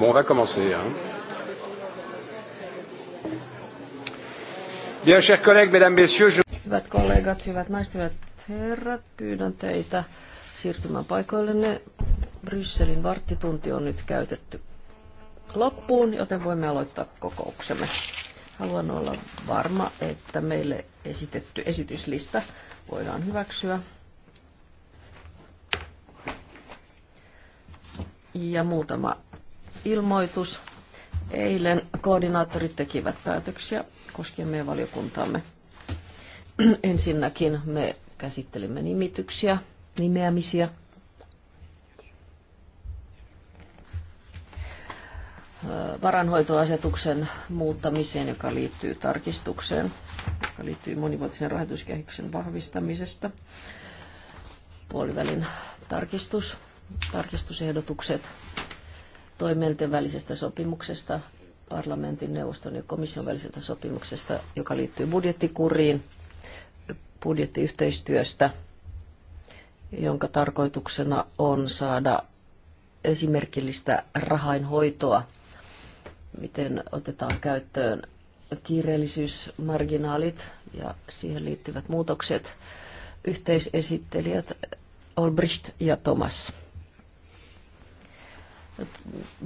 Bon, on va commencer. Hein. Bien, chers collègues, mesdames, messieurs, je... Hyvät kollegat, hyvät naiset, hyvät herrat, pyydän teitä siirtymään paikoillenne. Brysselin varttitunti on nyt käytetty loppuun, joten voimme aloittaa kokouksemme. Haluan olla varma, että meille esitetty esityslista voidaan hyväksyä. Ja muutama ilmoitus. Eilen koordinaattorit tekivät päätöksiä koskien meidän valiokuntaamme. Ensinnäkin me käsittelimme nimityksiä, nimeämisiä. Varanhoitoasetuksen muuttamiseen, joka liittyy tarkistukseen, joka liittyy monivuotisen rahoituskehityksen vahvistamisesta. Puolivälin tarkistus, tarkistusehdotukset toimielten välisestä sopimuksesta, parlamentin, neuvoston ja komission välisestä sopimuksesta, joka liittyy budjettikuriin, budjettiyhteistyöstä, jonka tarkoituksena on saada esimerkillistä rahainhoitoa, miten otetaan käyttöön kiireellisyysmarginaalit ja siihen liittyvät muutokset. Yhteisesittelijät Olbricht ja Thomas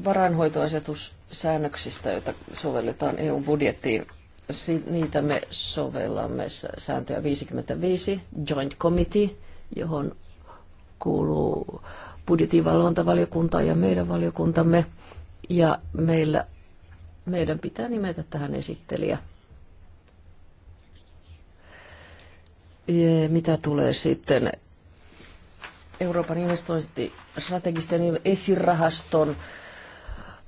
varainhoitoasetussäännöksistä, joita sovelletaan EU-budjettiin. Niitä me sovellamme sääntöä 55, Joint Committee, johon kuuluu budjetivalvontavaliokunta ja meidän valiokuntamme. Ja meillä, meidän pitää nimetä tähän esittelijä. Mitä tulee sitten Euroopan investointistrategisten esirahaston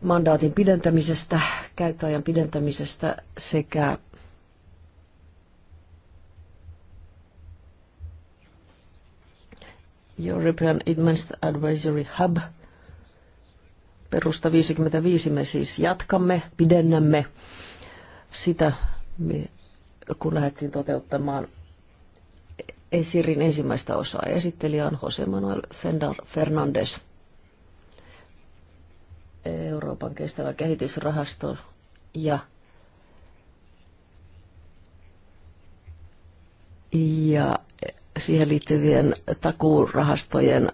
mandaatin pidentämisestä, käyttöajan pidentämisestä sekä European Investment Advisory Hub. Perusta 55 me siis jatkamme, pidennämme sitä, kun lähdettiin toteuttamaan Esirin ensimmäistä osaa. Esittelijä on Jose Manuel Fernandes. Euroopan kestävä kehitysrahasto ja, ja siihen liittyvien takuurahastojen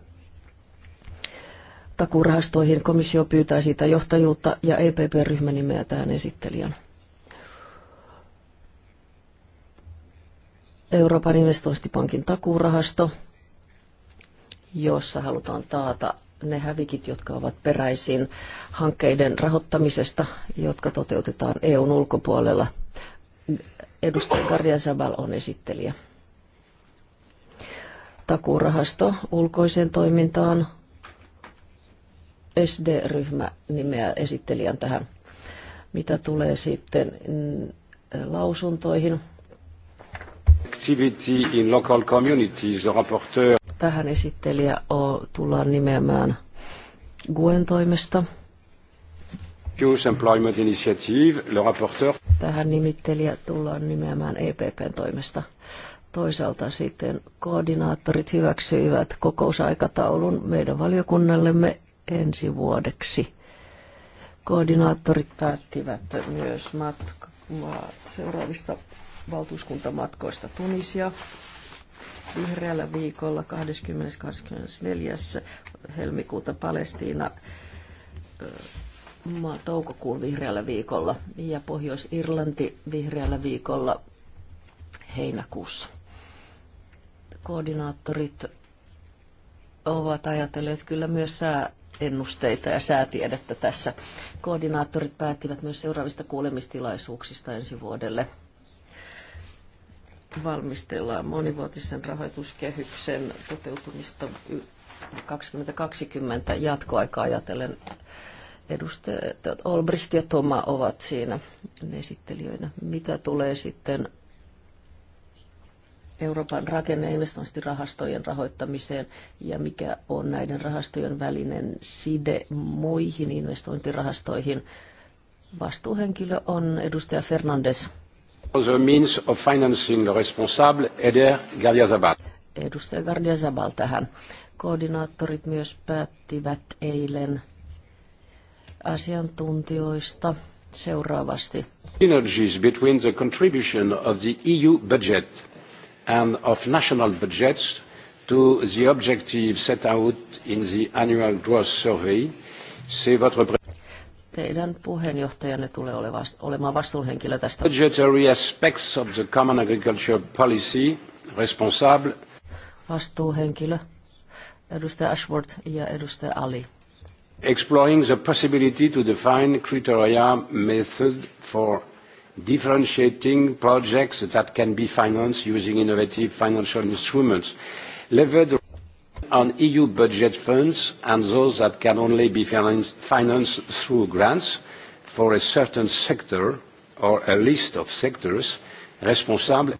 takuurahastoihin komissio pyytää siitä johtajuutta ja EPP-ryhmä nimeää tähän esittelijän. Euroopan investointipankin takuurahasto, jossa halutaan taata ne hävikit, jotka ovat peräisin hankkeiden rahoittamisesta, jotka toteutetaan EUn ulkopuolella. Edustaja Garja Sabal on esittelijä. Takuurahasto ulkoiseen toimintaan. SD-ryhmä nimeää esittelijän tähän. Mitä tulee sitten mm, lausuntoihin, activity in local communities, rapporteur. Tähän esittelijä o, tullaan nimeämään Guen toimesta. Youth Employment Initiative, le rapporteur. Tähän nimittelijä tullaan nimeämään EPPn toimesta. Toisaalta sitten koordinaattorit hyväksyivät kokousaikataulun meidän valiokunnallemme ensi vuodeksi. Koordinaattorit päättivät myös matka, seuraavista valtuuskuntamatkoista Tunisia vihreällä viikolla 20.24. helmikuuta Palestiina toukokuun vihreällä viikolla ja Pohjois-Irlanti vihreällä viikolla heinäkuussa. Koordinaattorit ovat ajatelleet kyllä myös sääennusteita ja säätiedettä tässä. Koordinaattorit päättivät myös seuraavista kuulemistilaisuuksista ensi vuodelle – valmistellaan monivuotisen rahoituskehyksen toteutumista 2020 jatkoaikaa ajatellen. Edustajat Olbrist ja Toma ovat siinä esittelijöinä. Mitä tulee sitten Euroopan rakenne- ja investointirahastojen rahoittamiseen ja mikä on näiden rahastojen välinen side muihin investointirahastoihin. Vastuuhenkilö on edustaja Fernandes. The means of financing the responsable, Eder Gardiazabal. Edustaja Gardiazabal tähän. Koordinaattorit myös päättivät eilen asiantuntijoista seuraavasti. Synergies between the contribution of the EU budget and of national budgets to the objective set out in the annual growth survey. C'est votre Teidän puheenjohtajanne tulee olemaan vastuuhenkilö tästä. Budgetary aspects of the common agriculture policy responsible. Vastuuhenkilö, edustaja Ashworth ja edustaja Ali. Exploring the possibility to define criteria method for differentiating projects that can be financed using innovative financial instruments. Levered on EU budget funds and those that can only be financed through grants for a certain sector or a list of sectors responsible.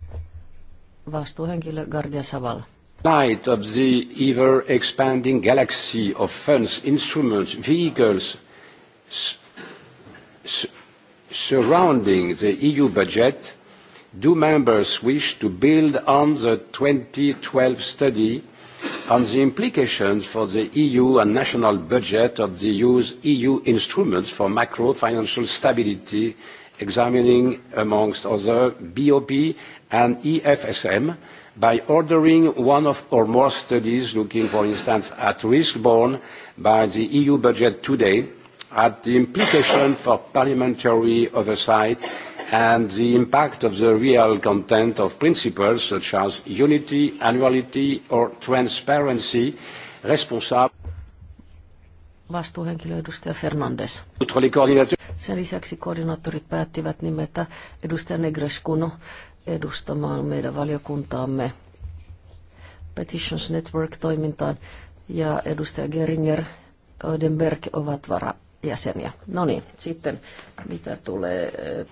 Vastuuhenkilö Gardia Savala light of the ever-expanding galaxy of funds, instruments, vehicles surrounding the EU budget, do members wish to build on the 2012 study on the implications for the EU and national budget of the EU's EU instruments for macro financial stability, examining, amongst other, BOP and EFSM, by ordering one of or more studies looking, for instance, at risk borne by the EU budget today, at the implication for parliamentary oversight and the impact of the real content of principles such as unity, annuality or transparency responsible. Vastuuhenkilö edustaja Fernandes. Sen lisäksi koordinaattorit päättivät nimetä edustaja Negreskuno edustamaan meidän valiokuntaamme Petitions Network-toimintaan ja edustaja Geringer Odenberg ovat varajäseniä. No niin, sitten mitä tulee eh,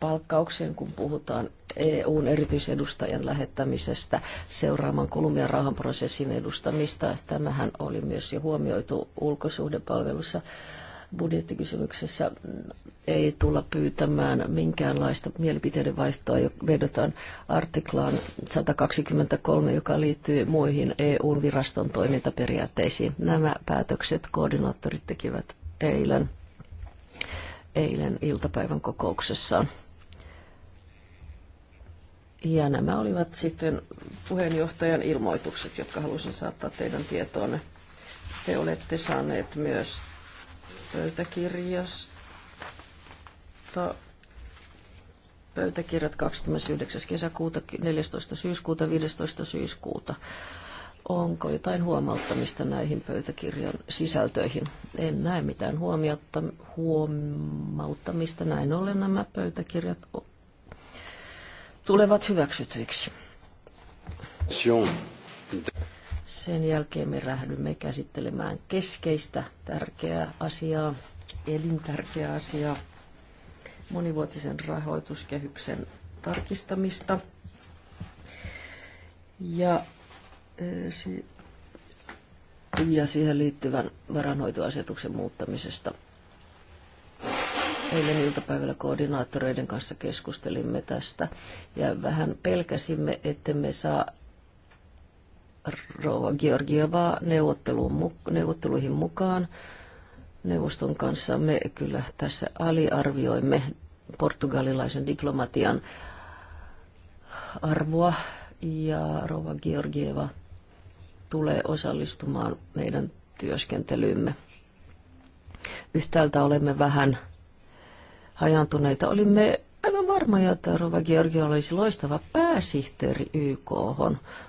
palkkaukseen, kun puhutaan EUn erityisedustajan lähettämisestä seuraamaan Kolumbian rauhanprosessin edustamista. Tämähän oli myös jo huomioitu ulkosuhdepalvelussa budjettikysymyksessä ei tulla pyytämään minkäänlaista mielipiteiden vaihtoa, jo vedotaan artiklaan 123, joka liittyy muihin EUn viraston toimintaperiaatteisiin. Nämä päätökset koordinaattorit tekivät eilen eilen iltapäivän kokouksessaan. Ja nämä olivat sitten puheenjohtajan ilmoitukset, jotka halusin saattaa teidän tietoonne. Te olette saaneet myös pöytäkirjasta pöytäkirjat 29. kesäkuuta, 14. syyskuuta, 15. syyskuuta Onko jotain huomauttamista näihin pöytäkirjan sisältöihin? En näe mitään huomauttamista. Näin ollen nämä pöytäkirjat tulevat hyväksytyiksi. Sen jälkeen me rähdymme käsittelemään keskeistä tärkeää asiaa, elintärkeää asiaa, monivuotisen rahoituskehyksen tarkistamista. Ja ja siihen liittyvän varanhoitoasetuksen muuttamisesta. Eilen iltapäivällä koordinaattoreiden kanssa keskustelimme tästä ja vähän pelkäsimme, että me saa rouva Georgievaa neuvotteluihin mukaan neuvoston kanssa. Me kyllä tässä aliarvioimme portugalilaisen diplomatian arvoa ja rouva Georgieva – tulee osallistumaan meidän työskentelyymme. Yhtäältä olemme vähän hajantuneita. Olimme aivan varmoja, että Rova Georgi olisi loistava pääsihteeri YK,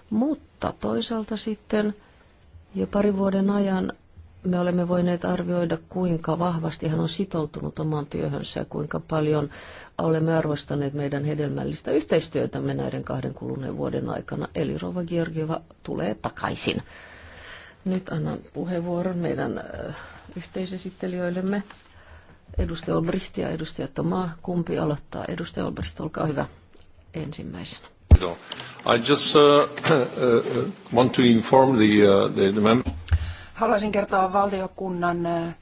mutta toisaalta sitten jo pari vuoden ajan me olemme voineet arvioida, kuinka vahvasti hän on sitoutunut omaan työhönsä ja kuinka paljon olemme arvostaneet meidän hedelmällistä yhteistyötämme näiden kahden kuluneen vuoden aikana. Eli Rova Georgieva tulee takaisin. Nyt annan puheenvuoron meidän äh, yhteisesittelijöillemme. Edustaja Olbricht ja edustaja Toma, Kumpi aloittaa? Edustaja Olbricht, olkaa hyvä ensimmäisenä. I just uh, uh, uh, want to inform the, uh, the member. Haluaisin kertoa valtiokunnan äh,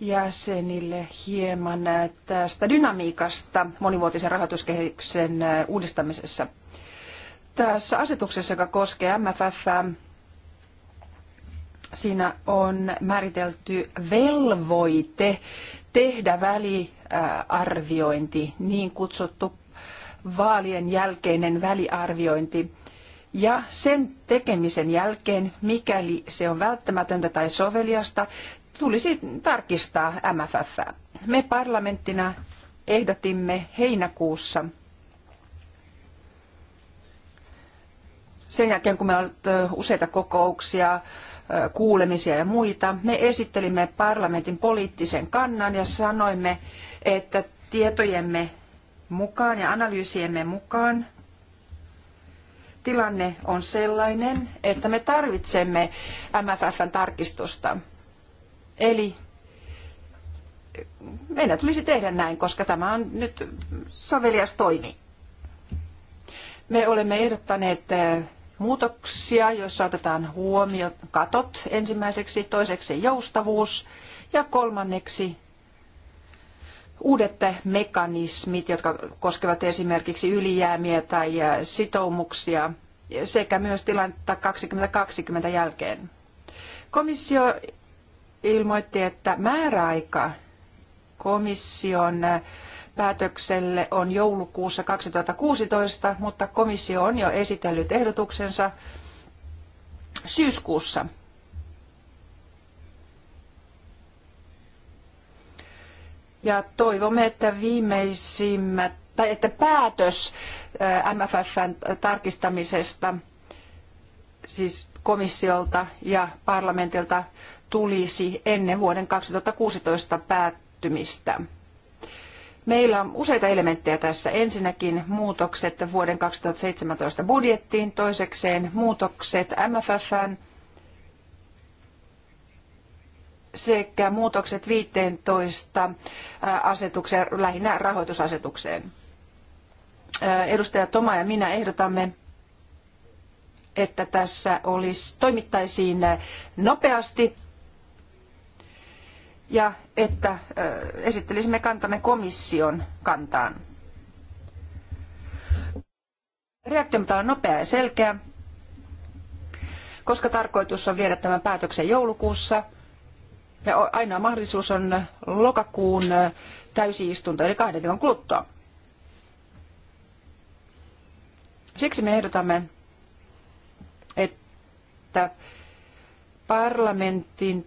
jäsenille hieman äh, tästä dynamiikasta monivuotisen rahoituskehyksen äh, uudistamisessa. Tässä asetuksessa, joka koskee MFF, siinä on määritelty velvoite tehdä väliarviointi, niin kutsuttu vaalien jälkeinen väliarviointi. Ja sen tekemisen jälkeen, mikäli se on välttämätöntä tai soveliasta, tulisi tarkistaa MFF. Me parlamenttina ehdotimme heinäkuussa sen jälkeen, kun meillä on useita kokouksia, kuulemisia ja muita, me esittelimme parlamentin poliittisen kannan ja sanoimme, että tietojemme mukaan ja analyysiemme mukaan tilanne on sellainen, että me tarvitsemme MFFn tarkistusta. Eli meidän tulisi tehdä näin, koska tämä on nyt sovelias toimi. Me olemme ehdottaneet eh, muutoksia, joissa otetaan huomioon katot ensimmäiseksi, toiseksi joustavuus ja kolmanneksi uudet mekanismit, jotka koskevat esimerkiksi ylijäämiä tai äh, sitoumuksia sekä myös tilannetta 2020 jälkeen. Komissio ilmoitti, että määräaika komission äh, päätökselle on joulukuussa 2016, mutta komissio on jo esitellyt ehdotuksensa syyskuussa Ja toivomme, että viimeisimmät, tai että päätös MFFn tarkistamisesta, siis komissiolta ja parlamentilta tulisi ennen vuoden 2016 päättymistä. Meillä on useita elementtejä tässä. Ensinnäkin muutokset vuoden 2017 budjettiin, toisekseen muutokset MFFn sekä muutokset 15 asetukseen, lähinnä rahoitusasetukseen. Edustaja Toma ja minä ehdotamme, että tässä olisi, toimittaisiin nopeasti ja että esittelisimme kantamme komission kantaan. Reaktio on nopea ja selkeä, koska tarkoitus on viedä tämän päätöksen joulukuussa – ja ainoa mahdollisuus on lokakuun täysiistunto, eli kahden viikon kuluttua. Siksi me ehdotamme, että parlamentin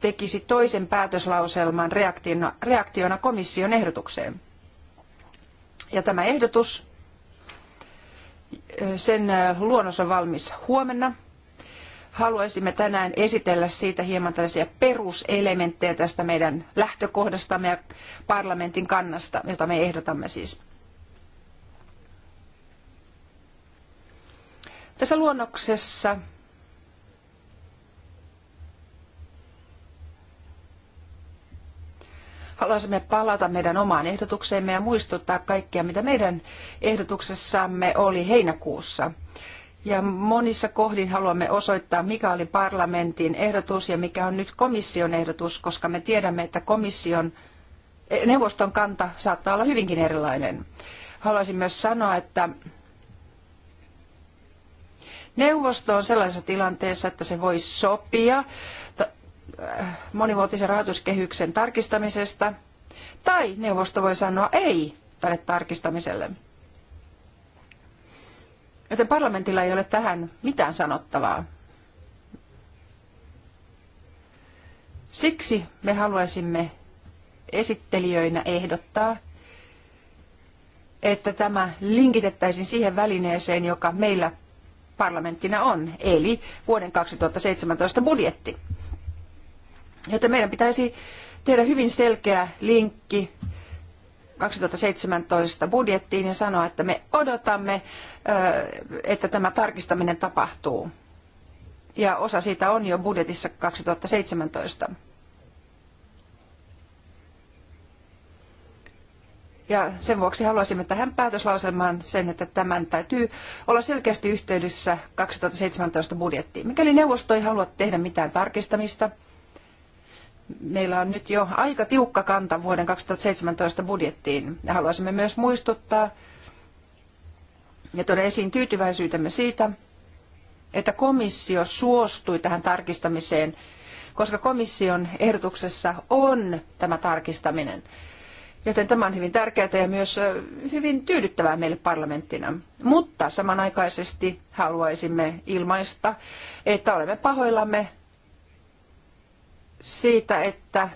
tekisi toisen päätöslauselman reaktiona, reaktiona komission ehdotukseen. Ja tämä ehdotus, sen luonnos on valmis huomenna haluaisimme tänään esitellä siitä hieman tällaisia peruselementtejä tästä meidän lähtökohdastamme ja parlamentin kannasta, jota me ehdotamme siis. Tässä luonnoksessa haluaisimme palata meidän omaan ehdotukseemme ja muistuttaa kaikkia, mitä meidän ehdotuksessamme oli heinäkuussa. Ja monissa kohdin haluamme osoittaa, mikä oli parlamentin ehdotus ja mikä on nyt komission ehdotus, koska me tiedämme, että komission eh, neuvoston kanta saattaa olla hyvinkin erilainen. Haluaisin myös sanoa, että neuvosto on sellaisessa tilanteessa, että se voi sopia äh, monivuotisen rahoituskehyksen tarkistamisesta, tai neuvosto voi sanoa ei tälle tarkistamiselle. Joten parlamentilla ei ole tähän mitään sanottavaa. Siksi me haluaisimme esittelijöinä ehdottaa, että tämä linkitettäisiin siihen välineeseen, joka meillä parlamenttina on, eli vuoden 2017 budjetti. Joten meidän pitäisi tehdä hyvin selkeä linkki 2017 budjettiin ja sanoa, että me odotamme, että tämä tarkistaminen tapahtuu. Ja osa siitä on jo budjetissa 2017. Ja sen vuoksi haluaisimme tähän päätöslauselmaan sen, että tämän täytyy olla selkeästi yhteydessä 2017 budjettiin. Mikäli neuvosto ei halua tehdä mitään tarkistamista, meillä on nyt jo aika tiukka kanta vuoden 2017 budjettiin. Ja haluaisimme myös muistuttaa ja tuoda esiin tyytyväisyytemme siitä, että komissio suostui tähän tarkistamiseen, koska komission ehdotuksessa on tämä tarkistaminen. Joten tämä on hyvin tärkeää ja myös hyvin tyydyttävää meille parlamenttina. Mutta samanaikaisesti haluaisimme ilmaista, että olemme pahoillamme siitä, että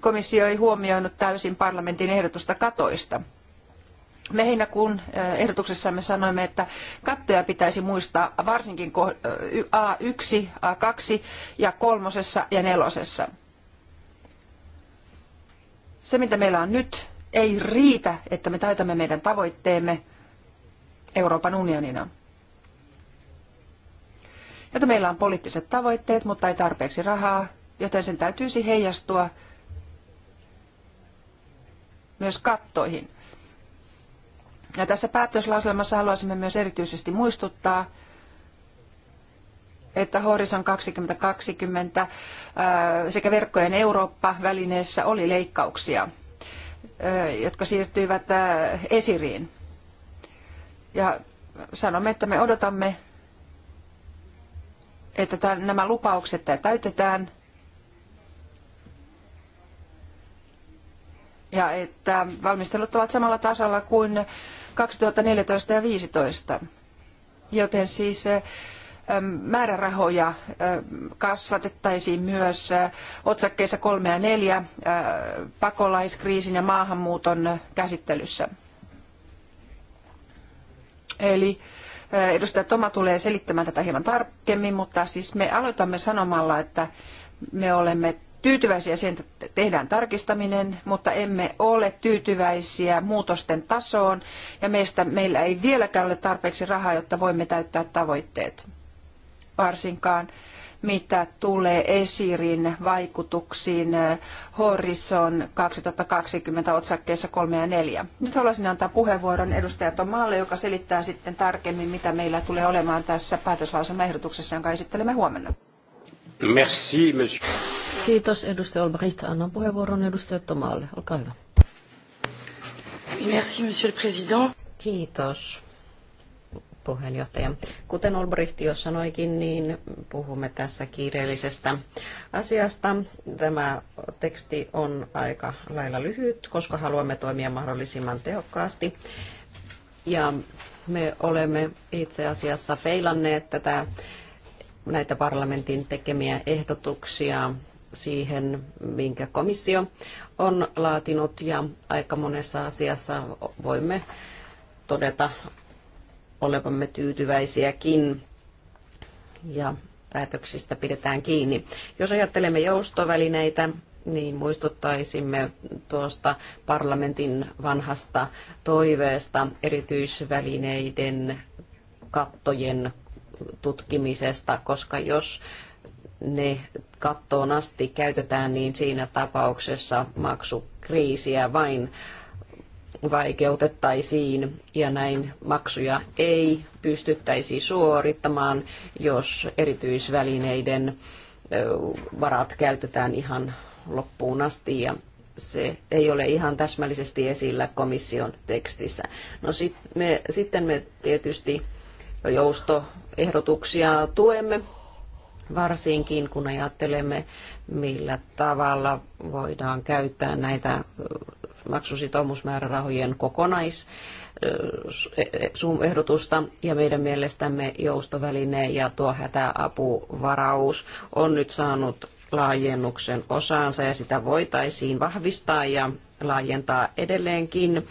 komissio ei huomioinut täysin parlamentin ehdotusta katoista. Me heinäkuun eh, ehdotuksessamme sanoimme, että kattoja pitäisi muistaa varsinkin A1, eh, A2 ja kolmosessa ja nelosessa. Se, mitä meillä on nyt, ei riitä, että me täytämme meidän tavoitteemme Euroopan unionina että meillä on poliittiset tavoitteet, mutta ei tarpeeksi rahaa, joten sen täytyisi heijastua myös kattoihin. Ja tässä päätöslauselmassa haluaisimme myös erityisesti muistuttaa, että Horizon 2020 äh, sekä verkkojen Eurooppa-välineessä oli leikkauksia, äh, jotka siirtyivät äh, esiriin. Ja sanomme, että me odotamme että nämä lupaukset täytetään ja että valmistelut ovat samalla tasolla kuin 2014 ja 2015. Joten siis määrärahoja kasvatettaisiin myös otsakkeissa kolme ja neljä pakolaiskriisin ja maahanmuuton käsittelyssä. Eli Äh, edustaja Toma tulee selittämään tätä hieman tarkemmin, mutta siis me aloitamme sanomalla, että me olemme tyytyväisiä siihen, että tehdään tarkistaminen, mutta emme ole tyytyväisiä muutosten tasoon ja meistä meillä ei vieläkään ole tarpeeksi rahaa, jotta voimme täyttää tavoitteet. Varsinkaan mitä tulee Esirin vaikutuksiin eh, Horizon 2020 otsakkeessa 3 ja 4. Nyt haluaisin antaa puheenvuoron edustaja Tomalle, joka selittää sitten tarkemmin, mitä meillä tulee olemaan tässä päätöslauselmaehdotuksessa, jonka esittelemme huomenna. Merci, monsieur. Kiitos edustaja Olbricht. Annan puheenvuoron edustaja Tomalle. Olkaa hyvä. Merci, monsieur le président. Kiitos puheenjohtaja. Kuten Olbricht jo sanoikin, niin puhumme tässä kiireellisestä asiasta. Tämä teksti on aika lailla lyhyt, koska haluamme toimia mahdollisimman tehokkaasti. Ja me olemme itse asiassa peilanneet tätä, näitä parlamentin tekemiä ehdotuksia siihen, minkä komissio on laatinut ja aika monessa asiassa voimme todeta olevamme tyytyväisiäkin ja päätöksistä pidetään kiinni. Jos ajattelemme joustovälineitä, niin muistuttaisimme tuosta parlamentin vanhasta toiveesta erityisvälineiden kattojen tutkimisesta, koska jos ne kattoon asti käytetään, niin siinä tapauksessa maksukriisiä vain vaikeutettaisiin ja näin maksuja ei pystyttäisi suorittamaan, jos erityisvälineiden varat käytetään ihan loppuun asti ja se ei ole ihan täsmällisesti esillä komission tekstissä. No sit me, sitten me tietysti joustoehdotuksia tuemme varsinkin kun ajattelemme, millä tavalla voidaan käyttää näitä maksusitoumusmäärärahojen kokonais e, e, ehdotusta ja meidän mielestämme joustoväline ja tuo hätäapuvaraus on nyt saanut laajennuksen osaansa ja sitä voitaisiin vahvistaa ja laajentaa edelleenkin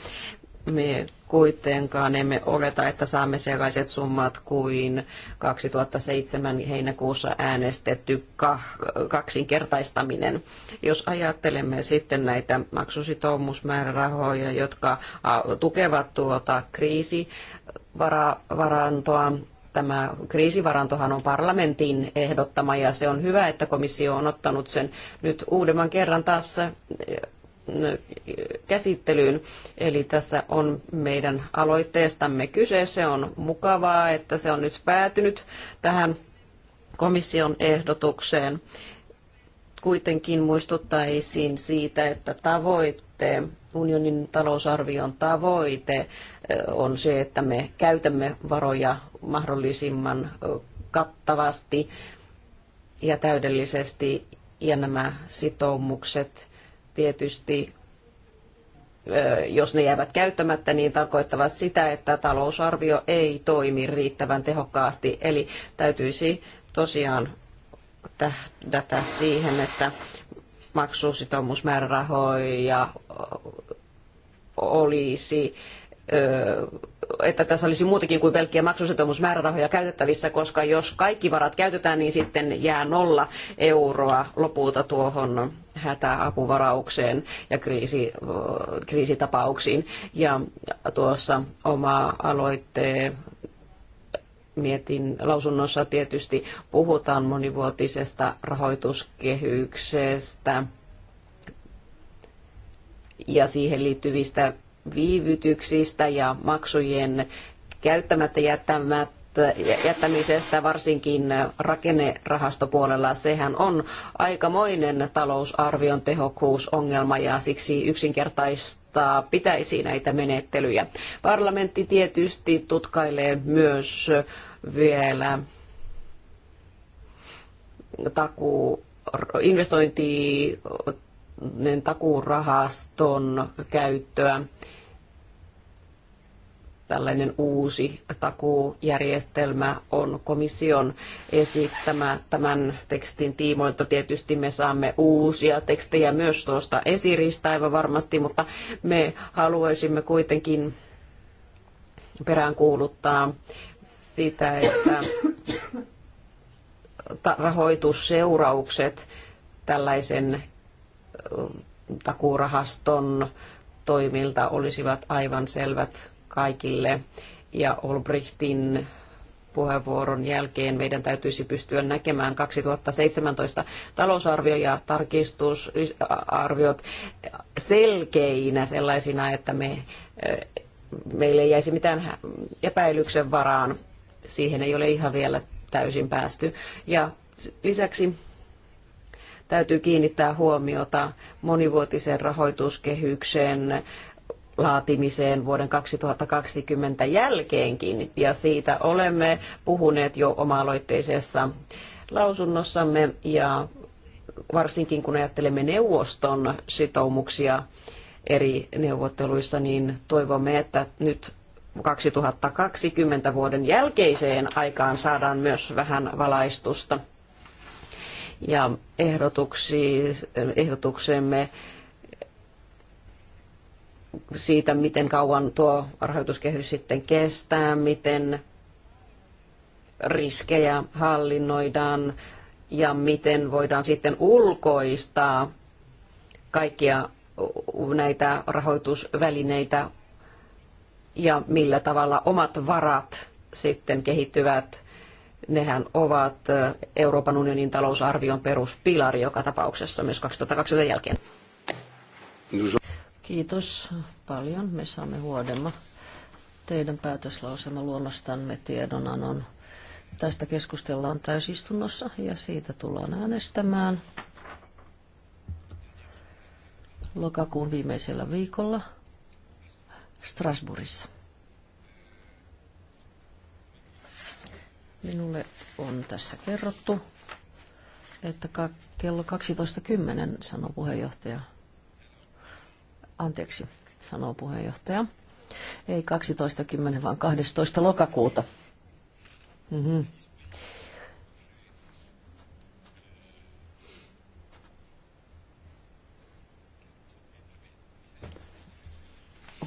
me kuitenkaan emme oleta, että saamme sellaiset summat kuin 2007 heinäkuussa äänestetty kaksinkertaistaminen. Jos ajattelemme sitten näitä maksusitoumusmäärärahoja, jotka tukevat tuota kriisivarantoa, Tämä kriisivarantohan on parlamentin ehdottama ja se on hyvä, että komissio on ottanut sen nyt uudemman kerran taas käsittelyyn. Eli tässä on meidän aloitteestamme kyse. Se on mukavaa, että se on nyt päätynyt tähän komission ehdotukseen. Kuitenkin muistuttaisin siitä, että tavoitte, unionin talousarvion tavoite eh, on se, että me käytämme varoja mahdollisimman eh, kattavasti ja täydellisesti ja nämä sitoumukset tietysti jos ne jäävät käyttämättä, niin tarkoittavat sitä, että talousarvio ei toimi riittävän tehokkaasti. Eli täytyisi tosiaan tähdätä siihen, että maksusitoumusmäärärahoja olisi että tässä olisi muutakin kuin pelkkiä maksusitoumusmäärärahoja käytettävissä, koska jos kaikki varat käytetään, niin sitten jää nolla euroa lopulta tuohon hätäapuvaraukseen ja kriisi, kriisitapauksiin. Ja tuossa oma aloitteen mietin lausunnossa tietysti puhutaan monivuotisesta rahoituskehyksestä ja siihen liittyvistä viivytyksistä ja maksujen käyttämättä jättämättä jättämisestä varsinkin rakennerahastopuolella. Sehän on aikamoinen talousarvion tehokkuusongelma ja siksi yksinkertaistaa pitäisi näitä menettelyjä. Parlamentti tietysti tutkailee myös vielä takuu, investointi takuurahaston käyttöä tällainen uusi takuujärjestelmä on komission esittämä tämän tekstin tiimoilta. Tietysti me saamme uusia tekstejä myös tuosta esiristä aivan varmasti, mutta me haluaisimme kuitenkin peräänkuuluttaa sitä, että rahoitusseuraukset tällaisen takuurahaston toimilta olisivat aivan selvät kaikille. Ja Olbrichtin puheenvuoron jälkeen meidän täytyisi pystyä näkemään 2017 talousarvio ja tarkistusarviot selkeinä sellaisina, että me, eh, meille ei jäisi mitään epäilyksen varaan. Siihen ei ole ihan vielä täysin päästy. Ja lisäksi täytyy kiinnittää huomiota monivuotisen rahoituskehyksen laatimiseen vuoden 2020 jälkeenkin, ja siitä olemme puhuneet jo oma-aloitteisessa lausunnossamme, ja varsinkin kun ajattelemme neuvoston sitoumuksia eri neuvotteluissa, niin toivomme, että nyt 2020 vuoden jälkeiseen aikaan saadaan myös vähän valaistusta. Ja ehdotuksemme siitä, miten kauan tuo rahoituskehys sitten kestää, miten riskejä hallinnoidaan ja miten voidaan sitten ulkoistaa kaikkia näitä rahoitusvälineitä ja millä tavalla omat varat sitten kehittyvät. Nehän ovat Euroopan unionin talousarvion peruspilari joka tapauksessa myös 2020 jälkeen. Kiitos paljon. Me saamme huodemma teidän päätöslausema luonnostanne tiedonanon. Tästä keskustellaan täysistunnossa ja siitä tullaan äänestämään lokakuun viimeisellä viikolla Strasbourgissa. Minulle on tässä kerrottu, että kello 12.10, sanoo puheenjohtaja, Anteeksi, sanoo puheenjohtaja. Ei 12.10, vaan 12. lokakuuta. Mm-hmm.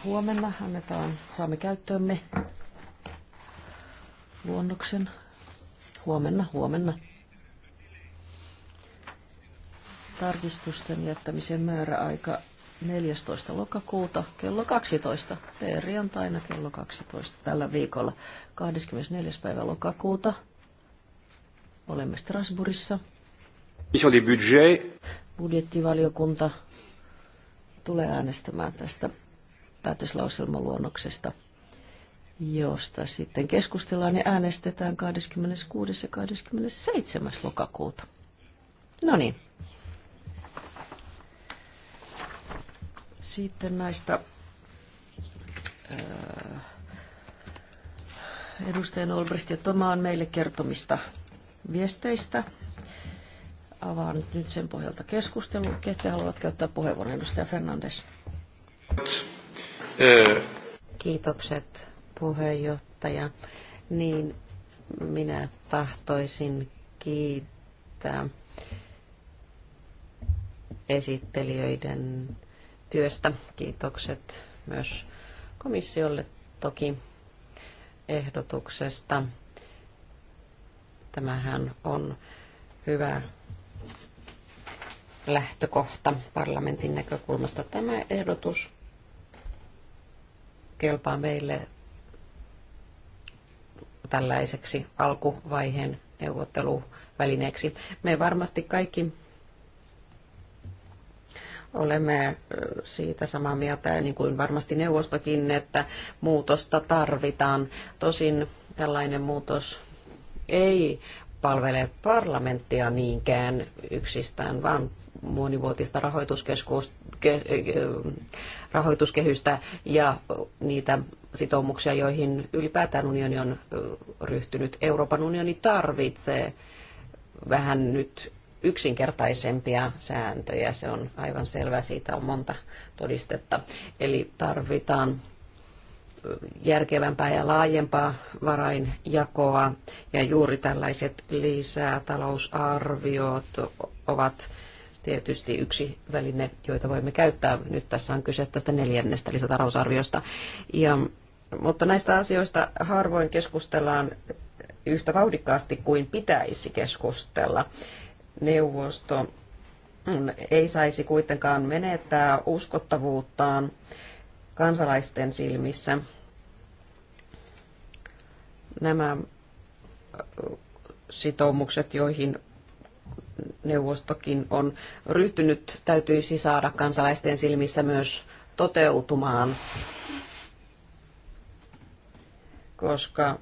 Huomenna annetaan, saamme käyttöömme luonnoksen. Huomenna, huomenna. Tarkistusten jättämisen määräaika 14. lokakuuta kello 12, perjantaina kello 12 tällä viikolla. 24. päivä lokakuuta olemme Strasbourgissa. Budjettivaliokunta tulee äänestämään tästä päätöslauselmaluonnoksesta, josta sitten keskustellaan ja äänestetään 26. ja 27. lokakuuta. No niin, Sitten näistä äh, edustajan Olbrist ja Tomaan meille kertomista viesteistä. Avaan nyt sen pohjalta Keskustelu Ketkä haluavat käyttää puheenvuoron? Edustaja Fernandes. Kiitokset puheenjohtaja. Niin minä tahtoisin kiittää esittelijöiden työstä. Kiitokset myös komissiolle toki ehdotuksesta. Tämähän on hyvä lähtökohta parlamentin näkökulmasta. Tämä ehdotus kelpaa meille tällaiseksi alkuvaiheen neuvotteluvälineeksi. Me varmasti kaikki Olemme siitä samaa mieltä, niin kuin varmasti neuvostokin, että muutosta tarvitaan. Tosin tällainen muutos ei palvele parlamenttia niinkään yksistään, vaan monivuotista rahoituskehystä ja niitä sitoumuksia, joihin ylipäätään unioni on ryhtynyt. Euroopan unioni tarvitsee vähän nyt yksinkertaisempia sääntöjä. Se on aivan selvä, siitä on monta todistetta. Eli tarvitaan järkevämpää ja laajempaa varainjakoa. Ja juuri tällaiset lisätalousarviot ovat tietysti yksi väline, joita voimme käyttää. Nyt tässä on kyse tästä neljännestä lisätalousarviosta. Ja, mutta näistä asioista harvoin keskustellaan yhtä vauhdikkaasti kuin pitäisi keskustella neuvosto mm, ei saisi kuitenkaan menettää uskottavuuttaan kansalaisten silmissä. Nämä äh, sitoumukset, joihin neuvostokin on ryhtynyt, täytyisi saada kansalaisten silmissä myös toteutumaan, koska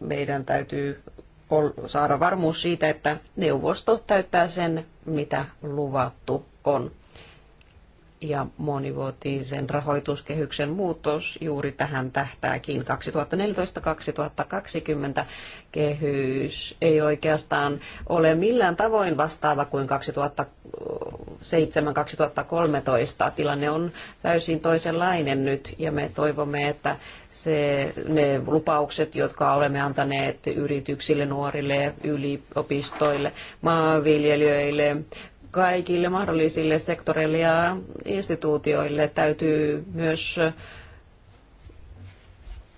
meidän täytyy saada varmuus siitä, että neuvosto täyttää sen, mitä luvattu on ja monivuotisen rahoituskehyksen muutos juuri tähän tähtääkin. 2014-2020 kehys ei oikeastaan ole millään tavoin vastaava kuin 2007-2013. Tilanne on täysin toisenlainen nyt ja me toivomme, että se, ne lupaukset, jotka olemme antaneet yrityksille, nuorille, yliopistoille, maanviljelijöille, kaikille mahdollisille sektoreille ja instituutioille täytyy myös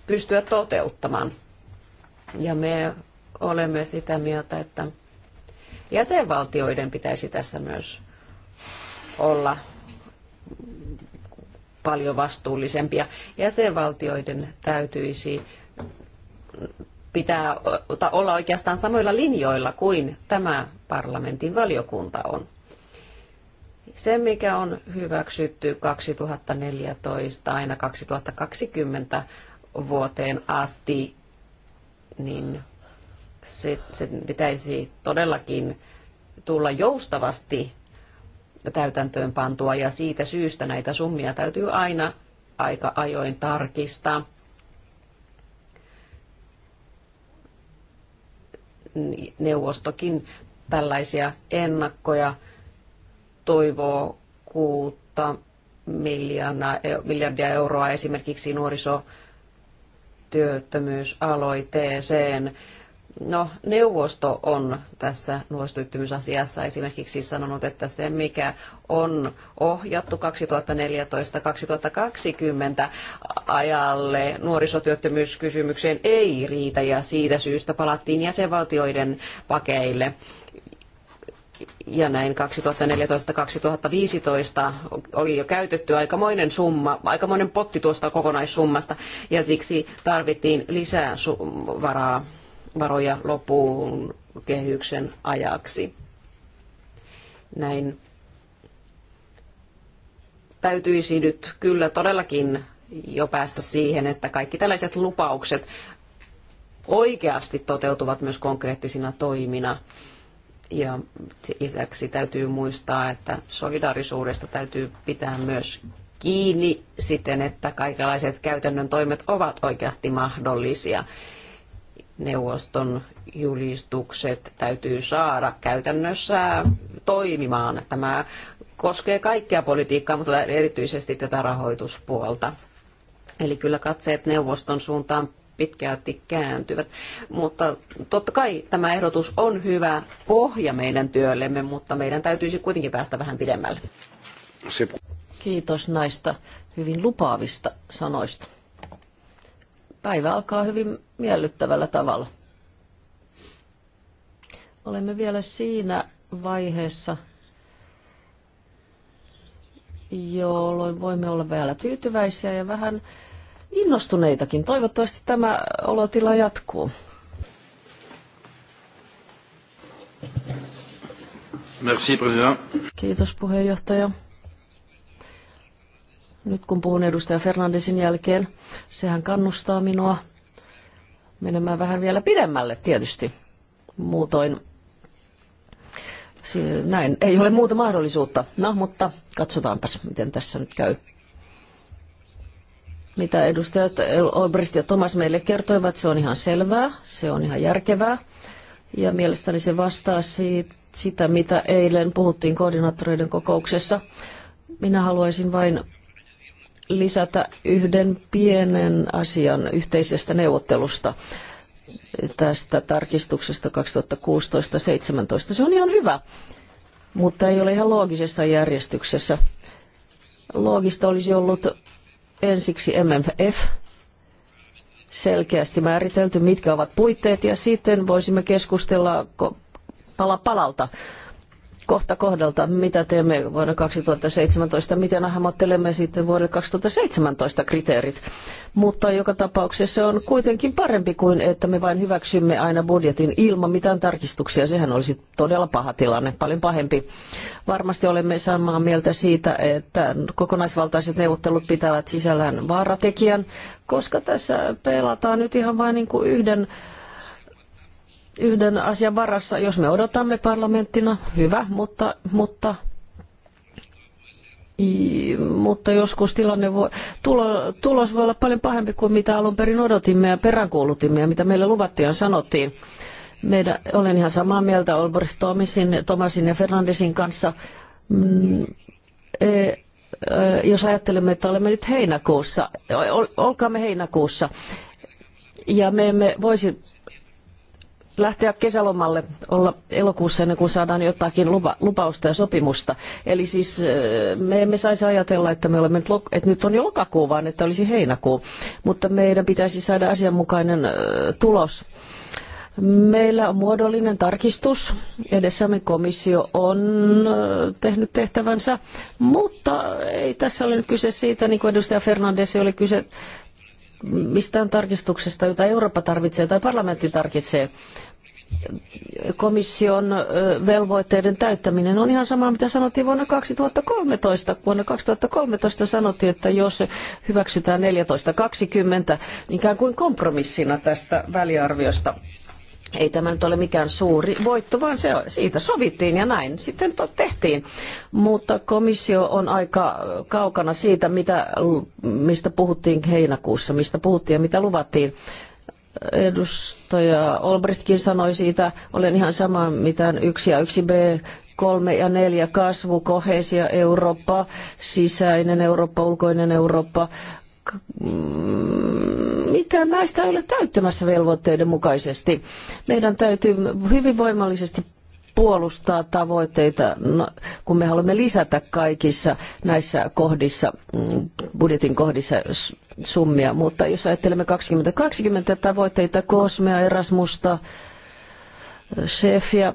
pystyä toteuttamaan. Ja me olemme sitä mieltä, että jäsenvaltioiden pitäisi tässä myös olla paljon vastuullisempia. Jäsenvaltioiden täytyisi pitää olla oikeastaan samoilla linjoilla kuin tämä parlamentin valiokunta on se, mikä on hyväksytty 2014 aina 2020 vuoteen asti, niin se, se pitäisi todellakin tulla joustavasti täytäntöön pantua ja siitä syystä näitä summia täytyy aina aika ajoin tarkistaa. Niin, neuvostokin tällaisia ennakkoja toivoo kuutta e-, miljardia euroa esimerkiksi nuorisotyöttömyysaloiteeseen. No, neuvosto on tässä nuorisotyöttömyysasiassa esimerkiksi sanonut, että se mikä on ohjattu 2014-2020 ajalle nuorisotyöttömyyskysymykseen ei riitä ja siitä syystä palattiin jäsenvaltioiden pakeille ja näin 2014-2015 oli jo käytetty aikamoinen summa, aikamoinen potti tuosta kokonaissummasta ja siksi tarvittiin lisää varaa, varoja lopuun kehyksen ajaksi. Näin täytyisi nyt kyllä todellakin jo päästä siihen, että kaikki tällaiset lupaukset oikeasti toteutuvat myös konkreettisina toimina ja lisäksi täytyy muistaa, että solidarisuudesta täytyy pitää myös kiinni siten, että kaikenlaiset käytännön toimet ovat oikeasti mahdollisia. Neuvoston julistukset täytyy saada käytännössä toimimaan. Tämä koskee kaikkea politiikkaa, mutta erityisesti tätä rahoituspuolta. Eli kyllä katseet neuvoston suuntaan pitkälti kääntyvät. Mutta totta kai tämä ehdotus on hyvä pohja meidän työllemme, mutta meidän täytyisi kuitenkin päästä vähän pidemmälle. Kiitos näistä hyvin lupaavista sanoista. Päivä alkaa hyvin miellyttävällä tavalla. Olemme vielä siinä vaiheessa, jolloin voimme olla vielä tyytyväisiä ja vähän innostuneitakin. Toivottavasti tämä olotila jatkuu. Merci, president. Kiitos puheenjohtaja. Nyt kun puhun edustaja Fernandesin jälkeen, sehän kannustaa minua menemään vähän vielä pidemmälle tietysti. Muutoin näin ei ole muuta mahdollisuutta. No, mutta katsotaanpas, miten tässä nyt käy mitä edustajat Olbrist ja Thomas meille kertoivat, se on ihan selvää, se on ihan järkevää. Ja mielestäni se vastaa siitä, sitä, mitä eilen puhuttiin koordinaattoreiden kokouksessa. Minä haluaisin vain lisätä yhden pienen asian yhteisestä neuvottelusta tästä tarkistuksesta 2016-2017. Se on ihan hyvä, mutta ei ole ihan loogisessa järjestyksessä. Loogista olisi ollut Ensiksi MMF, selkeästi määritelty, mitkä ovat puitteet, ja sitten voisimme keskustella pala palalta kohta kohdalta, mitä teemme vuonna 2017, miten hahmottelemme sitten vuodelle 2017 kriteerit. Mutta joka tapauksessa se on kuitenkin parempi kuin, että me vain hyväksymme aina budjetin ilman mitään tarkistuksia. Sehän olisi todella paha tilanne, paljon pahempi. Varmasti olemme samaa mieltä siitä, että kokonaisvaltaiset neuvottelut pitävät sisällään vaaratekijän, koska tässä pelataan nyt ihan vain niin kuin yhden yhden asian varassa. Jos me odotamme parlamenttina, hyvä, mutta, mutta I, mutta joskus tilanne voi, tulo, tulos voi olla paljon pahempi kuin mitä alun perin odotimme ja peräänkuulutimme ja mitä meille luvattiin ja sanottiin. Meidän, olen ihan samaa mieltä Olbrich Tomisin, Tomasin ja Fernandesin kanssa. Mm, e, e, jos ajattelemme, että olemme nyt heinäkuussa, ol, olkaamme heinäkuussa, ja me emme voisi lähteä kesälomalle olla elokuussa ennen kuin saadaan jotakin lupa, lupausta ja sopimusta. Eli siis me emme saisi ajatella, että, me olemme nyt, että nyt on jo lokakuu, vaan että olisi heinäkuu. Mutta meidän pitäisi saada asianmukainen tulos. Meillä on muodollinen tarkistus. Edessämme komissio on tehnyt tehtävänsä, mutta ei tässä ole nyt kyse siitä, niin kuin edustaja Fernandes oli kyse mistään tarkistuksesta, jota Eurooppa tarvitsee tai parlamentti tarvitsee. Komission velvoitteiden täyttäminen on ihan sama, mitä sanottiin vuonna 2013. Vuonna 2013 sanottiin, että jos hyväksytään 14.20, ikään kuin kompromissina tästä väliarviosta ei tämä nyt ole mikään suuri voitto, vaan se, siitä sovittiin ja näin sitten to, tehtiin. Mutta komissio on aika kaukana siitä, mitä, mistä puhuttiin heinäkuussa, mistä puhuttiin ja mitä luvattiin. Edustaja Olbrichtkin sanoi siitä, olen ihan sama mitä yksi ja yksi B kolme ja neljä kasvu, kohesia Eurooppa, sisäinen Eurooppa, ulkoinen Eurooppa, Mm, mitään naista ei ole täyttämässä velvoitteiden mukaisesti. Meidän täytyy hyvin voimallisesti puolustaa tavoitteita, no, kun me haluamme lisätä kaikissa näissä kohdissa, mm, budjetin kohdissa summia. Mutta jos ajattelemme 2020 tavoitteita, Kosmea, Erasmusta, Chefia,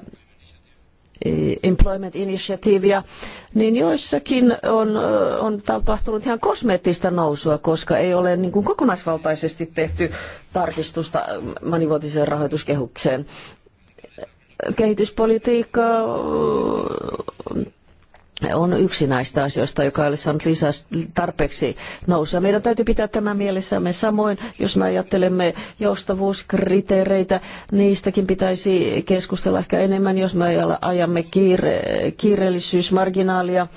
Eh, employment initiatiivia, niin joissakin on, eh, on tapahtunut ihan kosmeettista nousua, koska ei ole niin kuin kokonaisvaltaisesti tehty tarkistusta monivuotiseen rahoituskehykseen. kehityspolitiikka on yksi näistä asioista, joka olisi saanut lisää tarpeeksi nousua. Meidän täytyy pitää tämä mielessämme samoin, jos me ajattelemme joustavuuskriteereitä, niistäkin pitäisi keskustella ehkä enemmän, jos me ajamme kiire, kiireellisyysmarginaalia.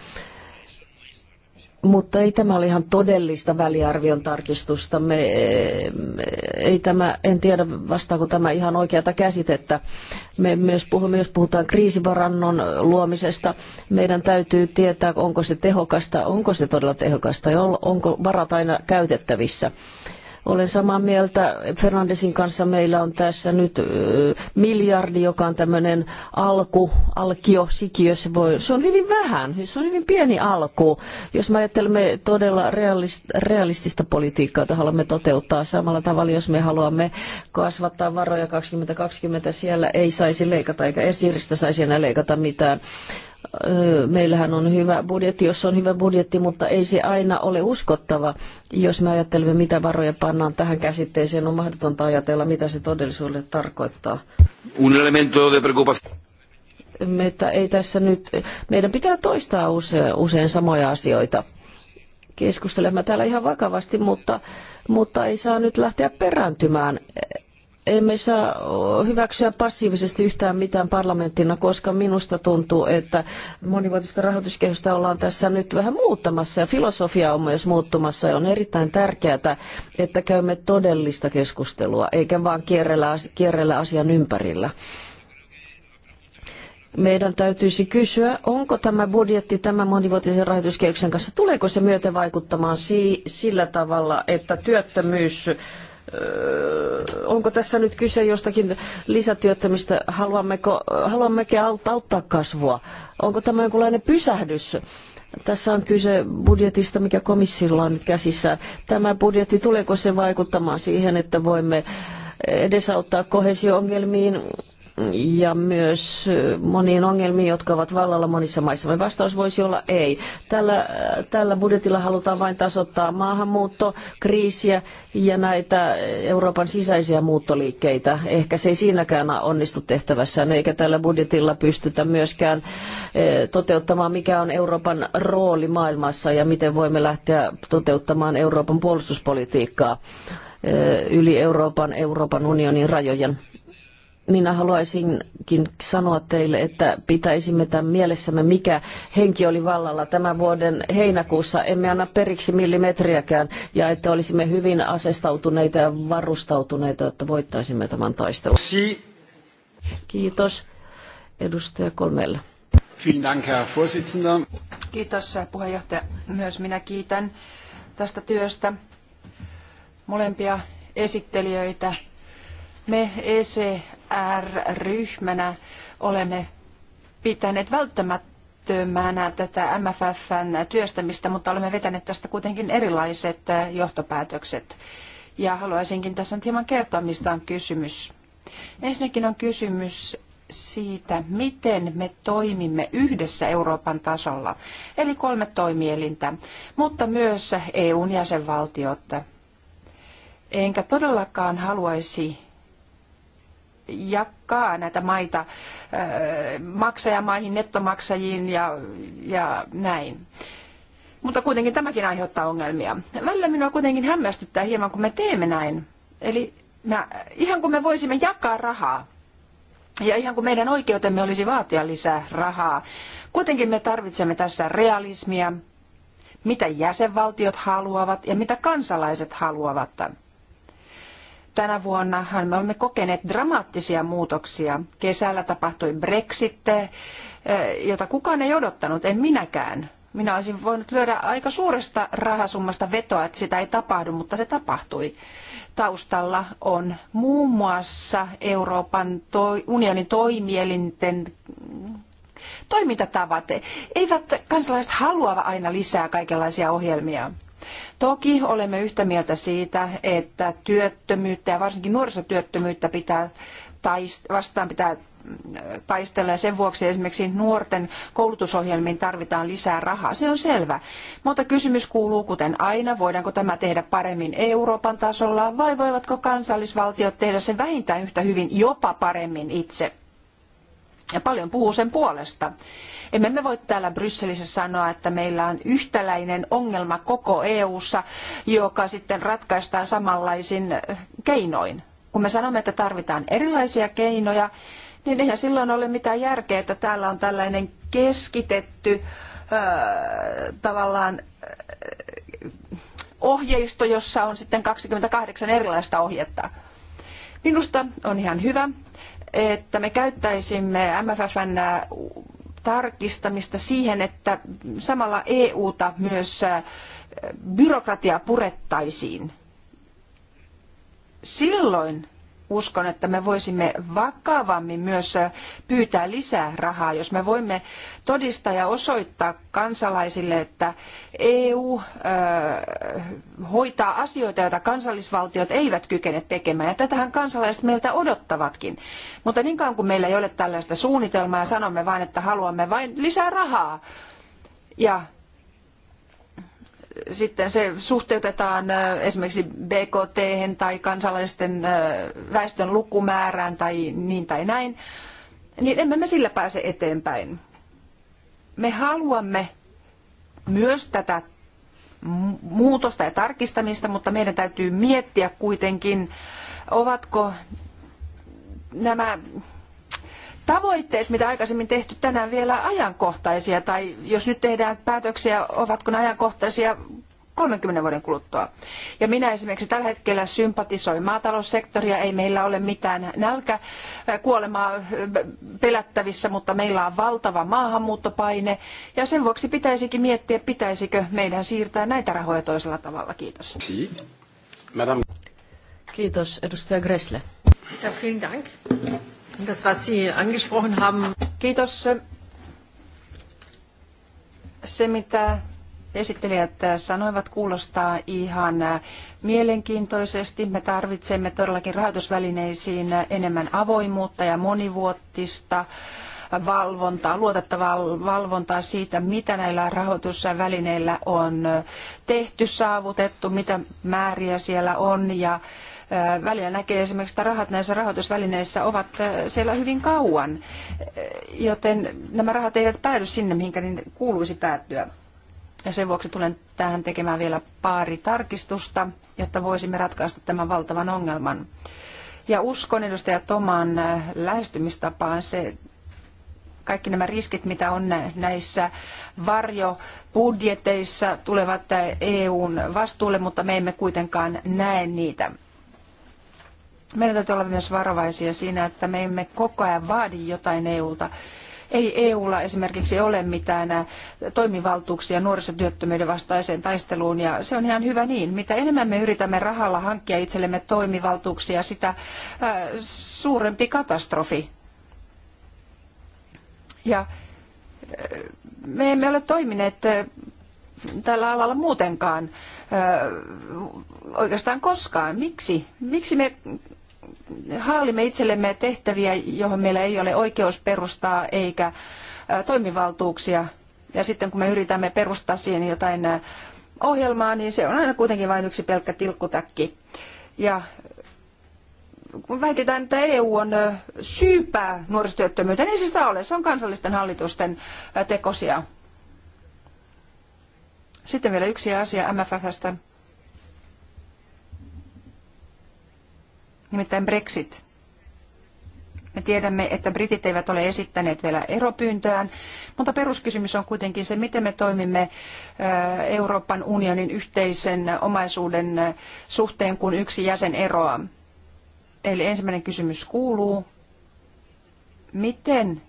Mutta ei tämä ole ihan todellista väliarvion tarkistusta. Me, me, eh, ei tämä, en tiedä vastaako tämä ihan oikeata käsitettä. Me myös, puhu, myös puhutaan kriisivarannon luomisesta. Meidän täytyy tietää, onko se tehokasta, onko se todella tehokasta ja onko varat aina käytettävissä. Olen samaa mieltä Fernandesin kanssa. Meillä on tässä nyt miljardi, joka on tämmöinen alku, alkio, sikiö. Se, voi, se on hyvin vähän, se on hyvin pieni alku. Jos me ajattelemme todella realist, realistista politiikkaa, jota haluamme toteuttaa samalla tavalla, jos me haluamme kasvattaa varoja 2020, siellä ei saisi leikata eikä esiristä saisi enää leikata mitään meillähän on hyvä budjetti, jos on hyvä budjetti, mutta ei se aina ole uskottava. Jos me ajattelemme, mitä varoja pannaan tähän käsitteeseen, on mahdotonta ajatella, mitä se todellisuudelle tarkoittaa. Un elemento de preocupación. Meitä ei tässä nyt, meidän pitää toistaa usein, usein samoja asioita. Keskustelemme täällä ihan vakavasti, mutta, mutta ei saa nyt lähteä perääntymään emme saa hyväksyä passiivisesti yhtään mitään parlamenttina, koska minusta tuntuu, että monivuotista rahoituskehystä ollaan tässä nyt vähän muuttamassa ja filosofia on myös muuttumassa ja on erittäin tärkeää, että käymme todellista keskustelua eikä vaan kierrellä, kierrellä asian ympärillä meidän täytyisi kysyä, onko tämä budjetti tämän monivuotisen rahoituskehyksen kanssa, tuleeko se myöten vaikuttamaan sillä tavalla, että työttömyys Öö, onko tässä nyt kyse jostakin lisätyöttämistä, haluammeko, haluammeko auttaa kasvua? Onko tämä jonkinlainen pysähdys? Tässä on kyse budjetista, mikä komissiolla on nyt käsissään. Tämä budjetti, tuleeko se vaikuttamaan siihen, että voimme edesauttaa kohesio-ongelmiin ja myös moniin ongelmiin, jotka ovat vallalla monissa maissa. Me vastaus voisi olla ei. Tällä, tällä budjetilla halutaan vain tasoittaa maahanmuuttokriisiä ja näitä Euroopan sisäisiä muuttoliikkeitä. Ehkä se ei siinäkään onnistu tehtävässään, eikä tällä budjetilla pystytä myöskään toteuttamaan, mikä on Euroopan rooli maailmassa ja miten voimme lähteä toteuttamaan Euroopan puolustuspolitiikkaa yli Euroopan, Euroopan unionin rajojen minä haluaisinkin sanoa teille, että pitäisimme tämän mielessämme, mikä henki oli vallalla tämän vuoden heinäkuussa. Emme anna periksi millimetriäkään ja että olisimme hyvin asestautuneita ja varustautuneita, että voittaisimme tämän taistelun. Kiitos. Edustaja Kolmella. Kiitos puheenjohtaja. Myös minä kiitän tästä työstä molempia esittelijöitä me ECR ECR-ryhmänä olemme pitäneet välttämättömänä tätä MFFn työstämistä, mutta olemme vetäneet tästä kuitenkin erilaiset johtopäätökset. Ja haluaisinkin tässä nyt hieman kertoa, mistä on kysymys. Ensinnäkin on kysymys siitä, miten me toimimme yhdessä Euroopan tasolla, eli kolme toimielintä, mutta myös EUn jäsenvaltiot. Enkä todellakaan haluaisi jakaa näitä maita maksajamaihin, nettomaksajiin ja, ja näin. Mutta kuitenkin tämäkin aiheuttaa ongelmia. Välillä minua kuitenkin hämmästyttää hieman, kun me teemme näin. Eli mä, ihan kun me voisimme jakaa rahaa, ja ihan kuin meidän oikeutemme olisi vaatia lisää rahaa. Kuitenkin me tarvitsemme tässä realismia, mitä jäsenvaltiot haluavat ja mitä kansalaiset haluavat tänä vuonna me olemme kokeneet dramaattisia muutoksia. Kesällä tapahtui Brexit, eh, jota kukaan ei odottanut, en minäkään. Minä olisin voinut lyödä aika suuresta rahasummasta vetoa, että sitä ei tapahdu, mutta se tapahtui. Taustalla on muun muassa Euroopan unionin toimielinten toimintatavat. Eivät kansalaiset halua aina lisää kaikenlaisia ohjelmia. Toki olemme yhtä mieltä siitä, että työttömyyttä ja varsinkin nuorisotyöttömyyttä pitää vastaan pitää äh, taistella ja sen vuoksi esimerkiksi nuorten koulutusohjelmiin tarvitaan lisää rahaa. Se on selvä. Mutta kysymys kuuluu, kuten aina, voidaanko tämä tehdä paremmin Euroopan tasolla vai voivatko kansallisvaltiot tehdä sen vähintään yhtä hyvin, jopa paremmin itse? Ja paljon puhuu sen puolesta. Emme me voi täällä Brysselissä sanoa, että meillä on yhtäläinen ongelma koko EU:ssa, joka sitten ratkaistaan samanlaisin keinoin. Kun me sanomme, että tarvitaan erilaisia keinoja, niin eihän silloin ole mitään järkeä, että täällä on tällainen keskitetty öö, tavallaan öö, ohjeisto, jossa on sitten 28 erilaista ohjetta. Minusta on ihan hyvä, että me käyttäisimme MFFn äh, tarkistamista siihen, että samalla EUta myös äh, byrokratiaa purettaisiin. Silloin uskon, että me voisimme vakavammin myös pyytää lisää rahaa, jos me voimme todistaa ja osoittaa kansalaisille, että EU hoitaa asioita, joita kansallisvaltiot eivät kykene tekemään. Ja tätähän kansalaiset meiltä odottavatkin. Mutta niin kauan kuin meillä ei ole tällaista suunnitelmaa ja sanomme vain, että haluamme vain lisää rahaa, ja sitten se suhteutetaan esimerkiksi BKT tai kansalaisten väestön lukumäärään tai niin tai näin, niin emme me sillä pääse eteenpäin. Me haluamme myös tätä muutosta ja tarkistamista, mutta meidän täytyy miettiä kuitenkin, ovatko nämä tavoitteet, mitä aikaisemmin tehty tänään vielä ajankohtaisia, tai jos nyt tehdään päätöksiä, ovatko ne ajankohtaisia 30 vuoden kuluttua. Ja minä esimerkiksi tällä hetkellä sympatisoin maataloussektoria, ei meillä ole mitään nälkäkuolemaa äh, äh, pelättävissä, mutta meillä on valtava maahanmuuttopaine ja sen vuoksi pitäisikin miettiä, pitäisikö meidän siirtää näitä rahoja toisella tavalla. Kiitos. Kiitos, edustaja Gressle. Ja, vielen Dank. Das, was Sie angesprochen haben. Kiitos. Se, mitä esittelijät sanoivat, kuulostaa ihan mielenkiintoisesti. Me tarvitsemme todellakin rahoitusvälineisiin enemmän avoimuutta ja monivuotista valvontaa, luotettavaa valvontaa siitä, mitä näillä rahoitusvälineillä on tehty, saavutettu, mitä määriä siellä on ja Välillä näkee esimerkiksi, että rahat näissä rahoitusvälineissä ovat siellä hyvin kauan, joten nämä rahat eivät päädy sinne, mihinkä niin kuuluisi päättyä. Ja sen vuoksi tulen tähän tekemään vielä pari tarkistusta, jotta voisimme ratkaista tämän valtavan ongelman. Ja uskon edustaja Toman lähestymistapaan se, kaikki nämä riskit, mitä on näissä varjobudjeteissa, tulevat EUn vastuulle, mutta me emme kuitenkaan näe niitä. Meidän täytyy olla myös varovaisia siinä, että me emme koko ajan vaadi jotain EUlta. Ei EUlla esimerkiksi ole mitään äh, toimivaltuuksia nuorisotyöttömyyden vastaiseen taisteluun ja se on ihan hyvä niin. Mitä enemmän me yritämme rahalla hankkia itsellemme toimivaltuuksia, sitä äh, suurempi katastrofi. Ja äh, me emme ole toimineet tällä alalla muutenkaan oikeastaan koskaan. Miksi? Miksi me haalimme itsellemme tehtäviä, johon meillä ei ole oikeus perustaa eikä toimivaltuuksia. Ja sitten kun me yritämme perustaa siihen jotain ohjelmaa, niin se on aina kuitenkin vain yksi pelkkä tilkkutäkki. Ja kun väitetään, että EU on syypää nuorisotyöttömyyteen, niin se sitä ole. Se on kansallisten hallitusten tekosia. Sitten vielä yksi asia MFFstä. nimittäin Brexit. Me tiedämme, että britit eivät ole esittäneet vielä eropyyntöään, mutta peruskysymys on kuitenkin se, miten me toimimme äh, Euroopan unionin yhteisen omaisuuden äh, suhteen, kun yksi jäsen eroaa. Eli ensimmäinen kysymys kuuluu, miten,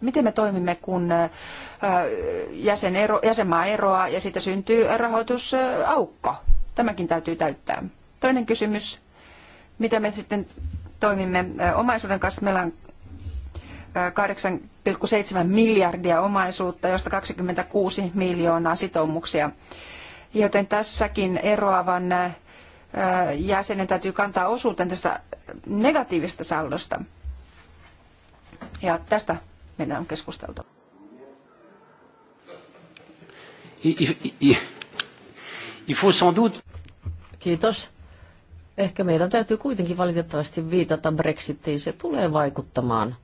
miten me toimimme, kun äh, jäsen ero, jäsenmaa eroaa ja siitä syntyy rahoitusaukko? Tämäkin täytyy täyttää. Toinen kysymys, mitä me sitten toimimme omaisuuden kanssa? Meillä on 8,7 miljardia omaisuutta, josta 26 miljoonaa sitoumuksia. Joten tässäkin eroavan jäsenen täytyy kantaa osuuteen tästä negatiivista saldosta. Ja tästä meidän on keskusteltu. Kiitos. Ehkä meidän täytyy kuitenkin valitettavasti viitata Brexitiin. Se tulee vaikuttamaan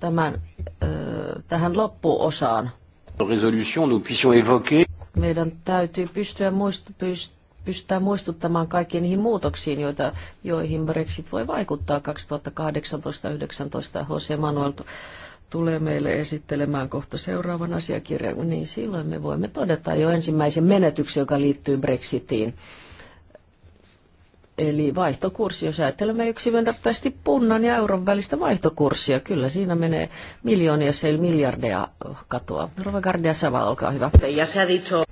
tämän, tähän loppuosaan. Meidän täytyy pystyä muistu, pystyä muistuttamaan kaikkiin niihin muutoksiin, joita, joihin Brexit voi vaikuttaa 2018-2019. Jose Manuel tulee meille esittelemään kohta seuraavan asiakirjan, niin silloin me voimme todeta jo ensimmäisen menetyksen, joka liittyy Brexitiin. Eli vaihtokurssi, jos ajattelemme yksinkertaisesti punnan ja euron välistä vaihtokurssia, kyllä siinä menee miljoonia, jos ei miljardeja katoa. Rova Gardia Sava, olkaa hyvä. Ja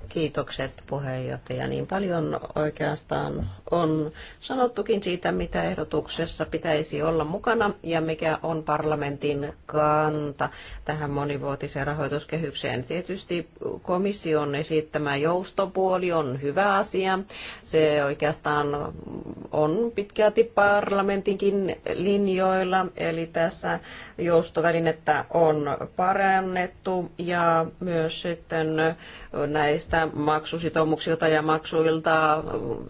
Kiitokset puheenjohtaja. Niin paljon oikeastaan on sanottukin siitä, mitä ehdotuksessa pitäisi olla mukana ja mikä on parlamentin kanta tähän monivuotiseen rahoituskehykseen. Tietysti komission esittämä joustopuoli on hyvä asia. Se oikeastaan on pitkälti parlamentinkin linjoilla, eli tässä joustovälinettä on parannettu ja myös sitten näistä maksusitoumuksilta ja maksuilta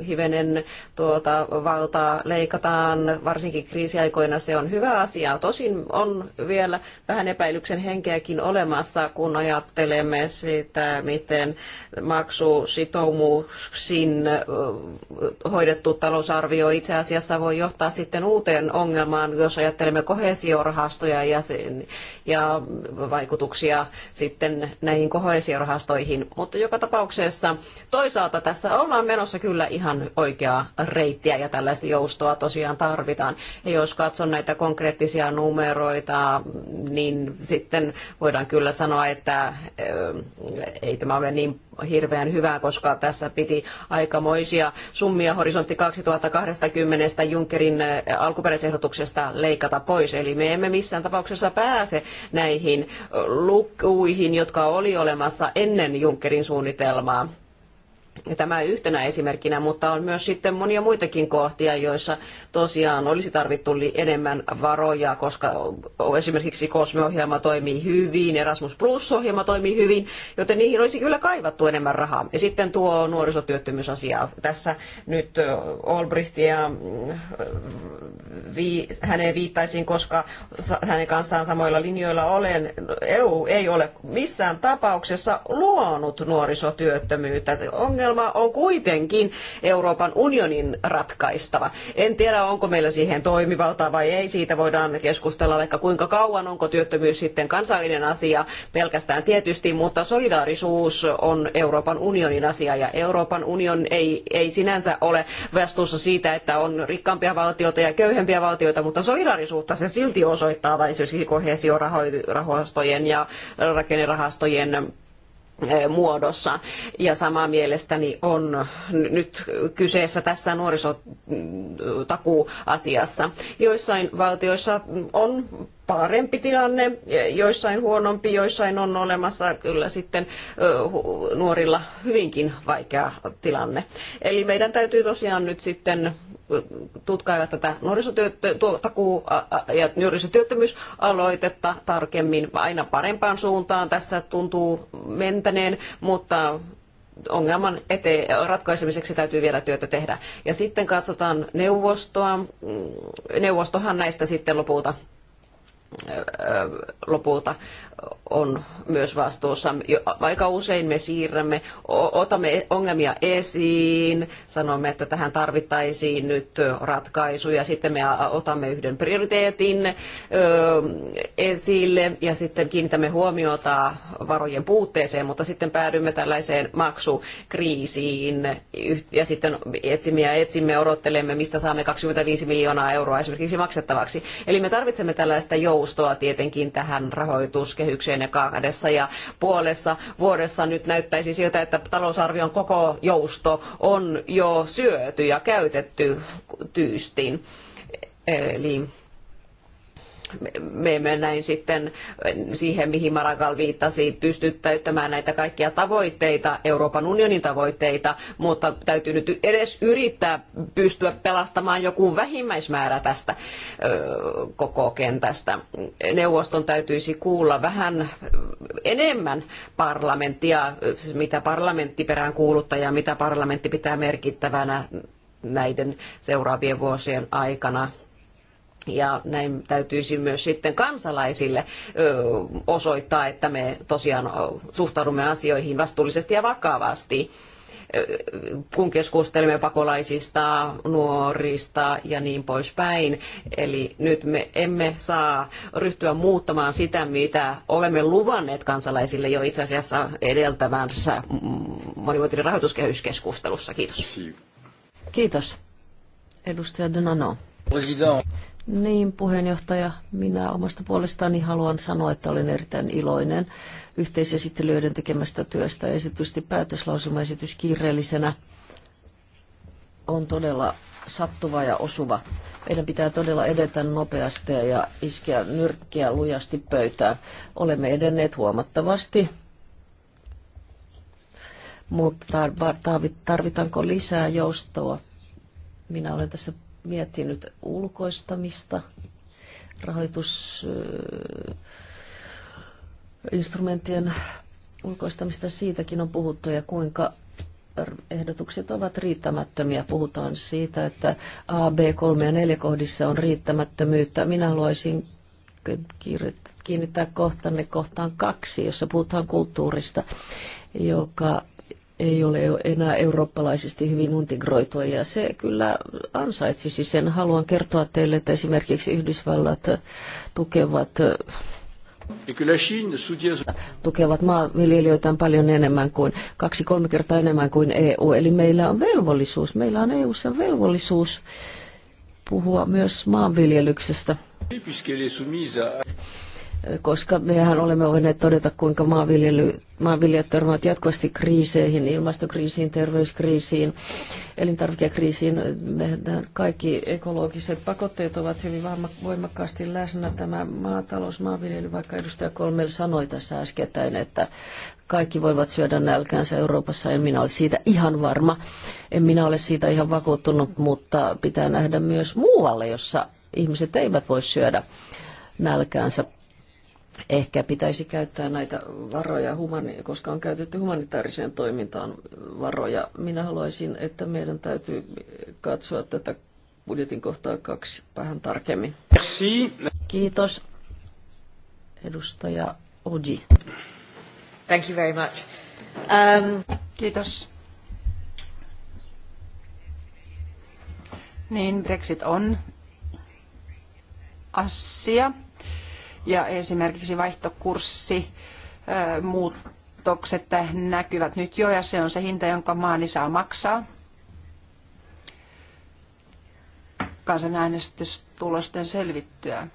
hivenen tuota valtaa leikataan, varsinkin kriisiaikoina se on hyvä asia. Tosin on vielä vähän epäilyksen henkeäkin olemassa, kun ajattelemme sitä, miten maksusitoumuksin hoidettu talous talousarvio itse asiassa voi johtaa sitten uuteen ongelmaan, jos ajattelemme kohesiorahastoja ja, sen, ja vaikutuksia sitten näihin kohesiorahastoihin. Mutta joka tapauksessa toisaalta tässä ollaan menossa kyllä ihan oikeaa reittiä ja tällaista joustoa tosiaan tarvitaan. Ja jos katson näitä konkreettisia numeroita, niin sitten voidaan kyllä sanoa, että ei tämä ole niin hirveän hyvä, koska tässä piti aikamoisia summia horisontti 2020 Junckerin eh, alkuperäisehdotuksesta leikata pois. Eli me emme missään tapauksessa pääse näihin eh, lukuihin, jotka oli olemassa ennen Junckerin suunnitelmaa Tämä yhtenä esimerkkinä, mutta on myös sitten monia muitakin kohtia, joissa tosiaan olisi tarvittu enemmän varoja, koska esimerkiksi cosme ohjelma toimii hyvin, Erasmus Plus-ohjelma toimii hyvin, joten niihin olisi kyllä kaivattu enemmän rahaa. Ja sitten tuo nuorisotyöttömyysasia. Tässä nyt Olbricht ja mm, vi, hänen viittaisin, koska hänen kanssaan samoilla linjoilla olen. EU ei ole missään tapauksessa luonut nuorisotyöttömyyttä. Ongelma ongelma on kuitenkin Euroopan unionin ratkaistava. En tiedä, onko meillä siihen toimivaltaa vai ei. Siitä voidaan keskustella vaikka kuinka kauan, onko työttömyys sitten kansallinen asia pelkästään tietysti, mutta solidaarisuus on Euroopan unionin asia ja Euroopan union ei, ei sinänsä ole vastuussa siitä, että on rikkaampia valtioita ja köyhempiä valtioita, mutta solidaarisuutta se silti osoittaa vain siis kohesiorahoistojen ja rakennerahastojen muodossa. Ja samaa mielestäni on nyt kyseessä tässä nuorisotakuasiassa. Joissain valtioissa on parempi tilanne, joissain huonompi, joissain on olemassa kyllä sitten nuorilla hyvinkin vaikea tilanne. Eli meidän täytyy tosiaan nyt sitten tutkailla tätä nuorisotyöttömyystakuu ja nuorisotyöttömyysaloitetta tarkemmin aina parempaan suuntaan. Tässä tuntuu mentäneen, mutta ongelman eteen, ratkaisemiseksi täytyy vielä työtä tehdä. Ja sitten katsotaan neuvostoa. Neuvostohan näistä sitten lopulta lopulta on myös vastuussa. Aika usein me siirrämme, otamme ongelmia esiin, sanomme, että tähän tarvittaisiin nyt ratkaisuja, sitten me otamme yhden prioriteetin esille ja sitten kiinnitämme huomiota varojen puutteeseen, mutta sitten päädymme tällaiseen maksukriisiin ja sitten etsimme ja etsimme, odottelemme, mistä saamme 25 miljoonaa euroa esimerkiksi maksettavaksi. Eli me tarvitsemme tällaista joustoa tietenkin tähän rahoituskehitykseen kehykseen ja kahdessa ja puolessa vuodessa nyt näyttäisi siltä, että talousarvion koko jousto on jo syöty ja käytetty tyystin. Eli me emme näin sitten siihen, mihin Marakal viittasi, pysty täyttämään näitä kaikkia tavoitteita, Euroopan unionin tavoitteita, mutta täytyy nyt edes yrittää pystyä pelastamaan joku vähimmäismäärä tästä koko kentästä. Neuvoston täytyisi kuulla vähän enemmän parlamenttia, mitä parlamentti perään kuuluttaa ja mitä parlamentti pitää merkittävänä näiden seuraavien vuosien aikana ja näin täytyisi myös sitten kansalaisille osoittaa, että me tosiaan suhtaudumme asioihin vastuullisesti ja vakavasti kun keskustelemme pakolaisista, nuorista ja niin poispäin. Eli nyt me emme saa ryhtyä muuttamaan sitä, mitä olemme luvanneet kansalaisille jo itse asiassa edeltävänsä monivuotinen rahoituskehyskeskustelussa. Kiitos. Kiitos. Edustaja Donano. Niin, puheenjohtaja. Minä omasta puolestani haluan sanoa, että olen erittäin iloinen yhteisesittelyiden tekemästä työstä. Esitysti päätöslausumaesitys kiireellisenä on todella sattuva ja osuva. Meidän pitää todella edetä nopeasti ja iskeä nyrkkiä lujasti pöytään. Olemme edenneet huomattavasti, mutta tarvitaanko lisää joustoa? Minä olen tässä miettinyt ulkoistamista, rahoitusinstrumenttien ulkoistamista. Siitäkin on puhuttu ja kuinka ehdotukset ovat riittämättömiä. Puhutaan siitä, että A, B, 3 ja 4 kohdissa on riittämättömyyttä. Minä haluaisin kiinnittää kohtanne kohtaan kaksi, jossa puhutaan kulttuurista, joka ei ole enää eurooppalaisesti hyvin integroitua ja se kyllä ansaitsisi sen. Haluan kertoa teille, että esimerkiksi Yhdysvallat tukevat tukevat maanviljelijöitä paljon enemmän kuin, kaksi-kolme kertaa enemmän kuin EU. Eli meillä on velvollisuus, meillä on EUssa velvollisuus puhua myös maanviljelyksestä koska mehän olemme voineet todeta, kuinka maanviljelijät törmäävät jatkuvasti kriiseihin, ilmastokriisiin, terveyskriisiin, elintarvikekriisiin. Mehän kaikki ekologiset pakotteet ovat hyvin voimakkaasti läsnä. Tämä maatalous, maanviljely, vaikka edustaja Kolmel sanoi tässä äskettäin, että kaikki voivat syödä nälkäänsä Euroopassa, en minä ole siitä ihan varma. En minä ole siitä ihan vakuuttunut, mutta pitää nähdä myös muualle, jossa ihmiset eivät voi syödä nälkäänsä Ehkä pitäisi käyttää näitä varoja, koska on käytetty humanitaariseen toimintaan varoja. Minä haluaisin, että meidän täytyy katsoa tätä budjetin kohtaa kaksi vähän tarkemmin. Merci. Kiitos. Edustaja Oji. Thank you very much. Um, Kiitos. Niin, Brexit on asia, ja esimerkiksi vaihtokurssi muutokset näkyvät nyt jo ja se on se hinta, jonka maani saa maksaa. Kansanäänestystulosten selvittyä.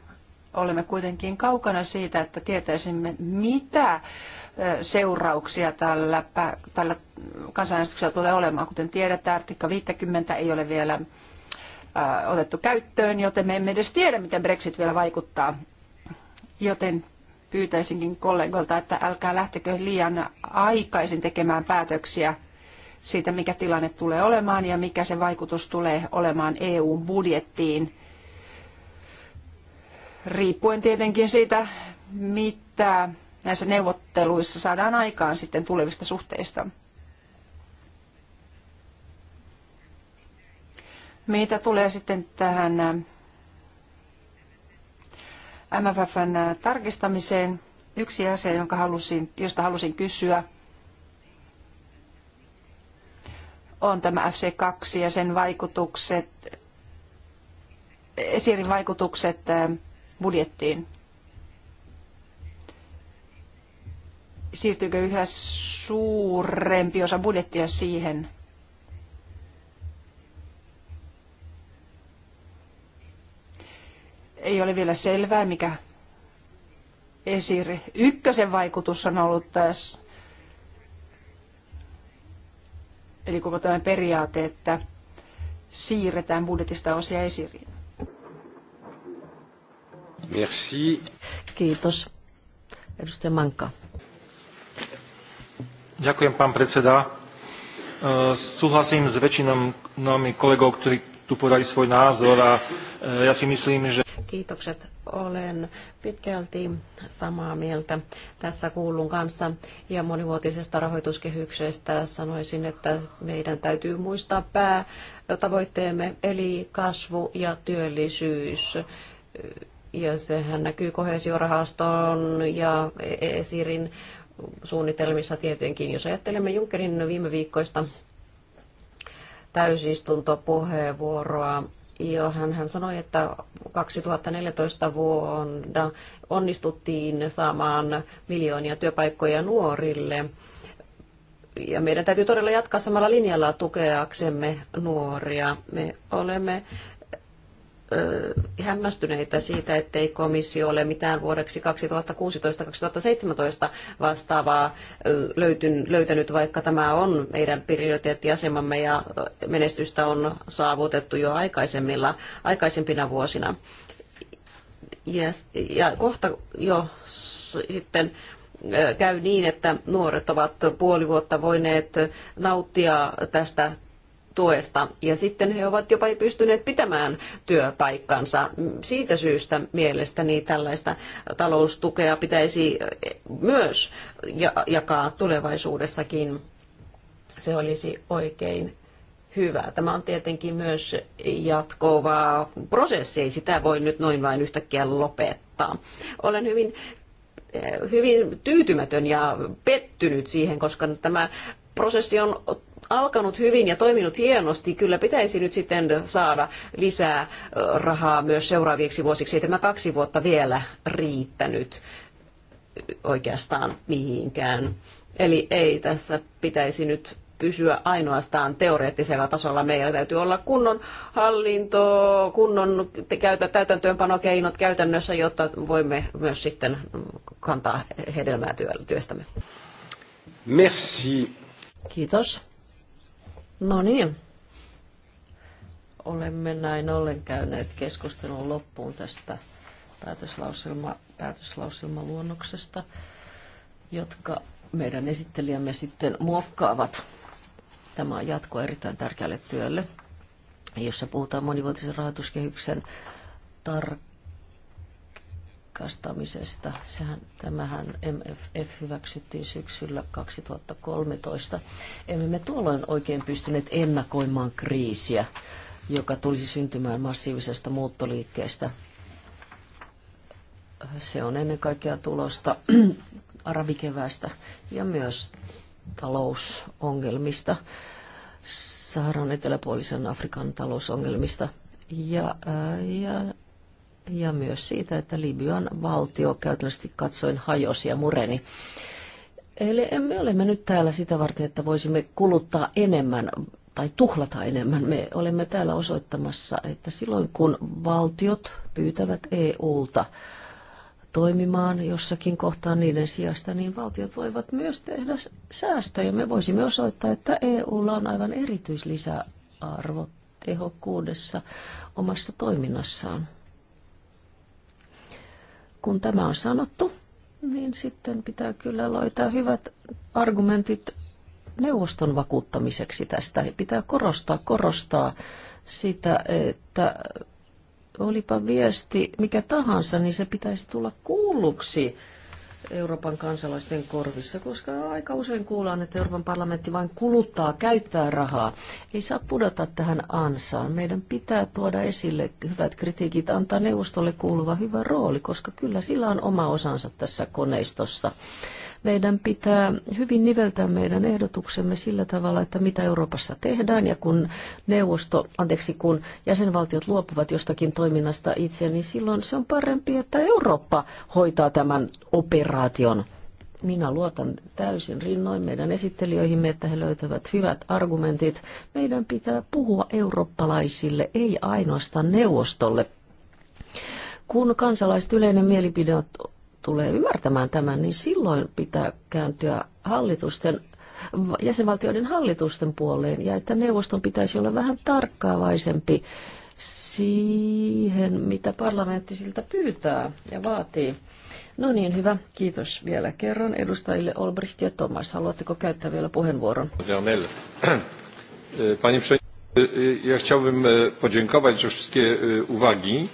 Olemme kuitenkin kaukana siitä, että tietäisimme, mitä seurauksia tällä, tällä kansanäänestyksellä tulee olemaan. Kuten tiedetään, artikka 50 ei ole vielä otettu käyttöön, joten me emme edes tiedä, miten Brexit vielä vaikuttaa joten pyytäisinkin kollegolta, että älkää lähtekö liian aikaisin tekemään päätöksiä siitä, mikä tilanne tulee olemaan ja mikä se vaikutus tulee olemaan EU-budjettiin, riippuen tietenkin siitä, mitä näissä neuvotteluissa saadaan aikaan sitten tulevista suhteista. Mitä tulee sitten tähän MFFn tarkistamiseen. Yksi asia, jonka halusin, josta halusin kysyä, on tämä FC2 ja sen vaikutukset, esirin vaikutukset budjettiin. Siirtyykö yhä suurempi osa budjettia siihen? ei ole vielä selvää, mikä esir ykkösen vaikutus on ollut tässä. Eli koko tämä periaate, että siirretään budjetista osia esiriin. Merci. Kiitos. Edustaja Manka. Ďakujem, pán predseda. E, súhlasím s väčšinou kolegov, ktorí tu podali svoj názor a e, ja si myslím, že Kiitokset. Olen pitkälti samaa mieltä tässä kuulun kanssa ja monivuotisesta rahoituskehyksestä sanoisin, että meidän täytyy muistaa päätavoitteemme eli kasvu ja työllisyys ja sehän näkyy kohesiorahaston ja esirin suunnitelmissa tietenkin. Jos ajattelemme Junckerin viime viikkoista täysistuntopuheenvuoroa, hän, hän sanoi, että 2014 vuonna onnistuttiin saamaan miljoonia työpaikkoja nuorille. Ja meidän täytyy todella jatkaa samalla linjalla tukeaksemme nuoria. Me olemme hämmästyneitä siitä, ettei komissio ole mitään vuodeksi 2016-2017 vastaavaa löytynyt, vaikka tämä on meidän prioriteettiasemamme ja menestystä on saavutettu jo aikaisemmilla, aikaisempina vuosina. Ja kohta jo sitten käy niin, että nuoret ovat puoli vuotta voineet nauttia tästä tuesta ja sitten he ovat jopa pystyneet pitämään työpaikkansa. Siitä syystä mielestäni tällaista taloustukea pitäisi myös jakaa tulevaisuudessakin. Se olisi oikein hyvä. Tämä on tietenkin myös jatkova prosessi, ei sitä voi nyt noin vain yhtäkkiä lopettaa. Olen hyvin eh, hyvin tyytymätön ja pettynyt siihen, koska tämä prosessi on alkanut hyvin ja toiminut hienosti, kyllä pitäisi nyt sitten saada lisää rahaa myös seuraaviksi vuosiksi. Ei tämä kaksi vuotta vielä riittänyt oikeastaan mihinkään. Eli ei tässä pitäisi nyt pysyä ainoastaan teoreettisella tasolla. Meillä täytyy olla kunnon hallinto, kunnon täytäntöönpanokeinot käytännössä, jotta voimme myös sitten kantaa hedelmää työstämme. Merci. Kiitos. No niin. Olemme näin ollen käyneet keskustelun loppuun tästä päätöslauselma, päätöslauselmaluonnoksesta, jotka meidän esittelijämme sitten muokkaavat. Tämä on jatko erittäin tärkeälle työlle, jossa puhutaan monivuotisen rahoituskehyksen tar- rikastamisesta. Sehän, tämähän MFF hyväksyttiin syksyllä 2013. Emme me tuolloin oikein pystyneet ennakoimaan kriisiä, joka tulisi syntymään massiivisesta muuttoliikkeestä. Se on ennen kaikkea tulosta arabikeväästä ja myös talousongelmista, Saharan eteläpuolisen Afrikan talousongelmista. Ja, äh, ja ja myös siitä, että Libyan valtio käytännössä katsoin hajosi ja mureni. Eli me olemme nyt täällä sitä varten, että voisimme kuluttaa enemmän tai tuhlata enemmän. Me olemme täällä osoittamassa, että silloin kun valtiot pyytävät EUlta toimimaan jossakin kohtaan niiden sijasta, niin valtiot voivat myös tehdä säästöjä. Me voisimme osoittaa, että EUlla on aivan erityislisäarvo tehokkuudessa omassa toiminnassaan kun tämä on sanottu, niin sitten pitää kyllä löytää hyvät argumentit neuvoston vakuuttamiseksi tästä. Pitää korostaa, korostaa sitä, että olipa viesti mikä tahansa, niin se pitäisi tulla kuulluksi Euroopan kansalaisten korvissa, koska aika usein kuullaan, että Euroopan parlamentti vain kuluttaa, käyttää rahaa. Ei saa pudota tähän ansaan. Meidän pitää tuoda esille hyvät kritiikit, antaa neuvostolle kuuluva hyvä rooli, koska kyllä sillä on oma osansa tässä koneistossa. Meidän pitää hyvin niveltää meidän ehdotuksemme sillä tavalla, että mitä Euroopassa tehdään ja kun neuvosto, anteeksi, kun jäsenvaltiot luopuvat jostakin toiminnasta itse, niin silloin se on parempi, että Eurooppa hoitaa tämän operaation minä luotan täysin rinnoin meidän esittelijöihimme, että he löytävät hyvät argumentit. Meidän pitää puhua eurooppalaisille, ei ainoastaan neuvostolle. Kun kansalaiset yleinen mielipide tulee ymmärtämään tämän, niin silloin pitää kääntyä hallitusten jäsenvaltioiden hallitusten puoleen ja että neuvoston pitäisi olla vähän tarkkaavaisempi siihen, mitä parlamentti siltä pyytää ja vaatii. No niin, hyvä. Kiitos vielä kerran edustajille Olbricht ja Thomas. Haluatteko käyttää vielä puheenvuoron? ja chciałbym e, podziękować za wszystkie e, uwagi.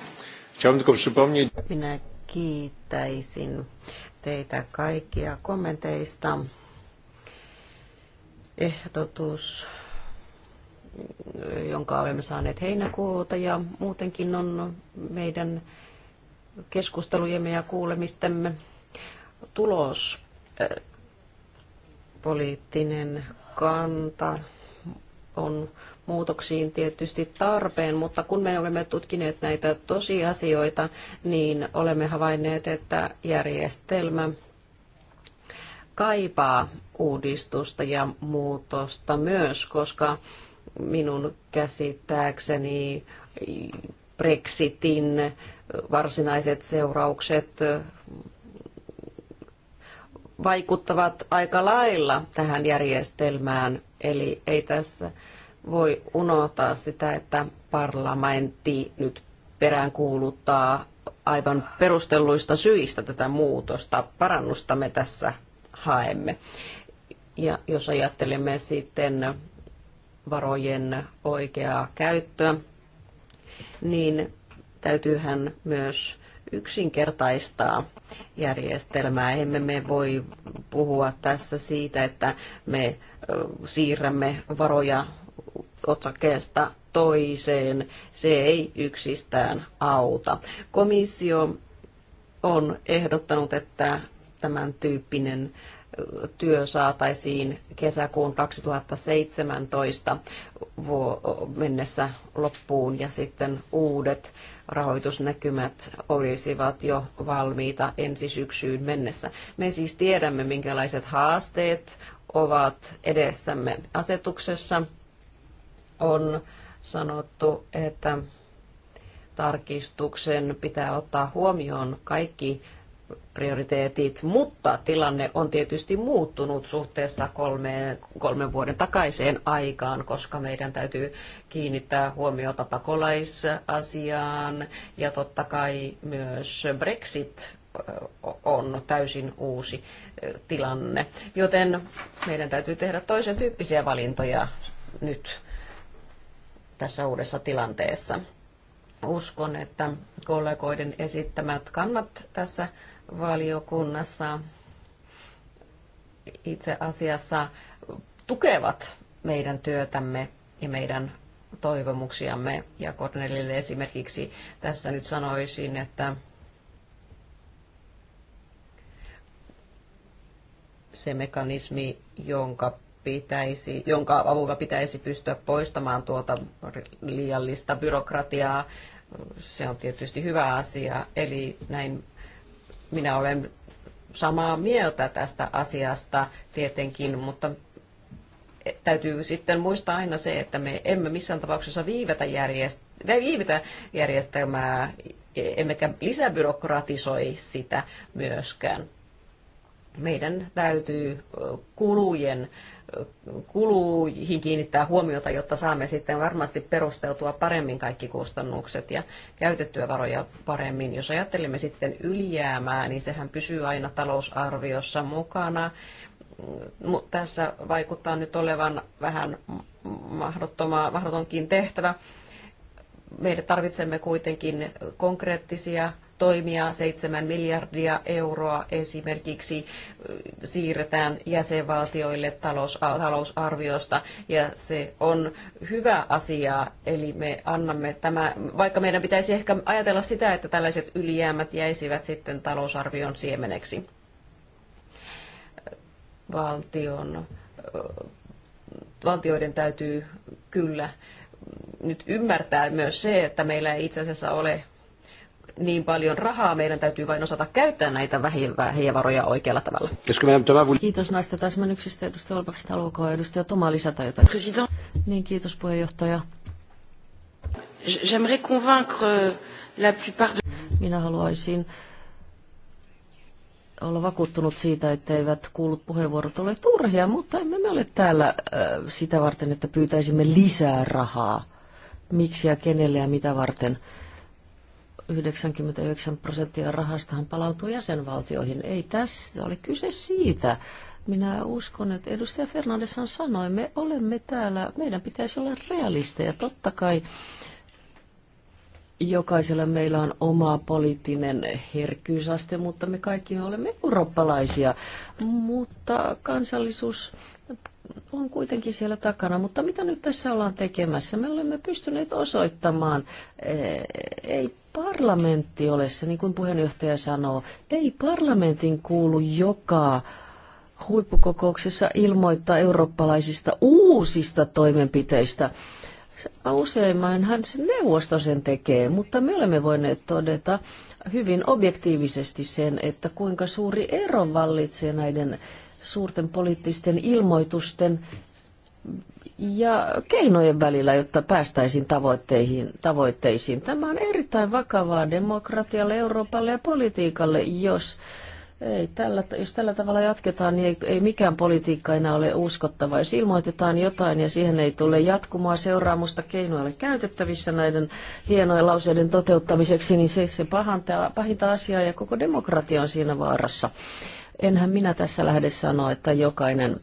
Chciałbym tylko przypomnieć... Minä kiittäisin teitä kaikkia kommenteista. Ehdotus, jonka olemme saaneet heinäkuuta ja muutenkin on meidän keskustelujemme ja kuulemistemme tulos, poliittinen kanta on muutoksiin tietysti tarpeen, mutta kun me olemme tutkineet näitä tosiasioita, niin olemme havainneet, että järjestelmä kaipaa uudistusta ja muutosta myös, koska minun käsittääkseni Brexitin varsinaiset seuraukset vaikuttavat aika lailla tähän järjestelmään. Eli ei tässä voi unohtaa sitä, että parlamentti nyt peräänkuuluttaa aivan perustelluista syistä tätä muutosta, parannusta me tässä haemme. Ja jos ajattelemme sitten varojen oikeaa käyttöä, niin täytyyhän myös yksinkertaistaa järjestelmää. Emme me voi puhua tässä siitä, että me siirrämme varoja otsakkeesta toiseen, se ei yksistään auta. Komissio on ehdottanut, että tämän tyyppinen työ saataisiin kesäkuun 2017 mennessä loppuun ja sitten uudet rahoitusnäkymät olisivat jo valmiita ensi syksyyn mennessä. Me siis tiedämme, minkälaiset haasteet ovat edessämme asetuksessa on sanottu, että tarkistuksen pitää ottaa huomioon kaikki prioriteetit, mutta tilanne on tietysti muuttunut suhteessa kolmeen, kolmen vuoden takaiseen aikaan, koska meidän täytyy kiinnittää huomiota pakolaisasiaan ja totta kai myös Brexit on täysin uusi tilanne, joten meidän täytyy tehdä toisen tyyppisiä valintoja nyt tässä uudessa tilanteessa. Uskon, että kollegoiden esittämät kannat tässä valiokunnassa itse asiassa tukevat meidän työtämme ja meidän toivomuksiamme. Ja Kornelille esimerkiksi tässä nyt sanoisin, että se mekanismi, jonka pitäisi, jonka avulla pitäisi pystyä poistamaan tuota liiallista byrokratiaa. Se on tietysti hyvä asia. Eli näin minä olen samaa mieltä tästä asiasta tietenkin, mutta täytyy sitten muistaa aina se, että me emme missään tapauksessa viivetä, järjest- viivetä järjestelmää, emmekä lisäbyrokratisoi sitä myöskään. Meidän täytyy kulujen kuluihin kiinnittää huomiota, jotta saamme sitten varmasti perusteltua paremmin kaikki kustannukset ja käytettyä varoja paremmin. Jos ajattelemme sitten ylijäämää, niin sehän pysyy aina talousarviossa mukana. Tässä vaikuttaa nyt olevan vähän mahdotonkin tehtävä. Meidän tarvitsemme kuitenkin konkreettisia toimia. 7 miljardia euroa esimerkiksi siirretään jäsenvaltioille talousarviosta ja se on hyvä asia. Eli me annamme tämä, vaikka meidän pitäisi ehkä ajatella sitä, että tällaiset ylijäämät jäisivät sitten talousarvion siemeneksi valtion, valtioiden täytyy kyllä nyt ymmärtää myös se, että meillä ei itse asiassa ole niin paljon rahaa, meidän täytyy vain osata käyttää näitä vähiä varoja oikealla tavalla. Kiitos näistä täsmennyksistä, edustaja Olbakset. haluatko edustaja Toma lisätä jotain? President. Niin, kiitos puheenjohtaja. J'aimerais convaincre euh, la plupart de... Minä haluaisin olla vakuuttunut siitä, että eivät kuullut puheenvuorot ole turhia, mutta emme me ole täällä äh, sitä varten, että pyytäisimme lisää rahaa. Miksi ja kenelle ja mitä varten 99 prosenttia rahastahan palautuu jäsenvaltioihin. Ei tässä ole kyse siitä. Minä uskon, että edustaja Fernandeshan sanoi, me olemme täällä, meidän pitäisi olla realisteja. Totta kai jokaisella meillä on oma poliittinen herkkyysaste, mutta me kaikki olemme eurooppalaisia. Mutta kansallisuus on kuitenkin siellä takana. Mutta mitä nyt tässä ollaan tekemässä? Me olemme pystyneet osoittamaan, eh, ei parlamentti ole se, niin kuin puheenjohtaja sanoo. Ei parlamentin kuulu joka huippukokouksessa ilmoittaa eurooppalaisista uusista toimenpiteistä. Useimmainhan se neuvosto sen tekee, mutta me olemme voineet todeta hyvin objektiivisesti sen, että kuinka suuri ero vallitsee näiden suurten poliittisten ilmoitusten ja keinojen välillä, jotta päästäisiin tavoitteisiin, tavoitteisiin. Tämä on erittäin vakavaa demokratialle, Euroopalle ja politiikalle, jos ei, tällä, jos tällä tavalla jatketaan, niin ei, ei mikään politiikka enää ole uskottava. Jos ilmoitetaan jotain ja siihen ei tule jatkumaa seuraamusta keinoille käytettävissä näiden hienojen lauseiden toteuttamiseksi, niin se, se pahanta, pahinta asiaa ja koko demokratia on siinä vaarassa. Enhän minä tässä lähde sanoa, että jokainen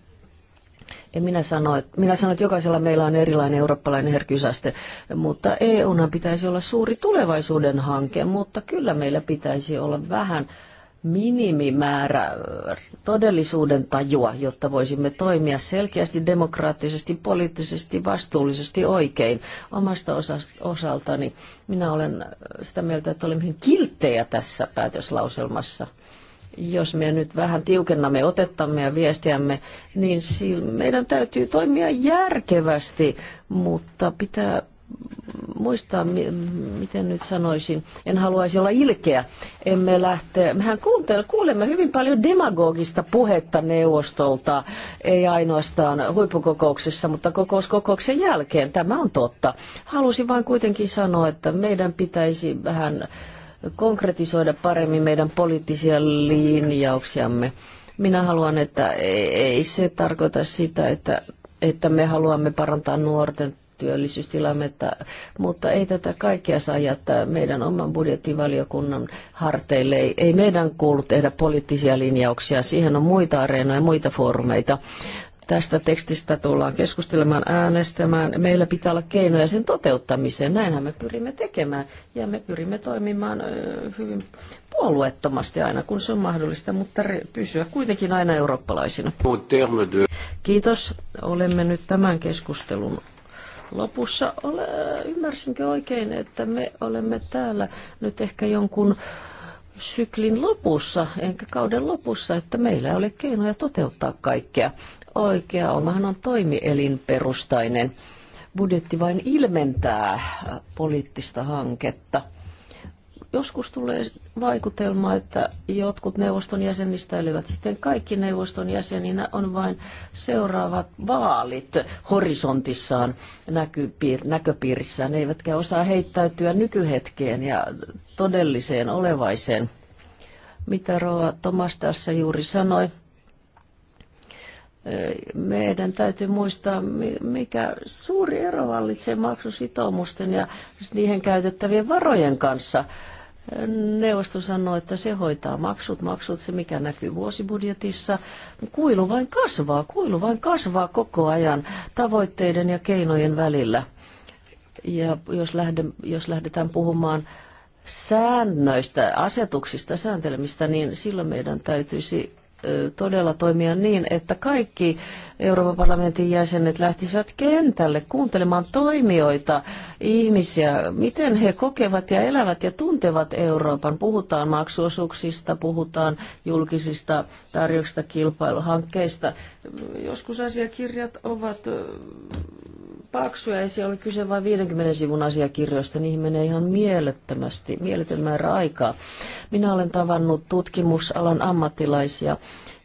en minä sano, minä sanon, että jokaisella meillä on erilainen eurooppalainen herkkyysaste, mutta EUna pitäisi olla suuri tulevaisuuden hanke, mutta kyllä meillä pitäisi olla vähän minimimäärä todellisuuden tajua, jotta voisimme toimia selkeästi, demokraattisesti, poliittisesti, vastuullisesti oikein. Omasta osaltani minä olen sitä mieltä, että olemme kilttejä tässä päätöslauselmassa jos me nyt vähän tiukennamme otettamme ja viestiämme, niin meidän täytyy toimia järkevästi, mutta pitää muistaa, miten nyt sanoisin, en haluaisi olla ilkeä. Emme lähte, mehän kuuntele, kuulemme hyvin paljon demagogista puhetta neuvostolta, ei ainoastaan huippukokouksessa, mutta kokouskokouksen jälkeen. Tämä on totta. Halusin vain kuitenkin sanoa, että meidän pitäisi vähän konkretisoida paremmin meidän poliittisia linjauksiamme. Minä haluan, että e- ei se tarkoita sitä, että, että me haluamme parantaa nuorten työllisyystilannetta, mutta ei tätä kaikkea saa jättää meidän oman budjettivaliokunnan harteille. Ei, ei meidän kuulu tehdä poliittisia linjauksia, siihen on muita areenoja, muita foorumeita. Tästä tekstistä tullaan keskustelemaan, äänestämään. Meillä pitää olla keinoja sen toteuttamiseen. Näinhän me pyrimme tekemään ja me pyrimme toimimaan hyvin puolueettomasti aina, kun se on mahdollista, mutta pysyä kuitenkin aina eurooppalaisina. Kiitos. Olemme nyt tämän keskustelun lopussa. Ole, ymmärsinkö oikein, että me olemme täällä nyt ehkä jonkun syklin lopussa, enkä kauden lopussa, että meillä ei ole keinoja toteuttaa kaikkea oikea. Omahan on toimielinperustainen. Budjetti vain ilmentää äh, poliittista hanketta. Joskus tulee vaikutelma, että jotkut neuvoston jäsenistä, eli sitten kaikki neuvoston jäseninä, on vain seuraavat vaalit horisontissaan näköpiir- näköpiirissään, ne eivätkä osaa heittäytyä nykyhetkeen ja todelliseen olevaiseen. Mitä Roa Tomas tässä juuri sanoi, meidän täytyy muistaa, mikä suuri ero vallitsee maksusitoumusten ja niihin käytettävien varojen kanssa. Neuvosto sanoi, että se hoitaa maksut, maksut, se mikä näkyy vuosibudjetissa. Kuilu vain kasvaa, kuilu vain kasvaa koko ajan tavoitteiden ja keinojen välillä. Ja jos, lähde, jos lähdetään puhumaan säännöistä, asetuksista, sääntelemistä, niin silloin meidän täytyisi todella toimia niin, että kaikki Euroopan parlamentin jäsenet lähtisivät kentälle kuuntelemaan toimijoita, ihmisiä, miten he kokevat ja elävät ja tuntevat Euroopan. Puhutaan maksuosuuksista, puhutaan julkisista tarjouksista, kilpailuhankkeista. Joskus asiakirjat ovat paksuja, ei siellä ole kyse vain 50 sivun asiakirjoista, niihin menee ihan mielettömästi, mieletön määrä aikaa. Minä olen tavannut tutkimusalan ammattilaisia,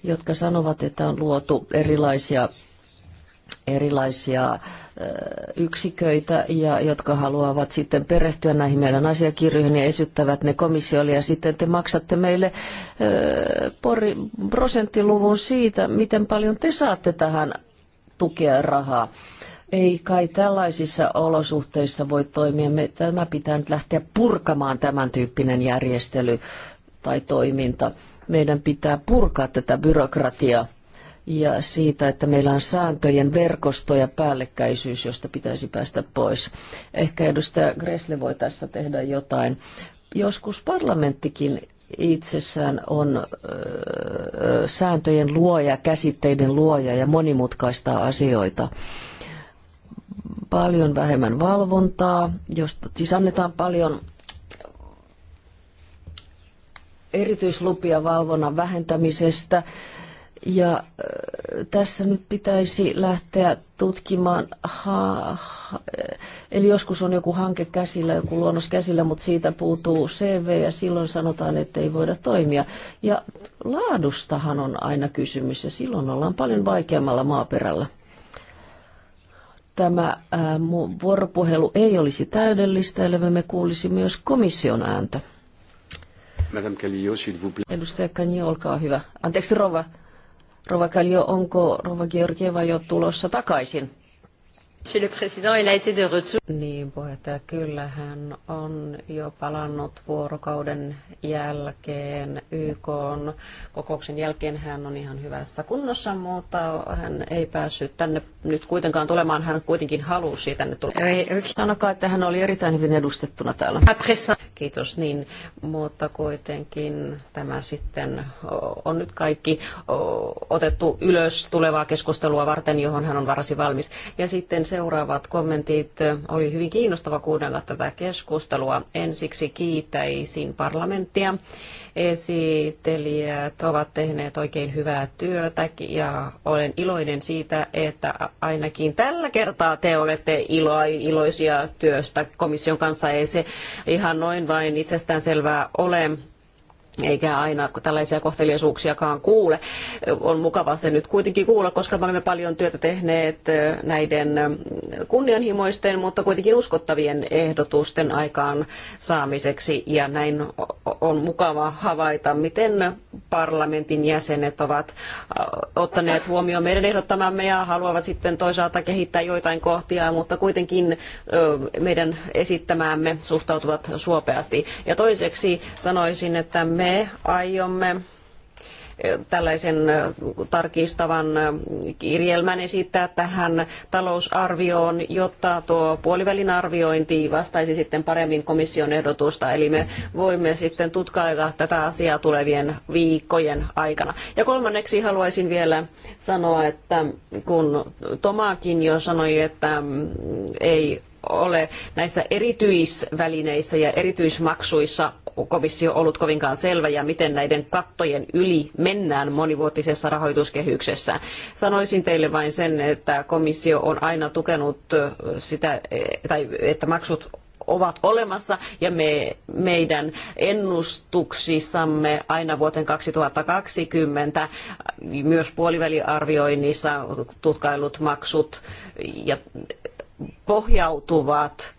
jotka sanovat, että on luotu erilaisia erilaisia yksiköitä, ja, jotka haluavat sitten perehtyä näihin meidän asiakirjoihin ja esittävät ne komissiolle ja sitten te maksatte meille pori, prosenttiluvun siitä, miten paljon te saatte tähän tukea rahaa. Ei kai tällaisissa olosuhteissa voi toimia. Me, tämä pitää nyt lähteä purkamaan tämän tyyppinen järjestely tai toiminta. Meidän pitää purkaa tätä byrokratiaa ja siitä, että meillä on sääntöjen verkosto ja päällekkäisyys, josta pitäisi päästä pois. Ehkä edustaja Gressle voi tässä tehdä jotain. Joskus parlamenttikin itsessään on öö, sääntöjen luoja, käsitteiden luoja ja monimutkaistaa asioita paljon vähemmän valvontaa, jos siis annetaan paljon erityislupia valvonnan vähentämisestä. Ja tässä nyt pitäisi lähteä tutkimaan, ha, ha, eli joskus on joku hanke käsillä, joku luonnos käsillä, mutta siitä puutuu CV ja silloin sanotaan, että ei voida toimia. Ja laadustahan on aina kysymys ja silloin ollaan paljon vaikeammalla maaperällä tämä vuoropuhelu ei olisi täydellistä, ellei me kuulisi myös komission ääntä. Madame Calio, s'il vous plaît. Edustaja Kanyo, olkaa hyvä. Anteeksi, Rova. Rova Kallio, onko Rova Georgieva jo tulossa takaisin? Monsieur le Président, il a été de retour. Niin, puheenjohtaja, kyllä hän on jo palannut vuorokauden jälkeen YK on. kokouksen jälkeen. Hän on ihan hyvässä kunnossa, mutta hän ei päässyt tänne nyt kuitenkaan tulemaan. Hän kuitenkin halusi tänne tulla. Ei, Sanokaa, että hän oli erittäin hyvin edustettuna täällä. Kiitos, niin, mutta kuitenkin tämä sitten on nyt kaikki otettu ylös tulevaa keskustelua varten, johon hän on varsin valmis. Ja sitten seuraavat kommentit. Oli hyvin kiinnostava kuunnella tätä keskustelua. Ensiksi kiittäisin parlamenttia. Esittelijät ovat tehneet oikein hyvää työtä ja olen iloinen siitä, että ainakin tällä kertaa te olette ilo, iloisia työstä komission kanssa. Ei se ihan noin vain itsestään selvää ole eikä aina tällaisia kohteliaisuuksiakaan kuule. On mukava se nyt kuitenkin kuulla, koska me olemme paljon työtä tehneet näiden kunnianhimoisten, mutta kuitenkin uskottavien ehdotusten aikaan saamiseksi. Ja näin on mukava havaita, miten parlamentin jäsenet ovat ottaneet huomioon meidän ehdottamamme ja haluavat sitten toisaalta kehittää joitain kohtia, mutta kuitenkin meidän esittämäämme suhtautuvat suopeasti. Ja toiseksi sanoisin, että me me aiomme tällaisen tarkistavan kirjelmän esittää tähän talousarvioon, jotta tuo puolivälin arviointi vastaisi sitten paremmin komission ehdotusta. Eli me voimme sitten tutkailla tätä asiaa tulevien viikkojen aikana. Ja kolmanneksi haluaisin vielä sanoa, että kun Tomakin jo sanoi, että ei ole näissä erityisvälineissä ja erityismaksuissa komissio ollut kovinkaan selvä ja miten näiden kattojen yli mennään monivuotisessa rahoituskehyksessä. Sanoisin teille vain sen, että komissio on aina tukenut sitä, tai että maksut ovat olemassa ja me, meidän ennustuksissamme aina vuoteen 2020 myös puoliväliarvioinnissa tutkailut maksut ja pohjautuvat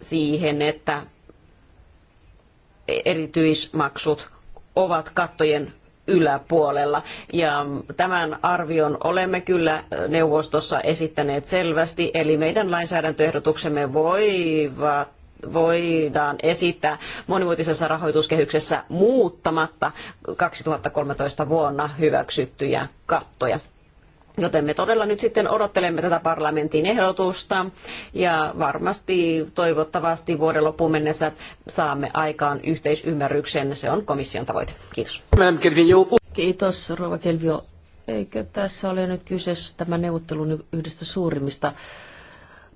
siihen, että erityismaksut ovat kattojen yläpuolella. Ja tämän arvion olemme kyllä neuvostossa esittäneet selvästi, eli meidän lainsäädäntöehdotuksemme voivat voidaan esittää monivuotisessa rahoituskehyksessä muuttamatta 2013 vuonna hyväksyttyjä kattoja. Joten me todella nyt sitten odottelemme tätä parlamentin ehdotusta ja varmasti toivottavasti vuoden loppuun mennessä saamme aikaan yhteisymmärryksen. Se on komission tavoite. Kiitos. Kiitos Rova Kelvio. Eikö tässä ole nyt kyseessä tämä neuvottelun yhdestä suurimmista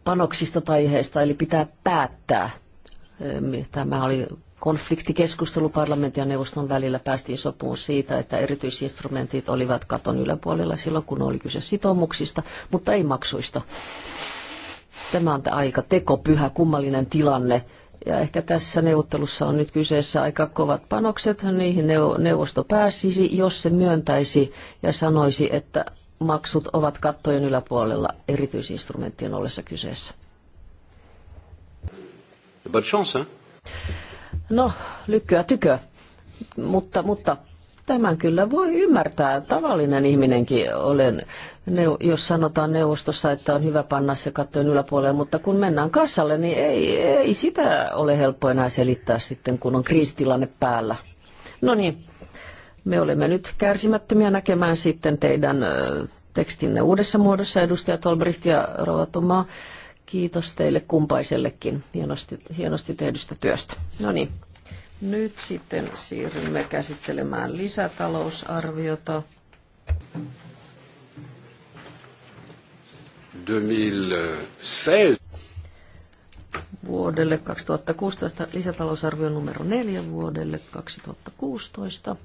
panoksista tai aiheista, eli pitää päättää. Eh, tämä oli konfliktikeskustelu parlamentin ja neuvoston välillä päästiin sopuun siitä, että erityisinstrumentit olivat katon yläpuolella silloin, kun oli kyse sitoumuksista, mutta ei maksuista. Tämä on aika tekopyhä, kummallinen tilanne. Ja ehkä tässä neuvottelussa on nyt kyseessä aika kovat panokset, niihin neuvosto pääsisi, jos se myöntäisi ja sanoisi, että maksut ovat kattojen yläpuolella erityisinstrumenttien ollessa kyseessä. Bonne chance, hein? No, lykkyä tykö. Mutta, mutta tämän kyllä voi ymmärtää. Tavallinen ihminenkin olen, jos sanotaan neuvostossa, että on hyvä panna se kattojen yläpuolelle, mutta kun mennään kassalle, niin ei, ei sitä ole helppo enää selittää sitten, kun on kriisitilanne päällä. No niin, me olemme nyt kärsimättömiä näkemään sitten teidän tekstinne uudessa muodossa, edustaja Olbricht ja Rovatomaa. Kiitos teille kumpaisellekin hienosti, hienosti tehdystä työstä. No niin, nyt sitten siirrymme käsittelemään lisätalousarviota. 2016. Vuodelle 2016 lisätalousarvio numero 4 vuodelle 2016.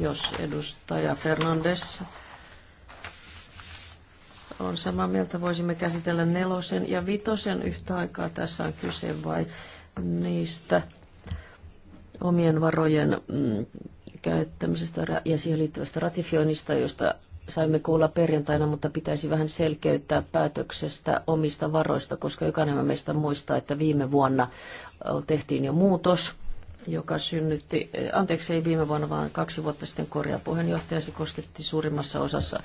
Jos edustaja Fernandes on samaa mieltä. Voisimme käsitellä nelosen ja vitosen yhtä aikaa. Tässä on kyse vain niistä omien varojen mm, käyttämisestä ja siihen liittyvästä ratifioinnista, josta saimme kuulla perjantaina, mutta pitäisi vähän selkeyttää päätöksestä omista varoista, koska jokainen meistä muistaa, että viime vuonna tehtiin jo muutos joka synnytti, eh, anteeksi ei viime vuonna, vaan kaksi vuotta sitten korjaa puheenjohtaja, se kosketti suurimmassa osassa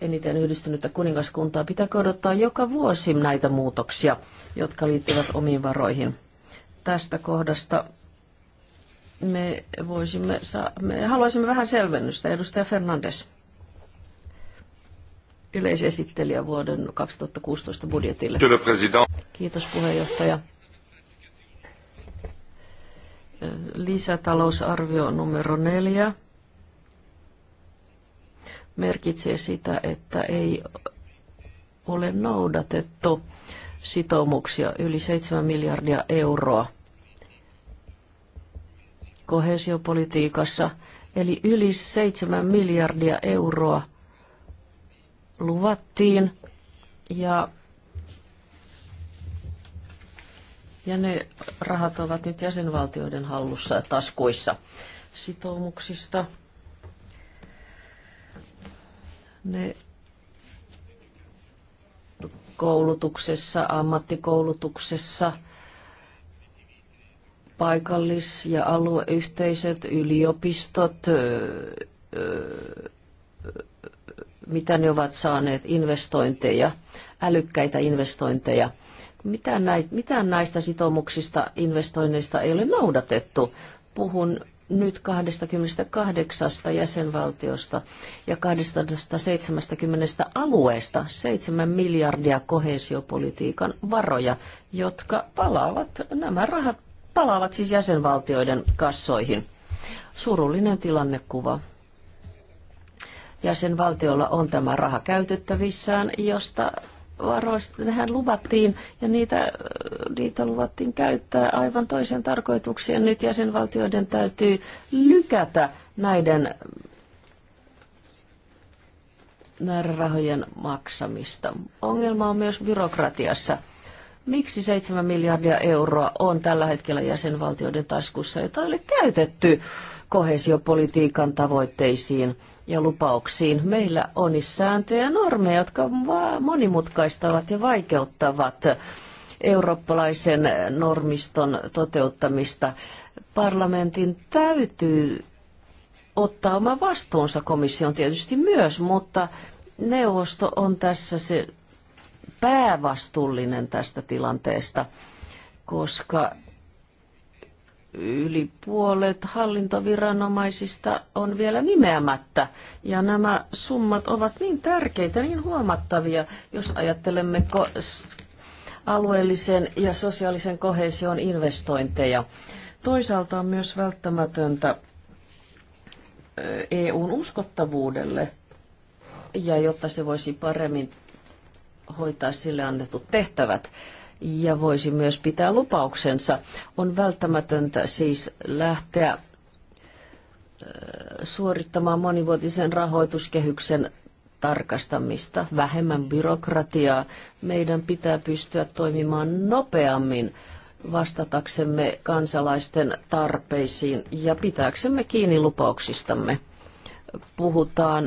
eniten yhdistynyttä kuningaskuntaa. Pitää odottaa joka vuosi näitä muutoksia, jotka liittyvät omiin varoihin. Tästä kohdasta me, voisimme saa, me haluaisimme vähän selvennystä. Edustaja Fernandes, yleisesittelijä vuoden 2016 budjetille. Kiitos puheenjohtaja lisätalousarvio numero neljä merkitsee sitä, että ei ole noudatettu sitoumuksia yli 7 miljardia euroa kohesiopolitiikassa, eli yli 7 miljardia euroa luvattiin ja ja ne rahat ovat nyt jäsenvaltioiden hallussa ja taskuissa sitoumuksista. Ne koulutuksessa, ammattikoulutuksessa, paikallis- ja alueyhteiset yliopistot, mitä ne ovat saaneet, investointeja, älykkäitä investointeja – mitään, näitä, mitään näistä sitoumuksista investoinneista ei ole noudatettu. Puhun nyt 28 jäsenvaltiosta ja 270 alueesta 7 miljardia kohesiopolitiikan varoja, jotka palaavat, nämä rahat palaavat siis jäsenvaltioiden kassoihin. Surullinen tilannekuva. Jäsenvaltiolla on tämä raha käytettävissään, josta varoista nehän luvattiin ja niitä, äh, niitä luvattiin käyttää aivan toisen tarkoituksen Nyt jäsenvaltioiden täytyy lykätä näiden määrärahojen maksamista. Ongelma on myös byrokratiassa. Miksi 7 miljardia euroa on tällä hetkellä jäsenvaltioiden taskussa, jota ei ole käytetty kohesiopolitiikan tavoitteisiin? ja lupauksiin. Meillä on sääntöjä ja normeja, jotka monimutkaistavat ja vaikeuttavat eurooppalaisen normiston toteuttamista. Parlamentin täytyy ottaa oma vastuunsa komission tietysti myös, mutta neuvosto on tässä se päävastuullinen tästä tilanteesta, koska yli puolet hallintoviranomaisista on vielä nimeämättä. Ja nämä summat ovat niin tärkeitä, niin huomattavia, jos ajattelemme alueellisen ja sosiaalisen kohesion investointeja. Toisaalta on myös välttämätöntä EUn uskottavuudelle ja jotta se voisi paremmin hoitaa sille annetut tehtävät ja voisi myös pitää lupauksensa. On välttämätöntä siis lähteä suorittamaan monivuotisen rahoituskehyksen tarkastamista, vähemmän byrokratiaa. Meidän pitää pystyä toimimaan nopeammin vastataksemme kansalaisten tarpeisiin ja pitääksemme kiinni lupauksistamme. Puhutaan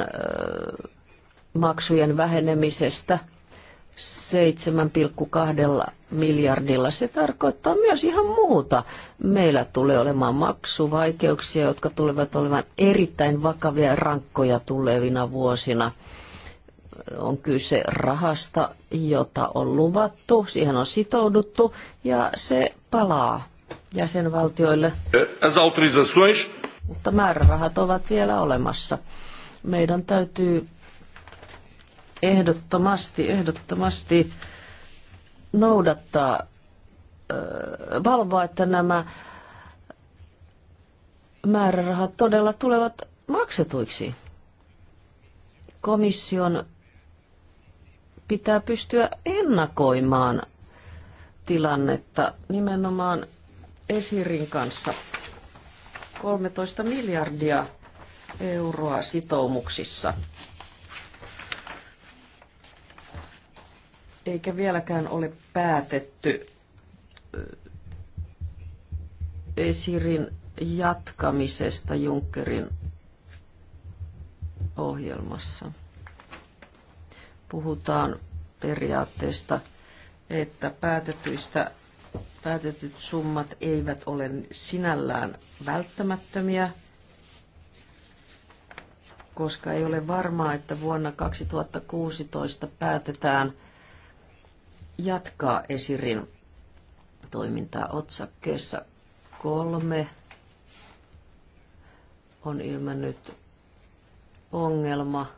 maksujen vähenemisestä – 7,2 miljardilla. Se tarkoittaa myös ihan muuta. Meillä tulee olemaan maksuvaikeuksia, jotka tulevat olemaan erittäin vakavia ja rankkoja tulevina vuosina. On kyse rahasta, jota on luvattu, siihen on sitouduttu ja se palaa jäsenvaltioille. Mutta määrärahat ovat vielä olemassa. Meidän täytyy ehdottomasti, ehdottomasti noudattaa, valvoa, että nämä määrärahat todella tulevat maksetuiksi. Komission pitää pystyä ennakoimaan tilannetta nimenomaan Esirin kanssa. 13 miljardia euroa sitoumuksissa eikä vieläkään ole päätetty Esirin jatkamisesta Junckerin ohjelmassa. Puhutaan periaatteesta, että päätetyistä, päätetyt summat eivät ole sinällään välttämättömiä, koska ei ole varmaa, että vuonna 2016 päätetään – jatkaa Esirin toimintaa otsakkeessa kolme on ilmennyt ongelma,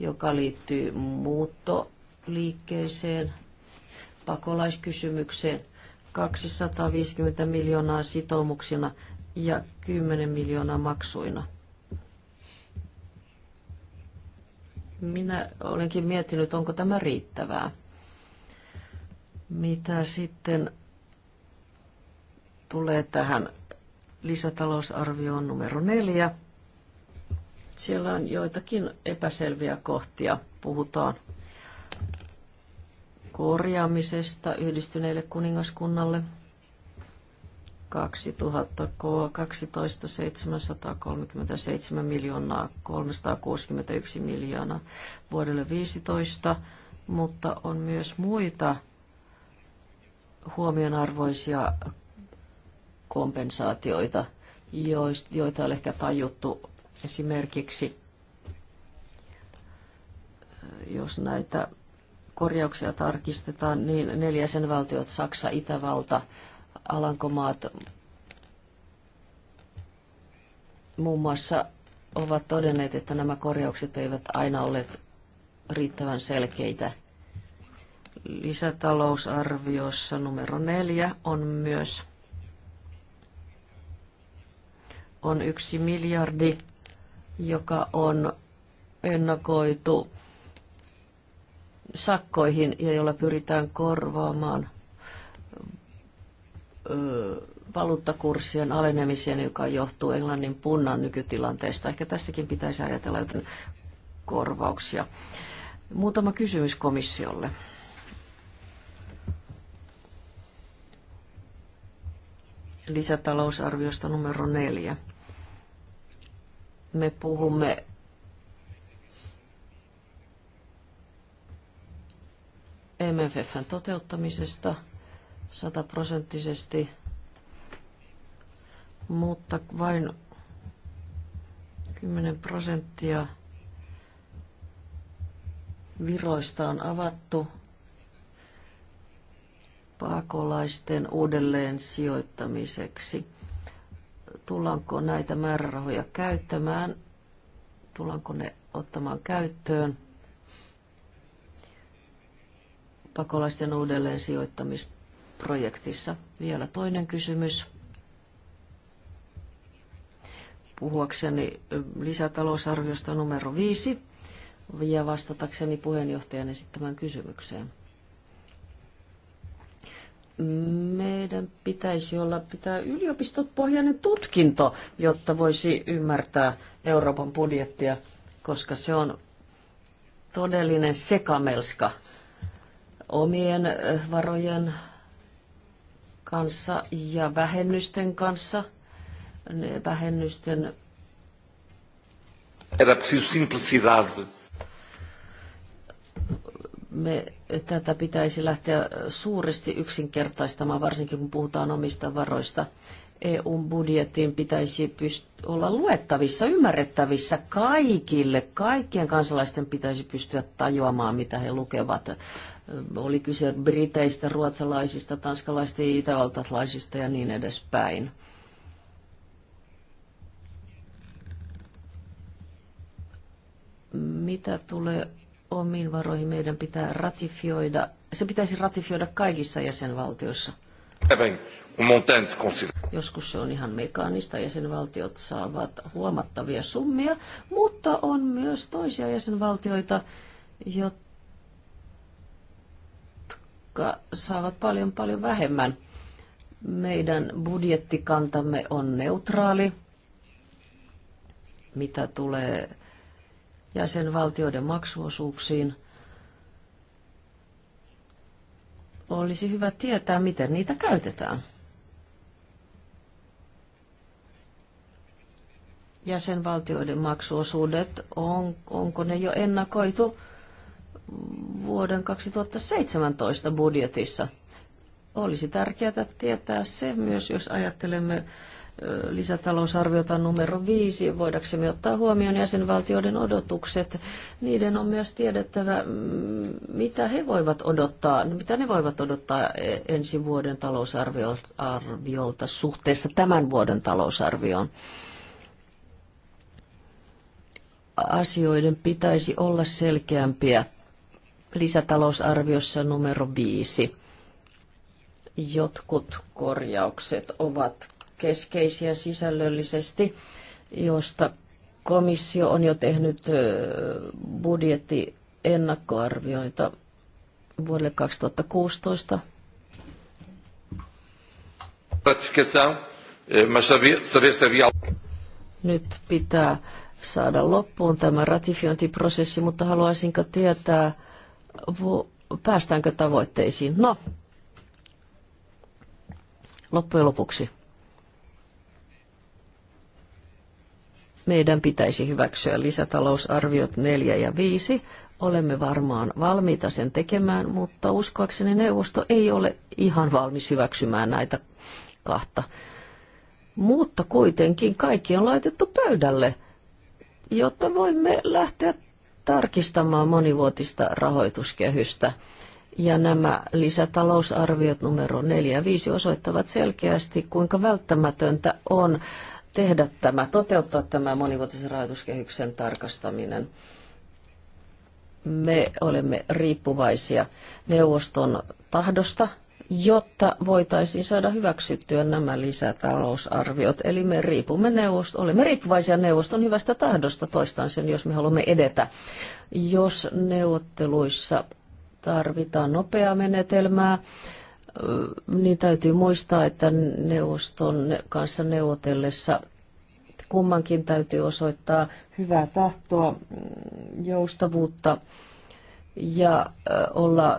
joka liittyy muuttoliikkeeseen, pakolaiskysymykseen, 250 miljoonaa sitoumuksina ja 10 miljoonaa maksuina. Minä olenkin miettinyt, onko tämä riittävää. Mitä sitten tulee tähän lisätalousarvioon numero neljä. Siellä on joitakin epäselviä kohtia. Puhutaan korjaamisesta yhdistyneelle kuningaskunnalle – 2012 737 miljoonaa 361 miljoonaa vuodelle 15, mutta on myös muita huomionarvoisia kompensaatioita, joita on ehkä tajuttu esimerkiksi, jos näitä korjauksia tarkistetaan, niin neljäsen valtiot, Saksa, Itävalta, Alankomaat muun muassa ovat todenneet, että nämä korjaukset eivät aina olleet riittävän selkeitä. Lisätalousarviossa numero neljä on myös on yksi miljardi, joka on ennakoitu sakkoihin ja jolla pyritään korvaamaan – valuuttakurssien alenemiseen, joka johtuu Englannin punnan nykytilanteesta. Ehkä tässäkin pitäisi ajatella jotain korvauksia. Muutama kysymys komissiolle. Lisätalousarviosta numero neljä. Me puhumme MFFn toteuttamisesta – sataprosenttisesti, mutta vain 10 prosenttia viroista on avattu pakolaisten uudelleen sijoittamiseksi. Tullaanko näitä määrärahoja käyttämään? Tullaanko ne ottamaan käyttöön pakolaisten uudelleen sijoittamiseksi? projektissa. Vielä toinen kysymys. Puhuakseni lisätalousarviosta numero viisi ja vastatakseni puheenjohtajan esittämään kysymykseen. Meidän pitäisi olla pitää yliopistopohjainen tutkinto, jotta voisi ymmärtää Euroopan budjettia, koska se on todellinen sekamelska omien varojen kanssa ja vähennysten kanssa. Ne vähennysten... Era preciso simplicidade. Me, tätä pitäisi lähteä suuresti yksinkertaistamaan, varsinkin kun puhutaan omista varoista. EUn budjetin pitäisi pyst- olla luettavissa, ymmärrettävissä kaikille. Kaikkien kansalaisten pitäisi pystyä tajuamaan, mitä he lukevat. Oli kyse briteistä, ruotsalaisista, tanskalaisista, itävaltalaisista ja niin edespäin. Mitä tulee omiin varoihin, meidän pitää ratifioida. Se pitäisi ratifioida kaikissa jäsenvaltioissa. Joskus se on ihan mekaanista, jäsenvaltiot saavat huomattavia summia, mutta on myös toisia jäsenvaltioita, jotka saavat paljon paljon vähemmän. Meidän budjettikantamme on neutraali, mitä tulee jäsenvaltioiden maksuosuuksiin. Olisi hyvä tietää, miten niitä käytetään. jäsenvaltioiden maksuosuudet, on, onko ne jo ennakoitu vuoden 2017 budjetissa? Olisi tärkeää tietää se myös, jos ajattelemme lisätalousarviota numero viisi, voidaksemme ottaa huomioon jäsenvaltioiden odotukset. Niiden on myös tiedettävä, mitä he voivat odottaa, mitä ne voivat odottaa e, ensi vuoden talousarviolta suhteessa tämän vuoden talousarvioon asioiden pitäisi olla selkeämpiä lisätalousarviossa numero viisi. Jotkut korjaukset ovat keskeisiä sisällöllisesti, josta komissio on jo tehnyt budjettiennakkoarvioita vuodelle 2016. Nyt pitää saada loppuun tämä ratifiointiprosessi, mutta haluaisinko tietää, päästäänkö tavoitteisiin? No, loppujen lopuksi meidän pitäisi hyväksyä lisätalousarviot 4 ja 5. Olemme varmaan valmiita sen tekemään, mutta uskoakseni neuvosto ei ole ihan valmis hyväksymään näitä kahta. Mutta kuitenkin kaikki on laitettu pöydälle – jotta voimme lähteä tarkistamaan monivuotista rahoituskehystä. Ja nämä lisätalousarviot numero 4 ja 5 osoittavat selkeästi, kuinka välttämätöntä on tehdä tämä, toteuttaa tämä monivuotisen rahoituskehyksen tarkastaminen. Me olemme riippuvaisia neuvoston tahdosta jotta voitaisiin saada hyväksyttyä nämä lisätalousarviot. Eli me riipumme neuvosto, olemme riippuvaisia neuvoston hyvästä tahdosta, toistan sen, jos me haluamme edetä. Jos neuvotteluissa tarvitaan nopeaa menetelmää, niin täytyy muistaa, että neuvoston kanssa neuvotellessa kummankin täytyy osoittaa hyvää tahtoa, mm, joustavuutta ja olla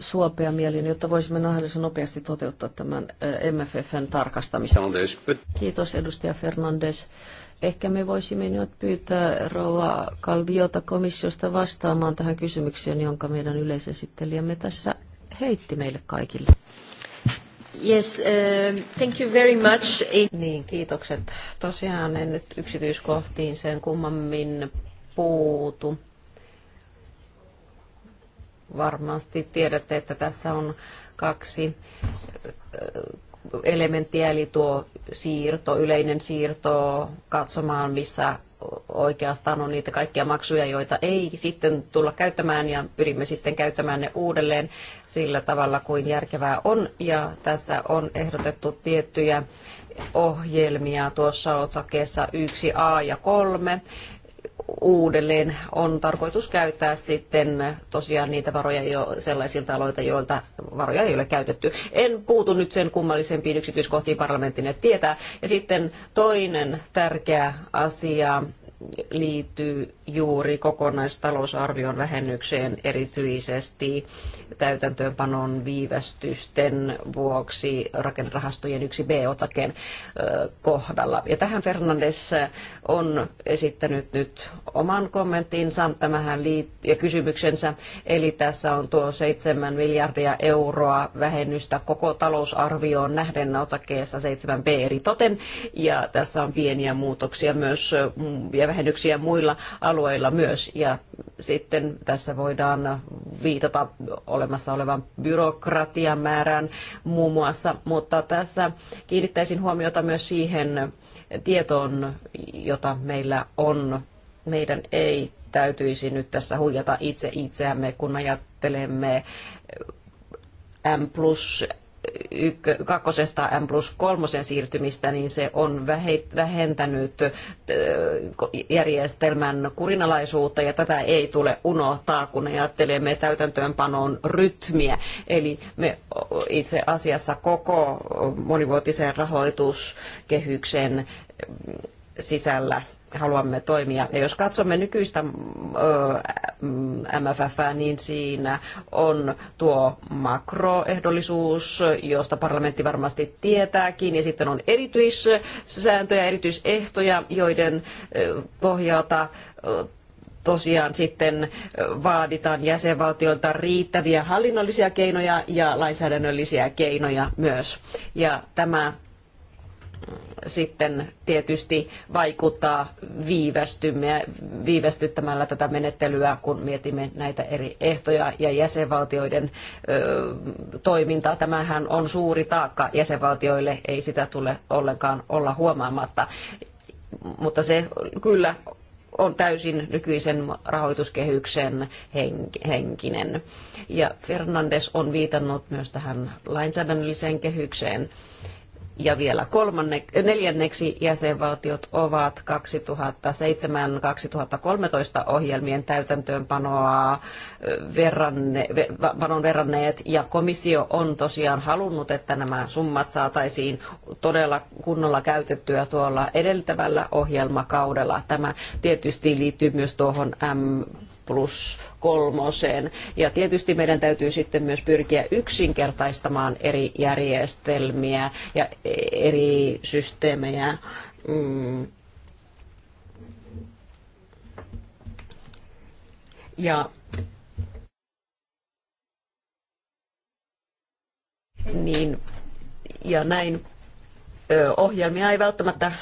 suopea mielin, jotta voisimme mahdollisimman nopeasti toteuttaa tämän MFFn tarkastamisen. Kiitos edustaja Fernandes. Ehkä me voisimme nyt pyytää rova Kalviota komissiosta vastaamaan tähän kysymykseen, jonka meidän yleisesittelijämme tässä heitti meille kaikille. Yes, uh, thank you very much. Niin, kiitokset. Tosiaan en nyt yksityiskohtiin sen kummammin puutu Varmasti tiedätte, että tässä on kaksi äh, elementtiä, eli tuo siirto, yleinen siirto katsomaan, missä oikeastaan on niitä kaikkia maksuja, joita ei sitten tulla käyttämään ja pyrimme sitten käyttämään ne uudelleen sillä tavalla kuin järkevää on. Ja tässä on ehdotettu tiettyjä ohjelmia tuossa otsakkeessa 1a ja 3 uudelleen on tarkoitus käyttää sitten tosiaan niitä varoja jo sellaisilta aloilta, joilta varoja ei ole käytetty. En puutu nyt sen kummallisempiin yksityiskohtiin parlamentin tietää. Ja sitten toinen tärkeä asia liittyy juuri kokonaistalousarvion vähennykseen erityisesti täytäntöönpanon viivästysten vuoksi rakennerahastojen yksi b otaken kohdalla. Ja tähän Fernandes on esittänyt nyt oman kommenttinsa tämähän liit- ja kysymyksensä. Eli tässä on tuo 7 miljardia euroa vähennystä koko talousarvioon nähden osakkeessa 7b eri toten. Ja tässä on pieniä muutoksia myös mm, ja vähennyksiä muilla alueilla myös. Ja sitten tässä voidaan viitata olemassa olevan byrokratian määrään muun muassa, mutta tässä kiinnittäisin huomiota myös siihen, tietoon, jota meillä on. Meidän ei täytyisi nyt tässä huijata itse itseämme, kun ajattelemme M plus kakkosesta M plus kolmosen siirtymistä, niin se on vähentänyt järjestelmän kurinalaisuutta ja tätä ei tule unohtaa, kun ajattelemme täytäntöönpanon rytmiä. Eli me itse asiassa koko monivuotisen rahoituskehyksen sisällä haluamme toimia. Ja jos katsomme nykyistä MFF, niin siinä on tuo makroehdollisuus, josta parlamentti varmasti tietääkin, ja sitten on erityissääntöjä, erityisehtoja, joiden pohjalta tosiaan sitten vaaditaan jäsenvaltioilta riittäviä hallinnollisia keinoja ja lainsäädännöllisiä keinoja myös. Ja tämä sitten tietysti vaikuttaa viivästyttämällä tätä menettelyä, kun mietimme näitä eri ehtoja ja jäsenvaltioiden ö, toimintaa. Tämähän on suuri taakka jäsenvaltioille, ei sitä tule ollenkaan olla huomaamatta. Mutta se kyllä on täysin nykyisen rahoituskehyksen henkinen. Ja Fernandes on viitannut myös tähän lainsäädännölliseen kehykseen ja vielä kolmanne, neljänneksi jäsenvaltiot ovat 2007-2013 ohjelmien täytäntöönpanoa verranne, panon verranneet ja komissio on tosiaan halunnut, että nämä summat saataisiin todella kunnolla käytettyä tuolla edeltävällä ohjelmakaudella. Tämä tietysti liittyy myös tuohon plus kolmoseen. Ja tietysti meidän täytyy sitten myös pyrkiä yksinkertaistamaan eri järjestelmiä ja eri systeemejä. Mm. Ja niin, ja näin ohjelmia ei välttämättä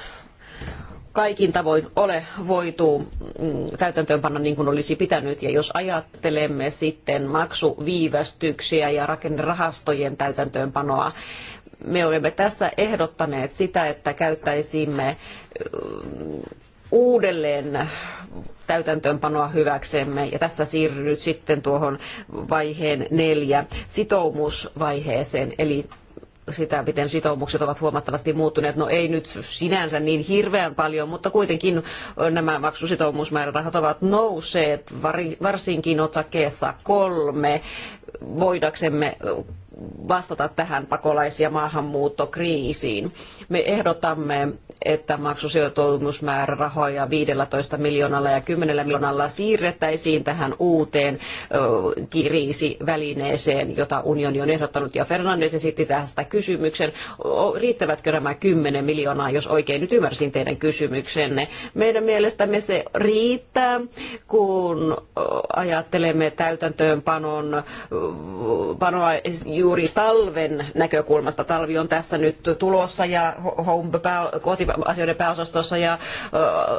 kaikin tavoin ole voitu mm, täytäntöönpanna niin kuin olisi pitänyt. Ja jos ajattelemme sitten maksuviivästyksiä ja rakennerahastojen täytäntöönpanoa, me olemme tässä ehdottaneet sitä, että käyttäisimme mm, uudelleen täytäntöönpanoa hyväksemme. Ja tässä siirryn nyt sitten tuohon vaiheen neljä sitoumusvaiheeseen. Eli sitä, miten sitoumukset ovat huomattavasti muuttuneet. No ei nyt sinänsä niin hirveän paljon, mutta kuitenkin nämä maksusitoumusmäärärahat ovat nousseet varsinkin otsakkeessa kolme voidaksemme vastata tähän pakolais- ja maahanmuuttokriisiin. Me ehdotamme, että maksusijoitumusmäärärahoja 15 miljoonalla ja 10 miljoonalla siirrettäisiin tähän uuteen kriisivälineeseen, jota unioni on ehdottanut. Ja Fernandes esitti tästä kysymyksen, riittävätkö nämä 10 miljoonaa, jos oikein nyt ymmärsin teidän kysymyksenne. Meidän mielestämme se riittää, kun ajattelemme täytäntöönpanon panoa juuri talven näkökulmasta. Talvi on tässä nyt tulossa ja home pää, kotiasioiden pääosastossa ja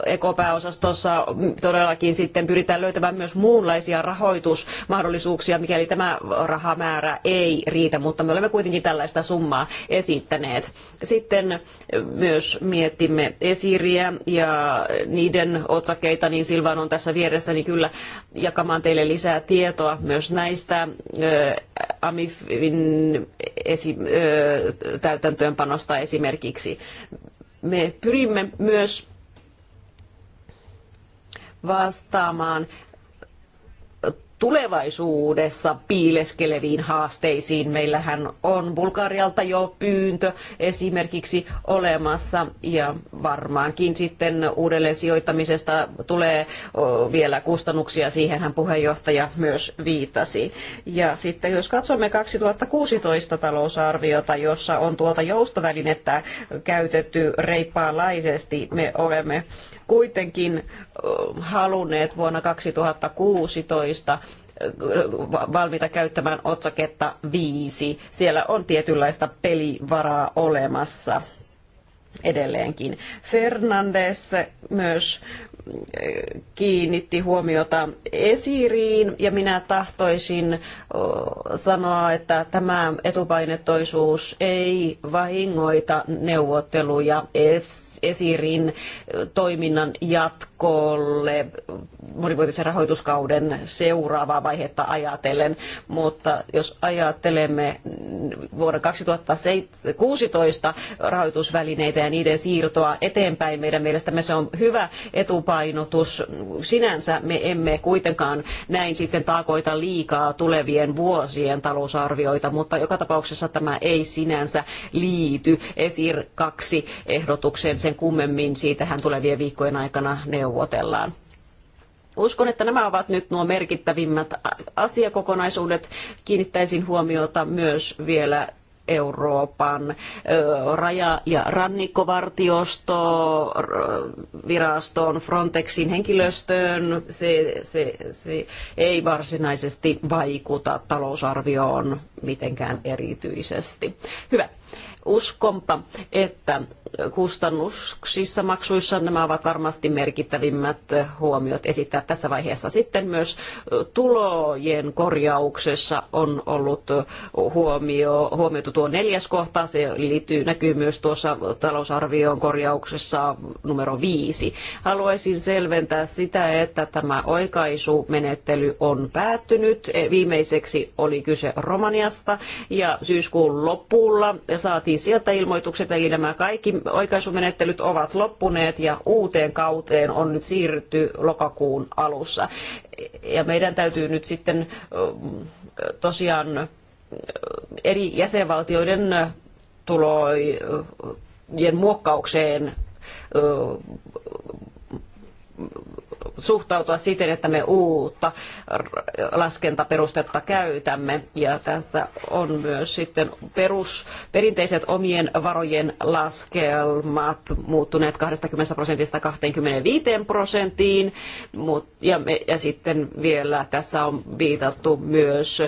ekopääosastossa todellakin sitten pyritään löytämään myös muunlaisia rahoitusmahdollisuuksia, mikäli tämä rahamäärä ei riitä, mutta me olemme kuitenkin tällaista summaa esittäneet. Sitten myös miettimme esiriä ja niiden otsakkeita, niin Silvan on tässä vieressä, niin kyllä jakamaan teille lisää tietoa myös näistä AMIFin esi- täytäntöönpanosta esimerkiksi. Me pyrimme myös vastaamaan tulevaisuudessa piileskeleviin haasteisiin. Meillähän on Bulgarialta jo pyyntö esimerkiksi olemassa ja varmaankin sitten uudelleen sijoittamisesta tulee vielä kustannuksia, siihenhän puheenjohtaja myös viittasi. Ja sitten jos katsomme 2016 talousarviota, jossa on tuota joustovälinettä käytetty reippaalaisesti, me olemme kuitenkin halunneet vuonna 2016 äh, valmiita käyttämään otsaketta 5. Siellä on tietynlaista pelivaraa olemassa edelleenkin. Fernandes myös kiinnitti huomiota esiriin ja minä tahtoisin sanoa, että tämä etupainettoisuus ei vahingoita neuvotteluja esirin toiminnan jatkolle monivuotisen rahoituskauden seuraavaa vaihetta ajatellen, mutta jos ajattelemme vuoden 2016 rahoitusvälineitä ja niiden siirtoa eteenpäin, meidän mielestämme se on hyvä etupainotus. Sinänsä me emme kuitenkaan näin sitten taakoita liikaa tulevien vuosien talousarvioita, mutta joka tapauksessa tämä ei sinänsä liity ESIR 2 ehdotukseen sen kummemmin. Siitähän tulevien viikkojen aikana neuvotellaan. Uskon, että nämä ovat nyt nuo merkittävimmät asiakokonaisuudet. Kiinnittäisin huomiota myös vielä Euroopan raja- ja rannikkovartiosto, virastoon, Frontexin henkilöstöön. Se, se, se ei varsinaisesti vaikuta talousarvioon mitenkään erityisesti. Hyvä. Uskonpa, että kustannuksissa, maksuissa nämä ovat varmasti merkittävimmät huomiot esittää tässä vaiheessa. Sitten myös tulojen korjauksessa on ollut huomio, huomioitu tuo neljäs kohta. Se liittyy, näkyy myös tuossa talousarvion korjauksessa numero viisi. Haluaisin selventää sitä, että tämä oikaisumenettely on päättynyt. Viimeiseksi oli kyse Romaniasta ja syyskuun lopulla saatiin sieltä ilmoitukset, eli nämä kaikki oikaisumenettelyt ovat loppuneet ja uuteen kauteen on nyt siirrytty lokakuun alussa. Ja meidän täytyy nyt sitten tosiaan eri jäsenvaltioiden tulojen muokkaukseen suhtautua siten, että me uutta laskentaperustetta käytämme. Ja tässä on myös sitten perus, perinteiset omien varojen laskelmat muuttuneet 20 prosentista 25 prosenttiin. Ja, me, ja sitten vielä tässä on viitattu myös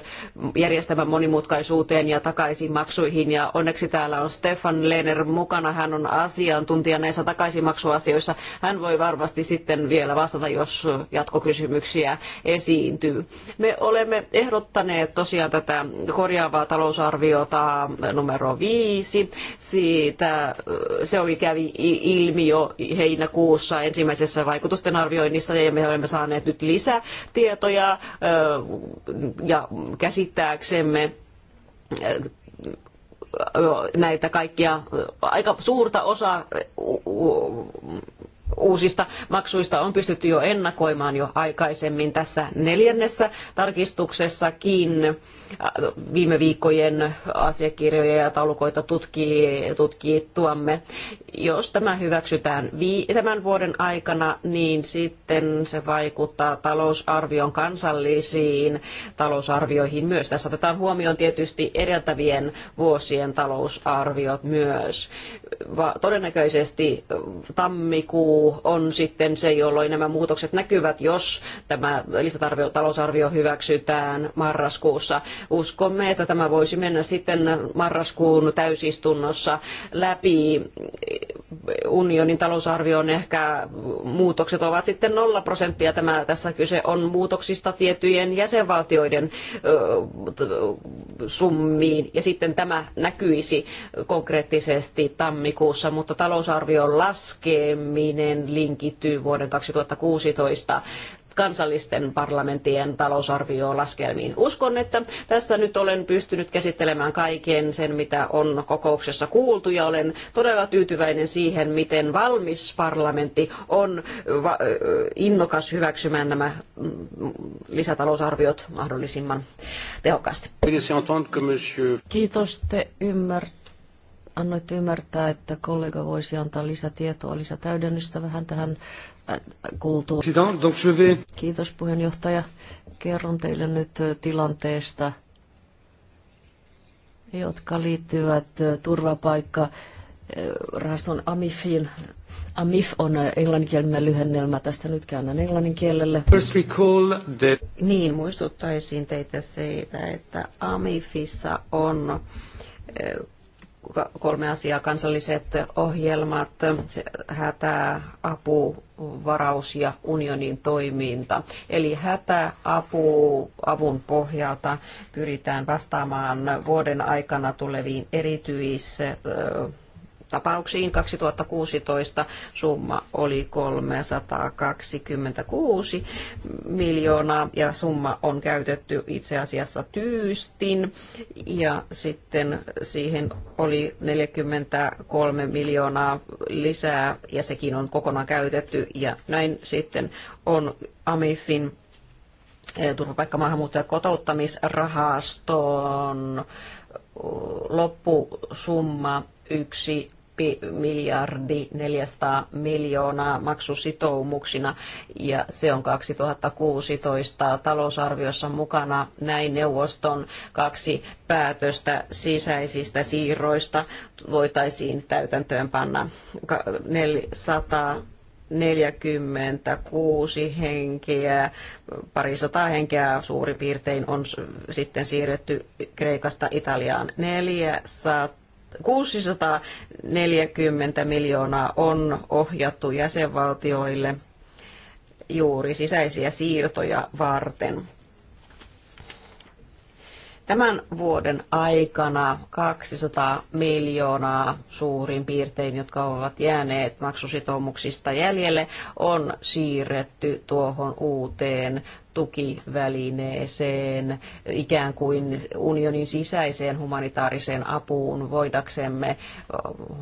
järjestelmän monimutkaisuuteen ja takaisinmaksuihin. Ja onneksi täällä on Stefan Lehner mukana. Hän on asiantuntija näissä takaisinmaksuasioissa. Hän voi varmasti sitten vielä vastata vastata, jos jatkokysymyksiä esiintyy. Me olemme ehdottaneet tosiaan tätä korjaavaa talousarviota numero viisi. Siitä se oli kävi ilmi jo heinäkuussa ensimmäisessä vaikutusten arvioinnissa ja me olemme saaneet nyt lisätietoja ja käsittääksemme näitä kaikkia aika suurta osaa uusista maksuista on pystytty jo ennakoimaan jo aikaisemmin tässä neljännessä tarkistuksessakin viime viikkojen asiakirjoja ja taulukoita tutkii tutkittuamme. Jos tämä hyväksytään tämän vuoden aikana, niin sitten se vaikuttaa talousarvion kansallisiin talousarvioihin myös. Tässä otetaan huomioon tietysti edeltävien vuosien talousarviot myös. todennäköisesti tammikuun on sitten se, jolloin nämä muutokset näkyvät, jos tämä lisätalousarvio hyväksytään marraskuussa. Uskomme, että tämä voisi mennä sitten marraskuun täysistunnossa läpi. Unionin talousarvioon ehkä muutokset ovat sitten nolla prosenttia. Tämä tässä kyse on muutoksista tiettyjen jäsenvaltioiden summiin ja sitten tämä näkyisi konkreettisesti tammikuussa, mutta talousarvion laskeminen paremmin linkittyy vuoden 2016 kansallisten parlamenttien talousarviolaskelmiin. Uskon, että tässä nyt olen pystynyt käsittelemään kaiken sen, mitä on kokouksessa kuultu, ja olen todella tyytyväinen siihen, miten valmis parlamentti on innokas hyväksymään nämä mm, lisätalousarviot mahdollisimman tehokkaasti. Kiitos, te ymmärrätte annoitte ymmärtää, että kollega voisi antaa lisätietoa, lisätäydennystä vähän tähän äh, kuultuun. Kiitos puheenjohtaja. Kerron teille nyt äh, tilanteesta, jotka liittyvät äh, turvapaikka rahaston AMIFin. AMIF on englanninkielinen lyhennelmä, tästä nyt käännän englannin kielelle. First recall that... Niin, muistuttaisin teitä siitä, että AMIFissa on kolme asiaa, kansalliset ohjelmat, hätä, apu, varaus ja unionin toiminta. Eli apu, avun pohjalta pyritään vastaamaan vuoden aikana tuleviin erityis tapauksiin. 2016 summa oli 326 miljoonaa ja summa on käytetty itse asiassa tyystin ja sitten siihen oli 43 miljoonaa lisää ja sekin on kokonaan käytetty ja näin sitten on AMIFin eh, turvapaikka, maahanmuutto- ja kotouttamisrahaston eh, loppusumma yksi miljardi 400 miljoonaa maksusitoumuksina ja se on 2016 talousarviossa mukana näin neuvoston kaksi päätöstä sisäisistä siirroista voitaisiin täytäntöönpanna 400 46 henkeä, parisataa henkeä suurin piirtein on sitten siirretty Kreikasta Italiaan. 400 640 miljoonaa on ohjattu jäsenvaltioille juuri sisäisiä siirtoja varten. Tämän vuoden aikana 200 miljoonaa suurin piirtein, jotka ovat jääneet maksusitoumuksista jäljelle, on siirretty tuohon uuteen tukivälineeseen, ikään kuin unionin sisäiseen humanitaariseen apuun, voidaksemme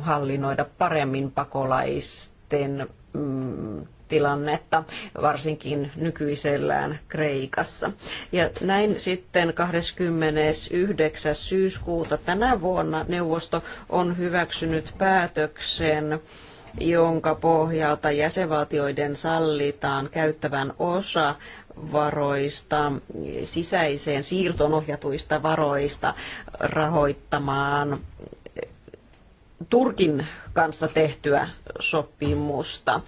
hallinnoida paremmin pakolaisten mm, tilannetta, varsinkin nykyisellään Kreikassa. Ja näin sitten 29. syyskuuta tänä vuonna neuvosto on hyväksynyt päätöksen, jonka pohjalta jäsenvaltioiden sallitaan käyttävän osa varoista, sisäiseen siirtoon ohjatuista varoista rahoittamaan Turkin kanssa tehtyä sopimusta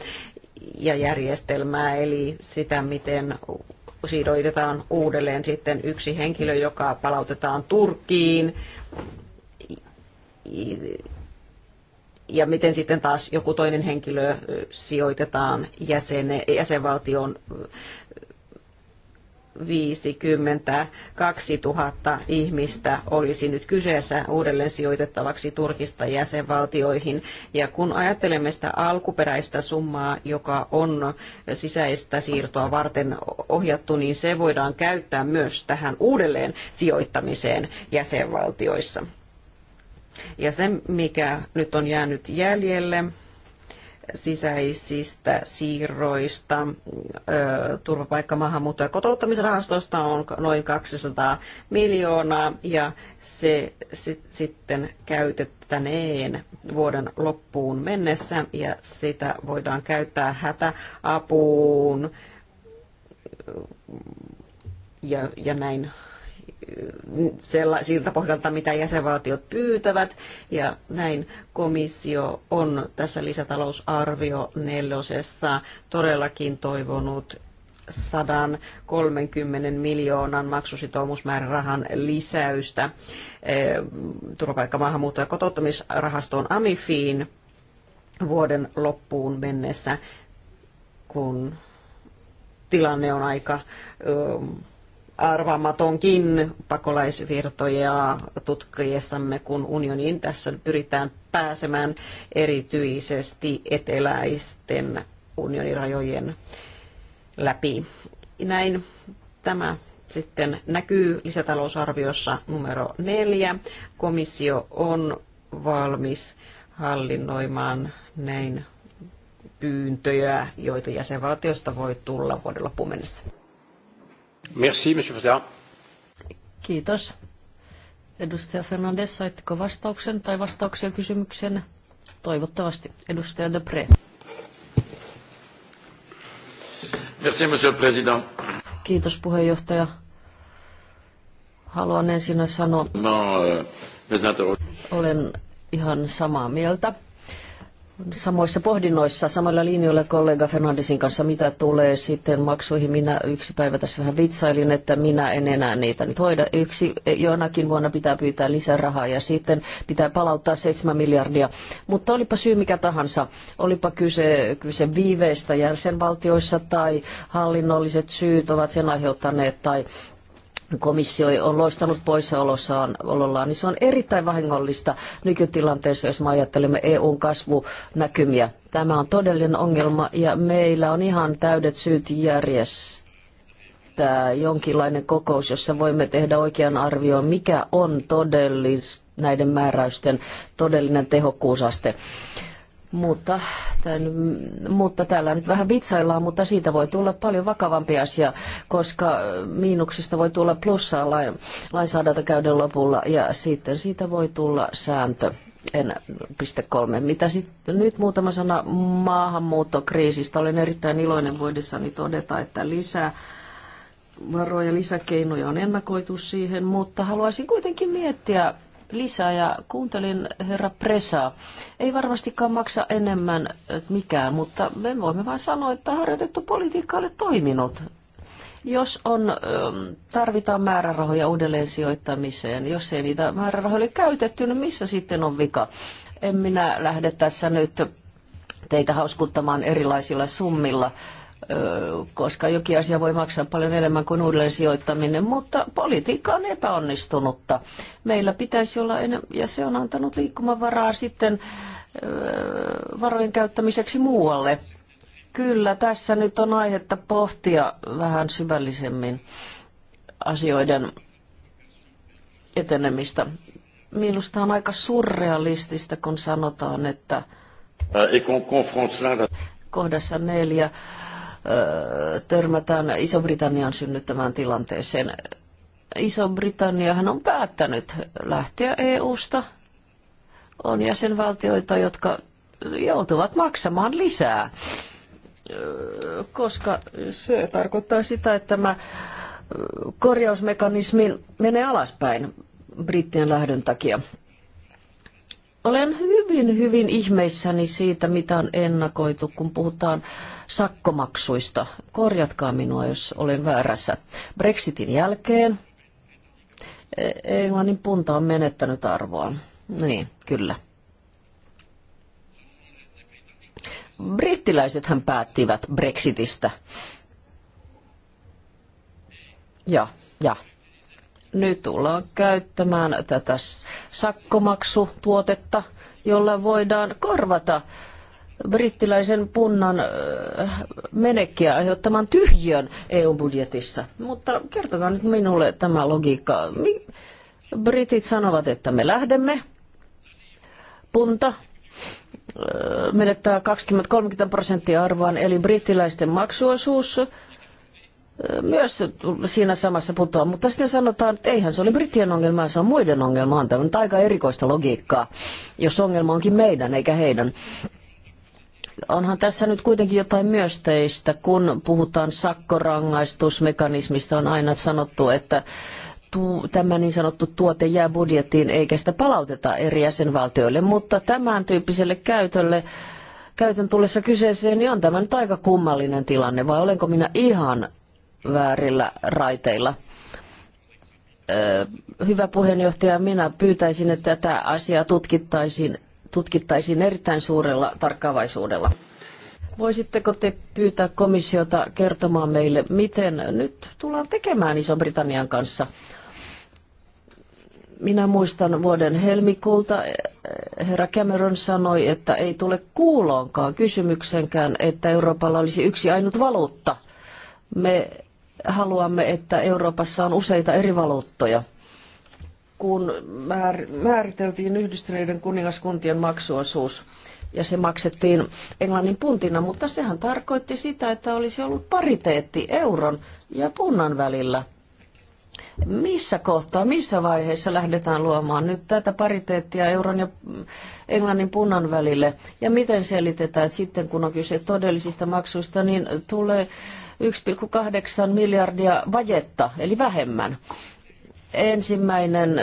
ja järjestelmää, eli sitä, miten sidoitetaan uudelleen sitten yksi henkilö, joka palautetaan Turkkiin, ja miten sitten taas joku toinen henkilö sijoitetaan jäsen, jäsenvaltion 52 000 ihmistä olisi nyt kyseessä uudelleen sijoitettavaksi Turkista jäsenvaltioihin. Ja kun ajattelemme sitä alkuperäistä summaa, joka on sisäistä siirtoa varten ohjattu, niin se voidaan käyttää myös tähän uudelleen sijoittamiseen jäsenvaltioissa. Ja se, mikä nyt on jäänyt jäljelle, sisäisistä siirroista, turvapaikka, maahanmuutto- ja kotouttamisrahastosta on noin 200 miljoonaa ja se sit, sitten käytettäneen vuoden loppuun mennessä ja sitä voidaan käyttää hätäapuun ja, ja näin sella, siltä pohjalta, mitä jäsenvaltiot pyytävät. Ja näin komissio on tässä lisätalousarvio nelosessa todellakin toivonut 130 miljoonan maksusitoumusmäärärahan lisäystä eh, turvapaikka, maahanmuutto- ja kotouttamisrahastoon AMIFiin vuoden loppuun mennessä, kun tilanne on aika arvaamatonkin pakolaisvirtoja tutkiessamme, kun unioniin tässä pyritään pääsemään erityisesti eteläisten unionirajojen läpi. Näin tämä sitten näkyy lisätalousarviossa numero neljä. Komissio on valmis hallinnoimaan näin pyyntöjä, joita jäsenvaltiosta voi tulla vuoden loppuun mennessä. Merci, monsieur Foster. Kiitos. Edustaja Fernandes, saitteko vastauksen tai vastauksia kysymykseen? Toivottavasti. Edustaja Depre. Merci, monsieur le président. Kiitos puheenjohtaja. Haluan ensin sanoa, no, olen ihan samaa mieltä samoissa pohdinnoissa, samalla linjoilla kollega Fernandesin kanssa, mitä tulee sitten maksuihin. Minä yksi päivä tässä vähän vitsailin, että minä en enää niitä nyt hoida. Yksi jonakin vuonna pitää pyytää lisää rahaa ja sitten pitää palauttaa 7 miljardia. Mutta olipa syy mikä tahansa, olipa kyse, kyse viiveistä jäsenvaltioissa tai hallinnolliset syyt ovat sen aiheuttaneet tai komissio on loistanut poissaolossaan, olollaan, niin se on erittäin vahingollista nykytilanteessa, jos me ajattelemme EUn kasvunäkymiä. Tämä on todellinen ongelma ja meillä on ihan täydet syyt järjestää jonkinlainen kokous, jossa voimme tehdä oikean arvion, mikä on todellis, näiden määräysten todellinen tehokkuusaste. Mutta, tämän, mutta täällä nyt vähän vitsaillaan, mutta siitä voi tulla paljon vakavampi asia, koska miinuksista voi tulla plussaa lain, lainsäädäntö käyden lopulla ja sitten siitä voi tulla sääntö. En, piste kolme. Mitä sitten nyt muutama sana maahanmuuttokriisistä. Olen erittäin iloinen voidessani todeta, että lisää varoja, lisäkeinoja on ennakoitu siihen, mutta haluaisin kuitenkin miettiä lisää ja kuuntelin herra Presaa. Ei varmastikaan maksa enemmän eh, mikään, mutta me voimme vain sanoa, että harjoitettu politiikka ole toiminut. Jos on, ehm, tarvitaan määrärahoja uudelleen sijoittamiseen, jos ei niitä määrärahoja ole käytetty, niin missä sitten on vika? En minä lähde tässä nyt teitä hauskuttamaan erilaisilla summilla koska jokin asia voi maksaa paljon enemmän kuin uudelleen sijoittaminen, mutta politiikka on epäonnistunutta. Meillä pitäisi olla enemmän, ja se on antanut liikkumavaraa sitten varojen käyttämiseksi muualle. Kyllä, tässä nyt on aihetta pohtia vähän syvällisemmin asioiden etenemistä. Minusta on aika surrealistista, kun sanotaan, että kohdassa neljä törmätään Iso-Britannian synnyttämään tilanteeseen. Iso-Britanniahan on päättänyt lähteä EU-sta. On jäsenvaltioita, jotka joutuvat maksamaan lisää, koska se tarkoittaa sitä, että tämä korjausmekanismi menee alaspäin brittien lähdön takia. Olen hyvin, hyvin ihmeissäni siitä, mitä on ennakoitu, kun puhutaan äh, sakkomaksuista. Korjatkaa minua, jos olen väärässä. Brexitin jälkeen e, Englannin punta on menettänyt arvoaan. Niin, kyllä. Brittiläisethän päättivät Brexitistä. Ja, ja. Nyt tullaan käyttämään tätä sakkomaksutuotetta, jolla voidaan korvata brittiläisen punnan menekkiä aiheuttaman tyhjön EU-budjetissa. Mutta kertokaa nyt minulle tämä logiikka. Britit sanovat, että me lähdemme. Punta menettää 20-30 prosenttia arvoaan, eli brittiläisten maksuosuus myös siinä samassa putoaa, mutta sitten sanotaan, että eihän se ole brittien ongelma, se on muiden ongelma. On tämä aika erikoista logiikkaa, jos ongelma onkin meidän eikä heidän onhan tässä nyt kuitenkin jotain myösteistä, kun puhutaan sakkorangaistusmekanismista. On aina sanottu, että tämä niin sanottu tuote jää budjettiin eikä sitä palauteta eri jäsenvaltioille, mutta tämän tyyppiselle käytölle käytön tullessa kyseeseen, niin on tämä nyt aika kummallinen tilanne, vai olenko minä ihan väärillä raiteilla? Öö, hyvä puheenjohtaja, minä pyytäisin, että tätä asiaa tutkittaisiin tutkittaisiin erittäin suurella tarkkaavaisuudella. Voisitteko te pyytää komissiota kertomaan meille, miten nyt tullaan tekemään Iso-Britannian kanssa? Minä muistan vuoden helmikuulta, herra Cameron sanoi, että ei tule kuuloonkaan kysymyksenkään, että Euroopalla olisi yksi ainut valuutta. Me haluamme, että Euroopassa on useita eri valuuttoja – kun määriteltiin yhdistyneiden kuningaskuntien maksuosuus ja se maksettiin englannin puntina, mutta sehän tarkoitti sitä, että olisi ollut pariteetti euron ja punnan välillä. Missä kohtaa, missä vaiheessa lähdetään luomaan nyt tätä pariteettia euron ja englannin punnan välille? Ja miten selitetään, että sitten kun on kyse todellisista maksuista, niin tulee 1,8 miljardia vajetta, eli vähemmän ensimmäinen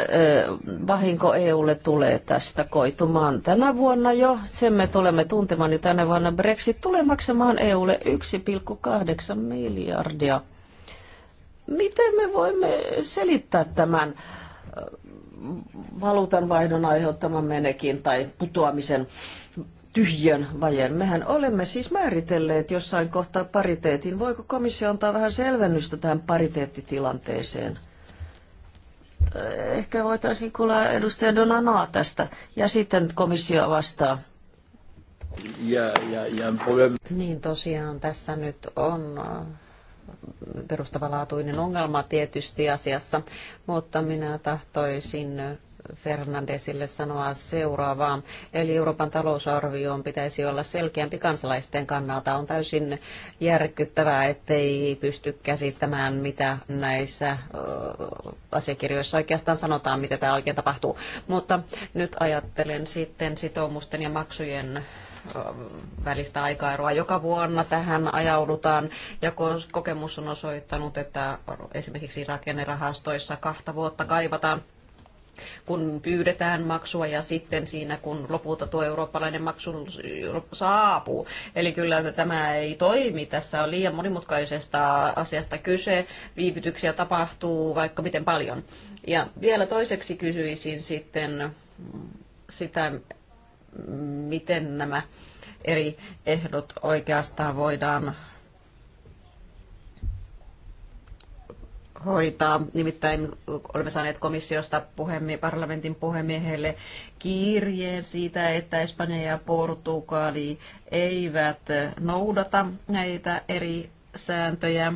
vahinko EUlle tulee tästä koitumaan tänä vuonna jo. Sen me tulemme tuntemaan, jo tänä vuonna Brexit tulee maksamaan EUlle 1,8 miljardia. Miten me voimme selittää tämän valuutanvaihdon aiheuttaman menekin tai putoamisen? tyhjön vajeen. Mehän olemme siis määritelleet jossain kohtaa pariteetin. Voiko komissio antaa vähän selvennystä tähän pariteettitilanteeseen? Eh, ehkä voitaisiin kuulla edustaja Donanoa tästä ja sitten komissio vastaa. Ja, ja, ja niin tosiaan tässä nyt on eh, perustavanlaatuinen ongelma tietysti asiassa, mutta minä tahtoisin eh, Fernandesille sanoa seuraavaa. Eli Euroopan talousarvioon pitäisi olla selkeämpi kansalaisten kannalta. On täysin järkyttävää, ettei pysty käsittämään, mitä näissä asiakirjoissa oikeastaan sanotaan, mitä tämä oikein tapahtuu. Mutta nyt ajattelen sitten sitoumusten ja maksujen välistä aikaeroa. Joka vuonna tähän ajaudutaan ja kokemus on osoittanut, että esimerkiksi rakennerahastoissa kahta vuotta kaivataan kun pyydetään maksua ja sitten siinä, kun lopulta tuo eurooppalainen maksu saapuu. Eli kyllä tämä ei toimi. Tässä on liian monimutkaisesta asiasta kyse. Viivytyksiä tapahtuu vaikka miten paljon. Ja vielä toiseksi kysyisin sitten sitä, miten nämä eri ehdot oikeastaan voidaan hoitaa. Nimittäin olemme saaneet komissiosta puhemie, parlamentin puhemiehelle kirjeen siitä, että Espanja ja Portugali eivät noudata näitä eri sääntöjä.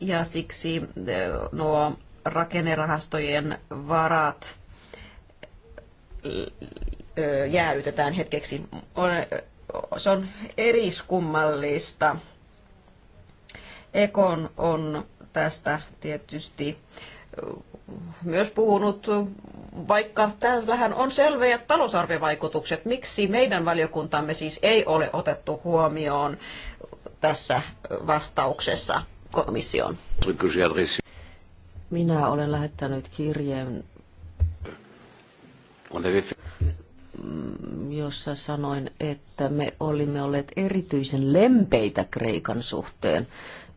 Ja siksi eh, nuo rakennerahastojen varat eh, jäädytetään hetkeksi. Se on eriskummallista. Ekon on tästä tietysti myös puhunut, vaikka täällähän on selviä talousarviovaikutukset. Miksi meidän valiokuntamme siis ei ole otettu huomioon tässä vastauksessa komissioon? Minä olen lähettänyt kirjeen jossa sanoin, että me olimme olleet erityisen lempeitä Kreikan suhteen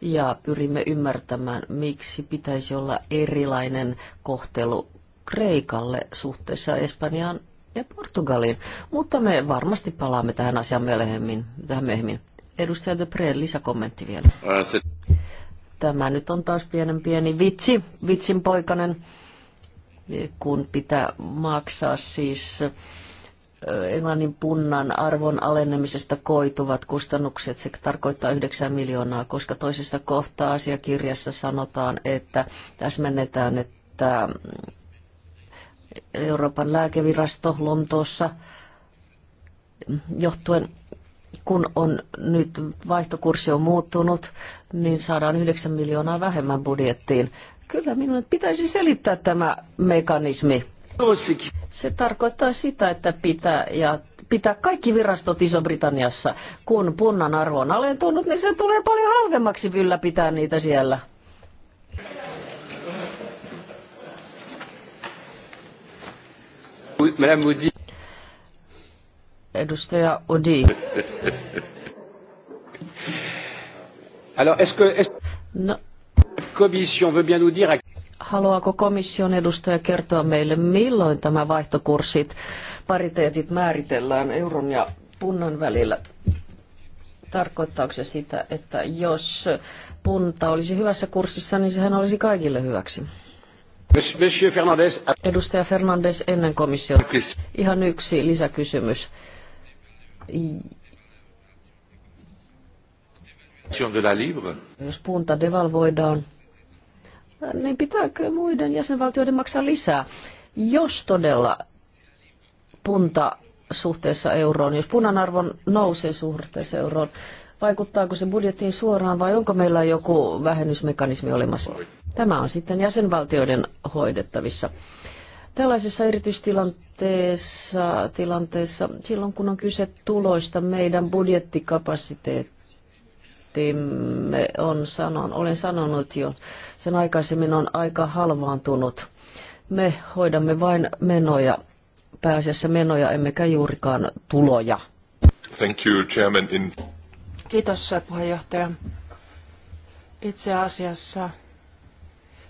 ja pyrimme ymmärtämään, miksi pitäisi olla erilainen kohtelu Kreikalle suhteessa Espanjaan ja Portugaliin. Mutta me varmasti palaamme tähän asiaan myöhemmin. Tähän myöhemmin. Edustaja De Pre, lisäkommentti vielä. Tämä nyt on taas pienen pieni vitsi, vitsin poikanen, kun pitää maksaa siis Englannin punnan arvon alenemisesta koituvat kustannukset, se tarkoittaa 9 miljoonaa, koska toisessa kohtaa asiakirjassa sanotaan, että täsmennetään, että Euroopan lääkevirasto Lontoossa johtuen kun on nyt vaihtokurssi on muuttunut, niin saadaan 9 miljoonaa vähemmän budjettiin. Kyllä minun pitäisi selittää tämä mekanismi se tarkoittaa sitä, että pitää, ja pitää kaikki virastot Iso-Britanniassa. Kun punnan arvo on alentunut, niin se tulee paljon halvemmaksi ylläpitää niitä siellä. Madame Edustaja Odi. Alors, est-ce que... Est no. Commission veut bien nous dire à Haluaako komission edustaja kertoa meille, milloin tämä vaihtokurssit, pariteetit määritellään euron ja punnan välillä? Tarkoittaako se sitä, että jos punta olisi hyvässä kurssissa, niin sehän olisi kaikille hyväksi? Monsieur Fernandez. Edustaja Fernandes ennen komission. Ihan yksi lisäkysymys. Jos punta devalvoidaan, niin pitääkö muiden jäsenvaltioiden maksaa lisää? Jos todella punta suhteessa euroon, jos punan arvon nousee suhteessa euroon, vaikuttaako se budjettiin suoraan vai onko meillä joku vähennysmekanismi olemassa? Tämä on sitten jäsenvaltioiden hoidettavissa. Tällaisessa erityistilanteessa tilanteessa, silloin kun on kyse tuloista, meidän budjettikapasiteetti me on sanon, olen sanonut jo, sen aikaisemmin on aika halvaantunut. Me hoidamme vain menoja, pääasiassa menoja, emmekä juurikaan tuloja. Thank you, Chairman. In... Kiitos, puheenjohtaja. Itse asiassa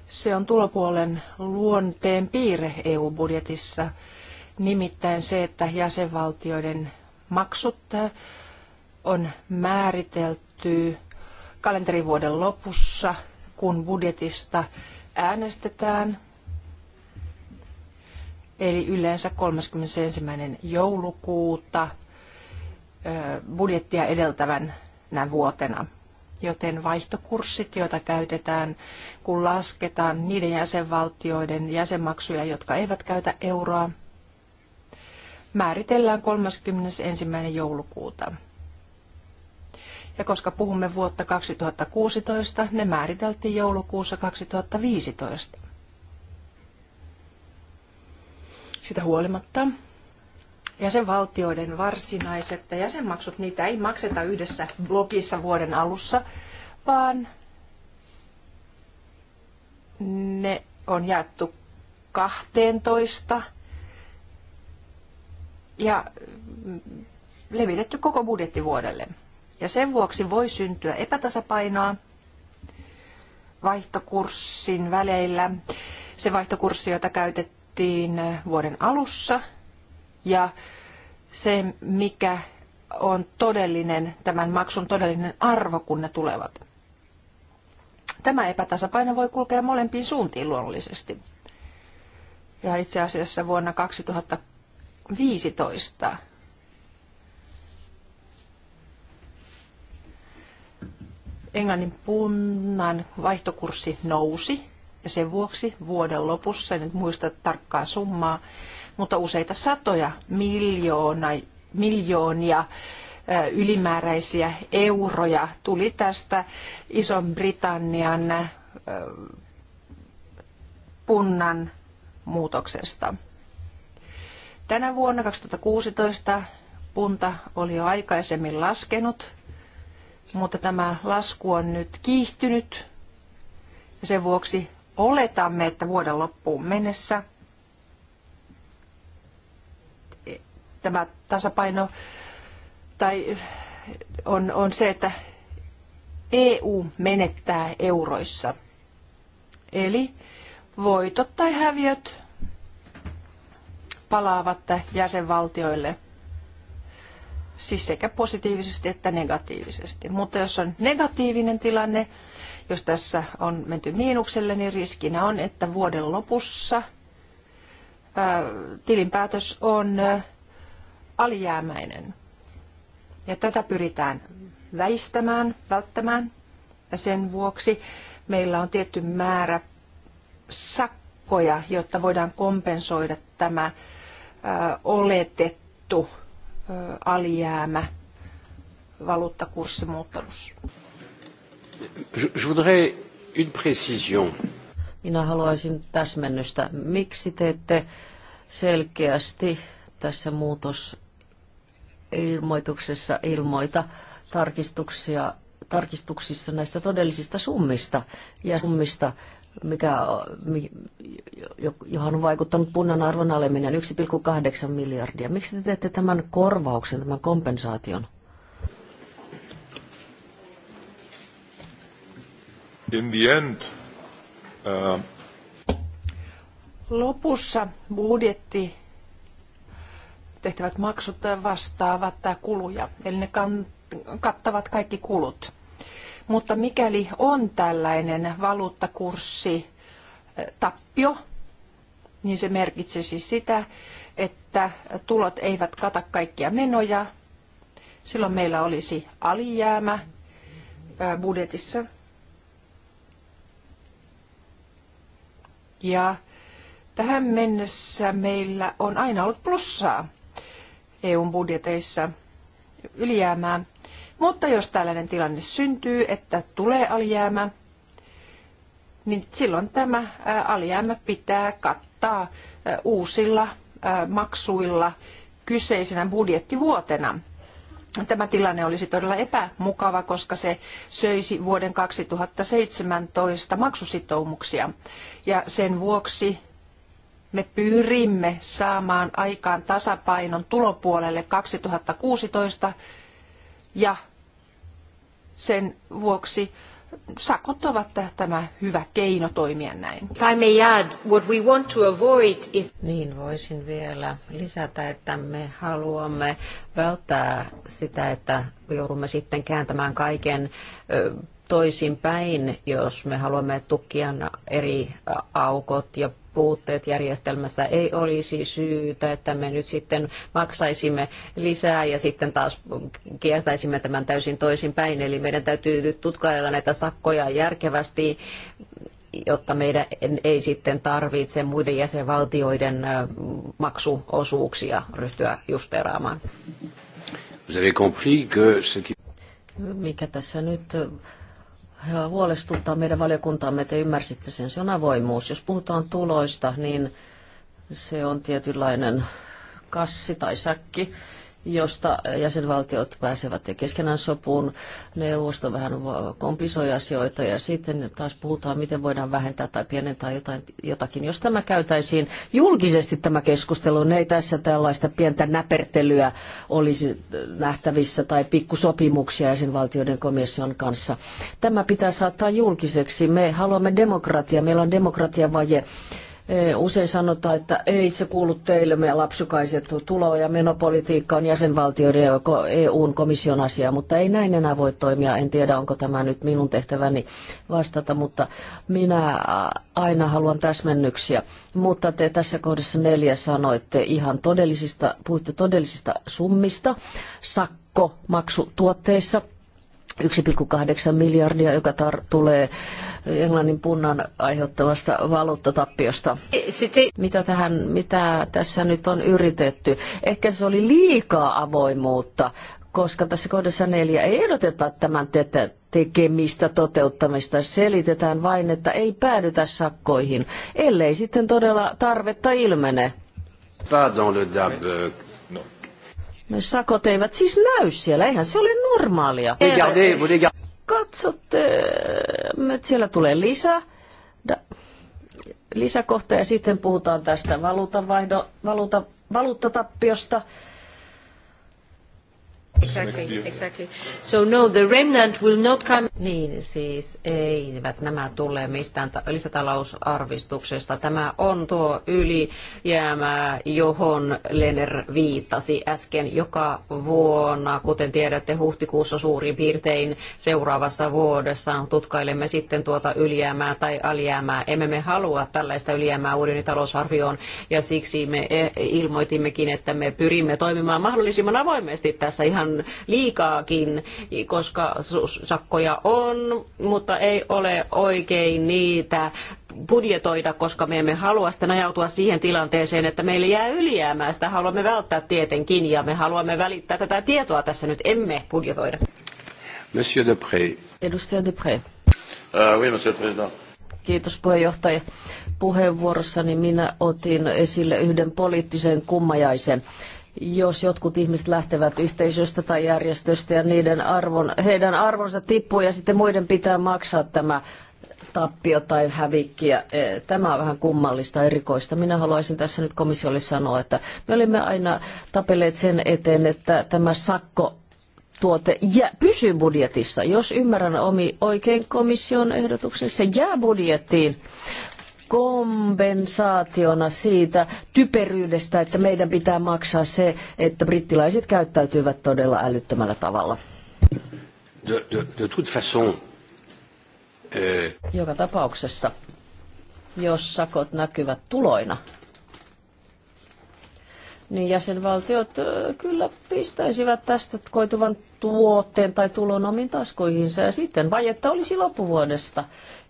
se on tulopuolen luonteen piirre EU-budjetissa, nimittäin se, että jäsenvaltioiden maksut on määritelty päättyy kalenterivuoden lopussa, kun budjetista äänestetään, eli yleensä 31. joulukuuta budjettia edeltävän vuotena joten vaihtokurssit, joita käytetään, kun lasketaan niiden jäsenvaltioiden jäsenmaksuja, jotka eivät käytä euroa, määritellään 31. joulukuuta. Ja koska puhumme vuotta 2016, ne määriteltiin joulukuussa 2015. Sitä huolimatta jäsenvaltioiden varsinaiset jäsenmaksut, niitä ei makseta yhdessä blogissa vuoden alussa, vaan ne on jaettu 12 ja levitetty koko budjettivuodelle. Ja sen vuoksi voi syntyä epätasapainoa vaihtokurssin väleillä. Se vaihtokurssi, jota käytettiin vuoden alussa ja se, mikä on todellinen, tämän maksun todellinen arvo, kun ne tulevat. Tämä epätasapaino voi kulkea molempiin suuntiin luonnollisesti. Ja itse asiassa vuonna 2015 Englannin punnan vaihtokurssi nousi ja sen vuoksi vuoden lopussa, en nyt muista tarkkaa summaa, mutta useita satoja miljoona, miljoonia ylimääräisiä euroja tuli tästä Ison-Britannian punnan muutoksesta. Tänä vuonna 2016 punta oli jo aikaisemmin laskenut mutta tämä lasku on nyt kiihtynyt. Ja sen vuoksi oletamme, että vuoden loppuun mennessä tämä tasapaino tai on, on se, että EU menettää euroissa. Eli voitot tai häviöt palaavat jäsenvaltioille siis sekä positiivisesti että negatiivisesti. Mutta jos on negatiivinen tilanne, jos tässä on menty miinukselle, niin riskinä on, että vuoden lopussa ää, tilinpäätös on ää, alijäämäinen. Ja tätä pyritään väistämään, välttämään. Ja sen vuoksi meillä on tietty määrä sakkoja, jotta voidaan kompensoida tämä ää, oletettu alijäämä valuuttakurssimuuttelussa? Je voudrais une précision. Minä haluaisin täsmennystä. Miksi teette selkeästi tässä muutosilmoituksessa ilmoita tarkistuksia, tarkistuksissa näistä todellisista summista ja summista, mikä, johon on vaikuttanut punnan arvon aleminen 1,8 miljardia. Miksi te teette tämän korvauksen, tämän kompensaation? In the end, uh... Lopussa budjetti tehtävät maksut vastaavat kuluja, eli ne kattavat kaikki kulut. Mutta mikäli on tällainen valuuttakurssi eh, tappio, niin se siis sitä, että tulot eivät kata kaikkia menoja. Silloin meillä olisi alijäämä eh, budjetissa. Ja tähän mennessä meillä on aina ollut plussaa eu budjeteissa ylijäämää. Mutta jos tällainen tilanne syntyy, että tulee alijäämä, niin silloin tämä alijäämä pitää kattaa uusilla maksuilla kyseisenä budjettivuotena. Tämä tilanne olisi todella epämukava, koska se söisi vuoden 2017 maksusitoumuksia. Ja sen vuoksi me pyrimme saamaan aikaan tasapainon tulopuolelle 2016 ja sen vuoksi sakot ovat tämä hyvä keino toimia näin. Niin voisin vielä lisätä, että me haluamme välttää sitä, että joudumme sitten kääntämään kaiken toisinpäin, jos me haluamme tukkia eri aukot ja puutteet järjestelmässä. Ei olisi syytä, että me nyt sitten maksaisimme lisää ja sitten taas kiertäisimme tämän täysin toisinpäin. Eli meidän täytyy nyt tutkailla näitä sakkoja järkevästi jotta meidän ei sitten tarvitse muiden jäsenvaltioiden maksuosuuksia ryhtyä justeraamaan. Mikä tässä nyt huolestuttaa meidän valiokuntamme, te ymmärsitte sen, se on avoimuus. Jos puhutaan tuloista, niin se on tietynlainen kassi tai säkki, josta jäsenvaltiot pääsevät keskenään sopuun. Neuvosto vähän komplisoi asioita ja sitten taas puhutaan, miten voidaan vähentää tai pienentää jotain, jotakin. Jos tämä käytäisiin julkisesti tämä keskustelu, niin ei tässä tällaista pientä näpertelyä olisi nähtävissä tai pikkusopimuksia jäsenvaltioiden komission kanssa. Tämä pitää saattaa julkiseksi. Me haluamme demokratiaa. Meillä on demokratiavaje. vaje Eh, usein sanotaan, että ei se kuulu teille, me lapsukaiset tulo- ja menopolitiikka on jäsenvaltioiden ja EUn komission asia, mutta ei näin enää voi toimia. En tiedä, onko tämä nyt minun tehtäväni vastata, mutta minä aina haluan täsmennyksiä. Mutta te tässä kohdassa neljä sanoitte ihan todellisista, puhuitte todellisista summista sakkomaksutuotteissa. 1,8 miljardia, joka tar- tulee Englannin punnan aiheuttamasta valuuttatappiosta. mitä, tähän, mitä tässä nyt on yritetty? Ehkä se oli liikaa avoimuutta, koska tässä kohdassa neljä ei ehdoteta tämän tätä tekemistä, toteuttamista. Selitetään vain, että ei päädytä sakkoihin, ellei sitten todella tarvetta ilmene. Pardon, le DAB sakot eivät siis näy siellä, eihän se ole normaalia. Katsotte, siellä tulee lisää lisäkohta ja sitten puhutaan tästä valuuttatappiosta. Exactly, exactly. So no, the remnant will not come... Niin, siis eivät nämä tule mistään lisätalousarvistuksesta. Tämä on tuo ylijäämä, johon Lenner viittasi äsken joka vuonna. Kuten tiedätte, huhtikuussa suurin piirtein seuraavassa vuodessa tutkailemme sitten tuota ylijäämää tai alijäämää. Emme me halua tällaista ylijäämää uuden talousarvioon ja siksi me e-, ilmoitimmekin, että me pyrimme toimimaan mahdollisimman avoimesti tässä ihan liikaakin, koska sakkoja on, mutta ei ole oikein niitä budjetoida, koska me emme halua sitten ajautua siihen tilanteeseen, että meille jää ylijäämää. Sitä haluamme välttää tietenkin ja me haluamme välittää tätä tietoa tässä nyt, emme budjetoida. Monsieur Depré. Edustaja Depré. Uh, oui, monsieur le président. Kiitos puheenjohtaja. Puheenvuorossani minä otin esille yhden poliittisen kummajaisen jos jotkut ihmiset lähtevät yhteisöstä tai järjestöstä ja niiden arvon, heidän arvonsa tippuu ja sitten muiden pitää maksaa tämä tappio tai hävikki. Ja, e, tämä on vähän kummallista erikoista. Minä haluaisin tässä nyt komissiolle sanoa, että me olimme aina tapelleet sen eteen, että tämä sakko tuote jää, pysyy budjetissa. Jos ymmärrän omi oikein komission ehdotuksen, se jää budjettiin kompensaationa siitä typeryydestä, että meidän pitää maksaa se, että brittiläiset käyttäytyvät todella älyttömällä tavalla. De, de, de toute façon, euh... Joka tapauksessa, jos sakot näkyvät tuloina, niin jäsenvaltiot eh, kyllä pistäisivät tästä koituvan tuotteen tai tulon omiin taskuihinsa ja sitten vajetta olisi loppuvuodesta.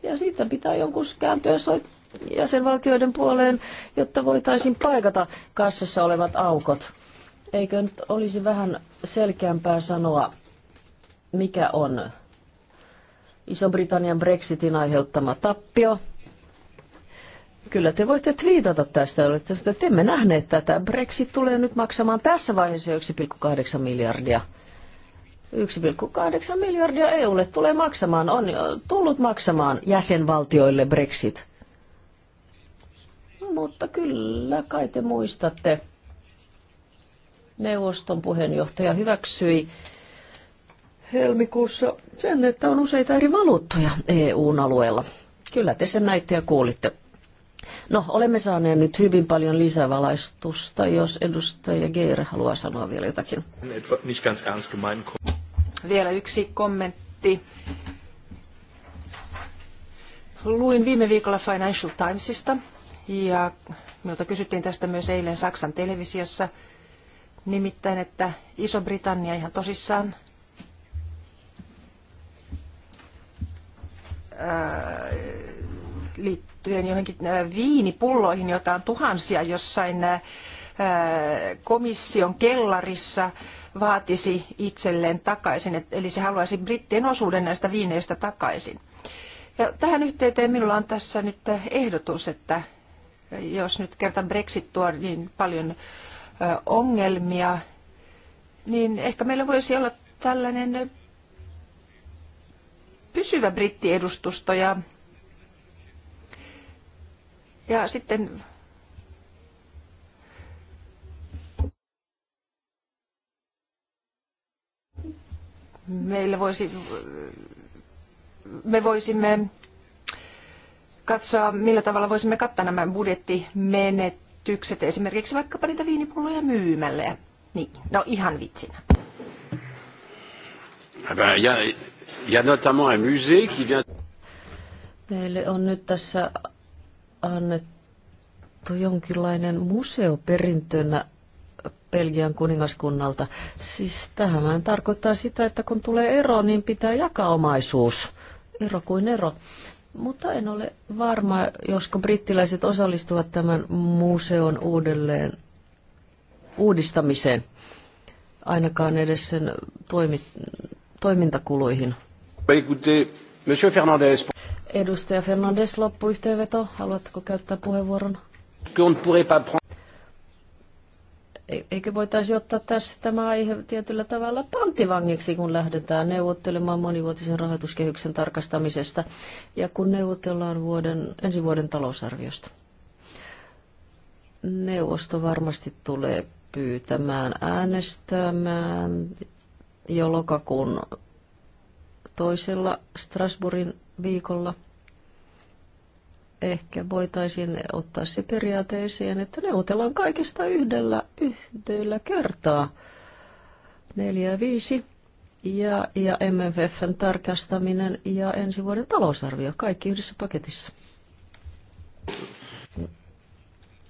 Ja sitten pitää jonkun kääntyä soittaa jäsenvaltioiden puoleen, jotta voitaisiin paikata kassassa olevat aukot. Eikö nyt olisi vähän selkeämpää sanoa, mikä on Iso-Britannian Brexitin aiheuttama tappio? Kyllä te voitte twiitata tästä, olette sitä, että emme nähneet tätä. Brexit tulee nyt maksamaan tässä vaiheessa 1,8 miljardia. 1,8 miljardia EUlle tulee maksamaan, on tullut maksamaan jäsenvaltioille Brexit mutta kyllä kai te muistatte, neuvoston puheenjohtaja hyväksyi helmikuussa sen, että on useita eri valuuttoja eu alueella. Kyllä te sen näitte ja kuulitte. No, olemme saaneet nyt hyvin paljon lisävalaistusta, jos edustaja Geir haluaa sanoa vielä jotakin. Vielä yksi kommentti. Luin viime viikolla Financial Timesista, ja minulta kysyttiin tästä myös eilen Saksan televisiossa, nimittäin, että Iso-Britannia ihan tosissaan ää, äh, liittyen johonkin äh, viinipulloihin, joita on tuhansia jossain äh, komission kellarissa vaatisi itselleen takaisin, eli se haluaisi brittien osuuden näistä viineistä takaisin. Ja tähän yhteyteen minulla on tässä nyt ehdotus, että jos nyt kerta Brexit tuo niin paljon ongelmia, niin ehkä meillä voisi olla tällainen pysyvä brittiedustusto ja, ja sitten meillä voisi, me voisimme katsoa, millä tavalla voisimme kattaa nämä budjettimenetykset, esimerkiksi vaikkapa niitä viinipulloja myymällä. Niin, no ihan vitsinä. Ah Meille on nyt tässä annettu jonkinlainen perintönä Belgian kuningaskunnalta. Siis tähän tarkoittaa sitä, että kun tulee ero, niin pitää jakaa omaisuus. Ero kuin ero mutta en ole varma, josko brittiläiset osallistuvat tämän museon uudelleen uudistamiseen, ainakaan edes sen toimi, toimintakuluihin. Monsieur Fernandez. Edustaja Fernandes, loppuyhteenveto. Haluatteko käyttää puheenvuoron? E- eikö voitaisi ottaa tässä tämä aihe tietyllä tavalla pantivangiksi, kun lähdetään neuvottelemaan monivuotisen rahoituskehyksen tarkastamisesta ja kun neuvotellaan vuoden, ensi vuoden talousarviosta? Neuvosto varmasti tulee pyytämään äänestämään jo lokakuun toisella Strasbourgin viikolla ehkä voitaisiin ottaa se periaate esiin, että neuvotellaan kaikista yhdellä, yhdellä kertaa. Neljä viisi. Ja, ja MFFn tarkastaminen ja ensi vuoden talousarvio, kaikki yhdessä paketissa.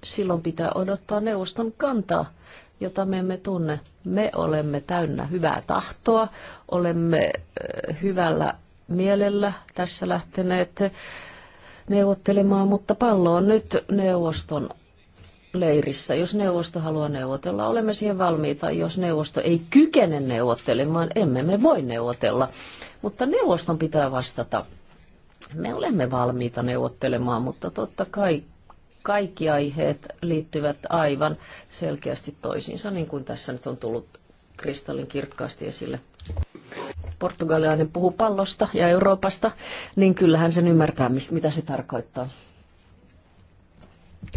Silloin pitää odottaa neuvoston kantaa, jota me emme tunne. Me olemme täynnä hyvää tahtoa, olemme hyvällä mielellä tässä lähteneet neuvottelemaan, mutta pallo on nyt neuvoston leirissä. Jos neuvosto haluaa neuvotella, olemme siihen valmiita. Jos neuvosto ei kykene neuvottelemaan, emme me voi neuvotella. Mutta neuvoston pitää vastata. Me olemme valmiita neuvottelemaan, mutta totta kai kaikki aiheet liittyvät aivan selkeästi toisiinsa, niin kuin tässä nyt on tullut kristallin kirkkaasti esille portugalilainen puhuu pallosta ja Euroopasta, niin kyllähän sen ymmärtää, mitä se tarkoittaa.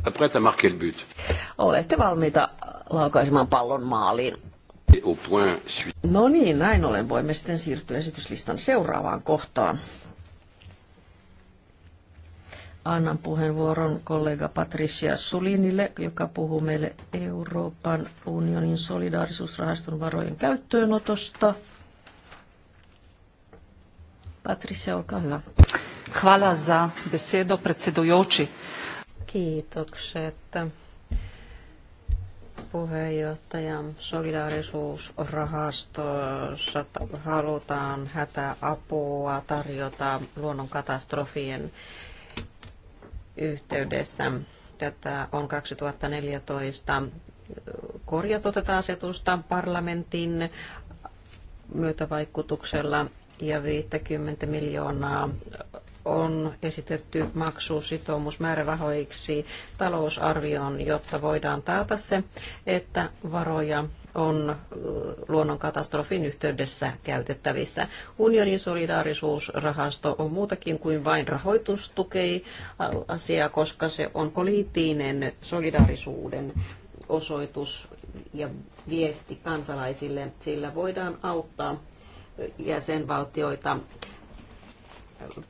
Après, t'as marqué le but. Olette valmiita laukaisemaan pallon maaliin. No niin, näin olen. voimme sitten siirtyä esityslistan seuraavaan kohtaan. Annan puheenvuoron kollega Patricia Sulinille, joka puhuu meille Euroopan unionin solidaarisuusrahaston varojen käyttöönotosta. Patricia, olkaa hyvä. Hvala za besedo, predsedujoči. Kiitokset puheenjohtajan solidaarisuusrahastossa halutaan hätäapua tarjota luonnonkatastrofien yhteydessä. Tätä on 2014 korjattu tätä asetusta parlamentin myötävaikutuksella ja 50 miljoonaa on esitetty maksusitoumusmäärärahoiksi talousarvioon, jotta voidaan taata se, että varoja on luonnonkatastrofin yhteydessä käytettävissä. Unionin solidaarisuusrahasto on muutakin kuin vain rahoitustukei asia, koska se on poliittinen solidaarisuuden osoitus ja viesti kansalaisille. Sillä voidaan auttaa jäsenvaltioita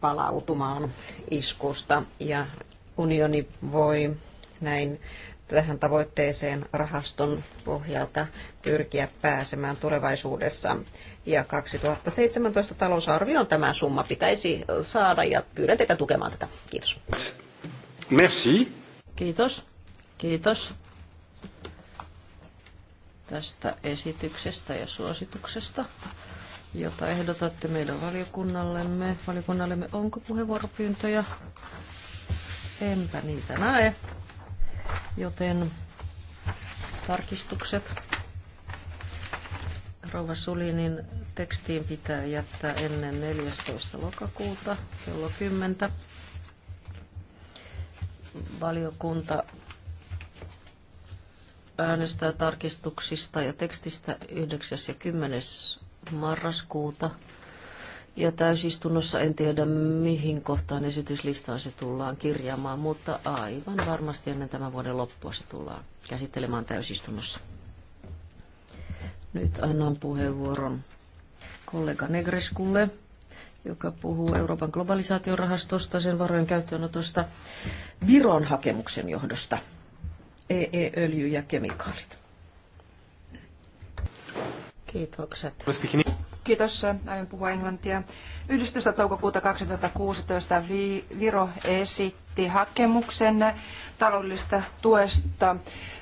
palautumaan iskusta ja unioni voi näin tähän tavoitteeseen rahaston pohjalta pyrkiä pääsemään tulevaisuudessa. Ja 2017 talousarvioon tämä summa pitäisi saada ja pyydän teitä tukemaan tätä. Kiitos. Merci. Kiitos. Kiitos tästä esityksestä ja suosituksesta jota ehdotatte meidän valiokunnallemme. valiokunnallemme. Onko puheenvuoropyyntöjä? Enpä niitä näe. Joten tarkistukset Rouva Sulinin tekstiin pitää jättää ennen 14. lokakuuta kello 10. Valiokunta äänestää tarkistuksista ja tekstistä 9. ja 10 marraskuuta. Ja täysistunnossa en tiedä, mihin kohtaan esityslistaan se tullaan kirjaamaan, mutta aivan varmasti ennen tämän vuoden loppua se tullaan käsittelemään täysistunnossa. Nyt annan puheenvuoron kollega Negreskulle, joka puhuu Euroopan globalisaatiorahastosta, sen varojen käyttöönotosta Viron hakemuksen johdosta. EE-öljy ja kemikaalit. Kiitokset. Kiitos. Aion puhua englantia. 11. toukokuuta 2016 Viro esitti hakemuksen taloudellista tuesta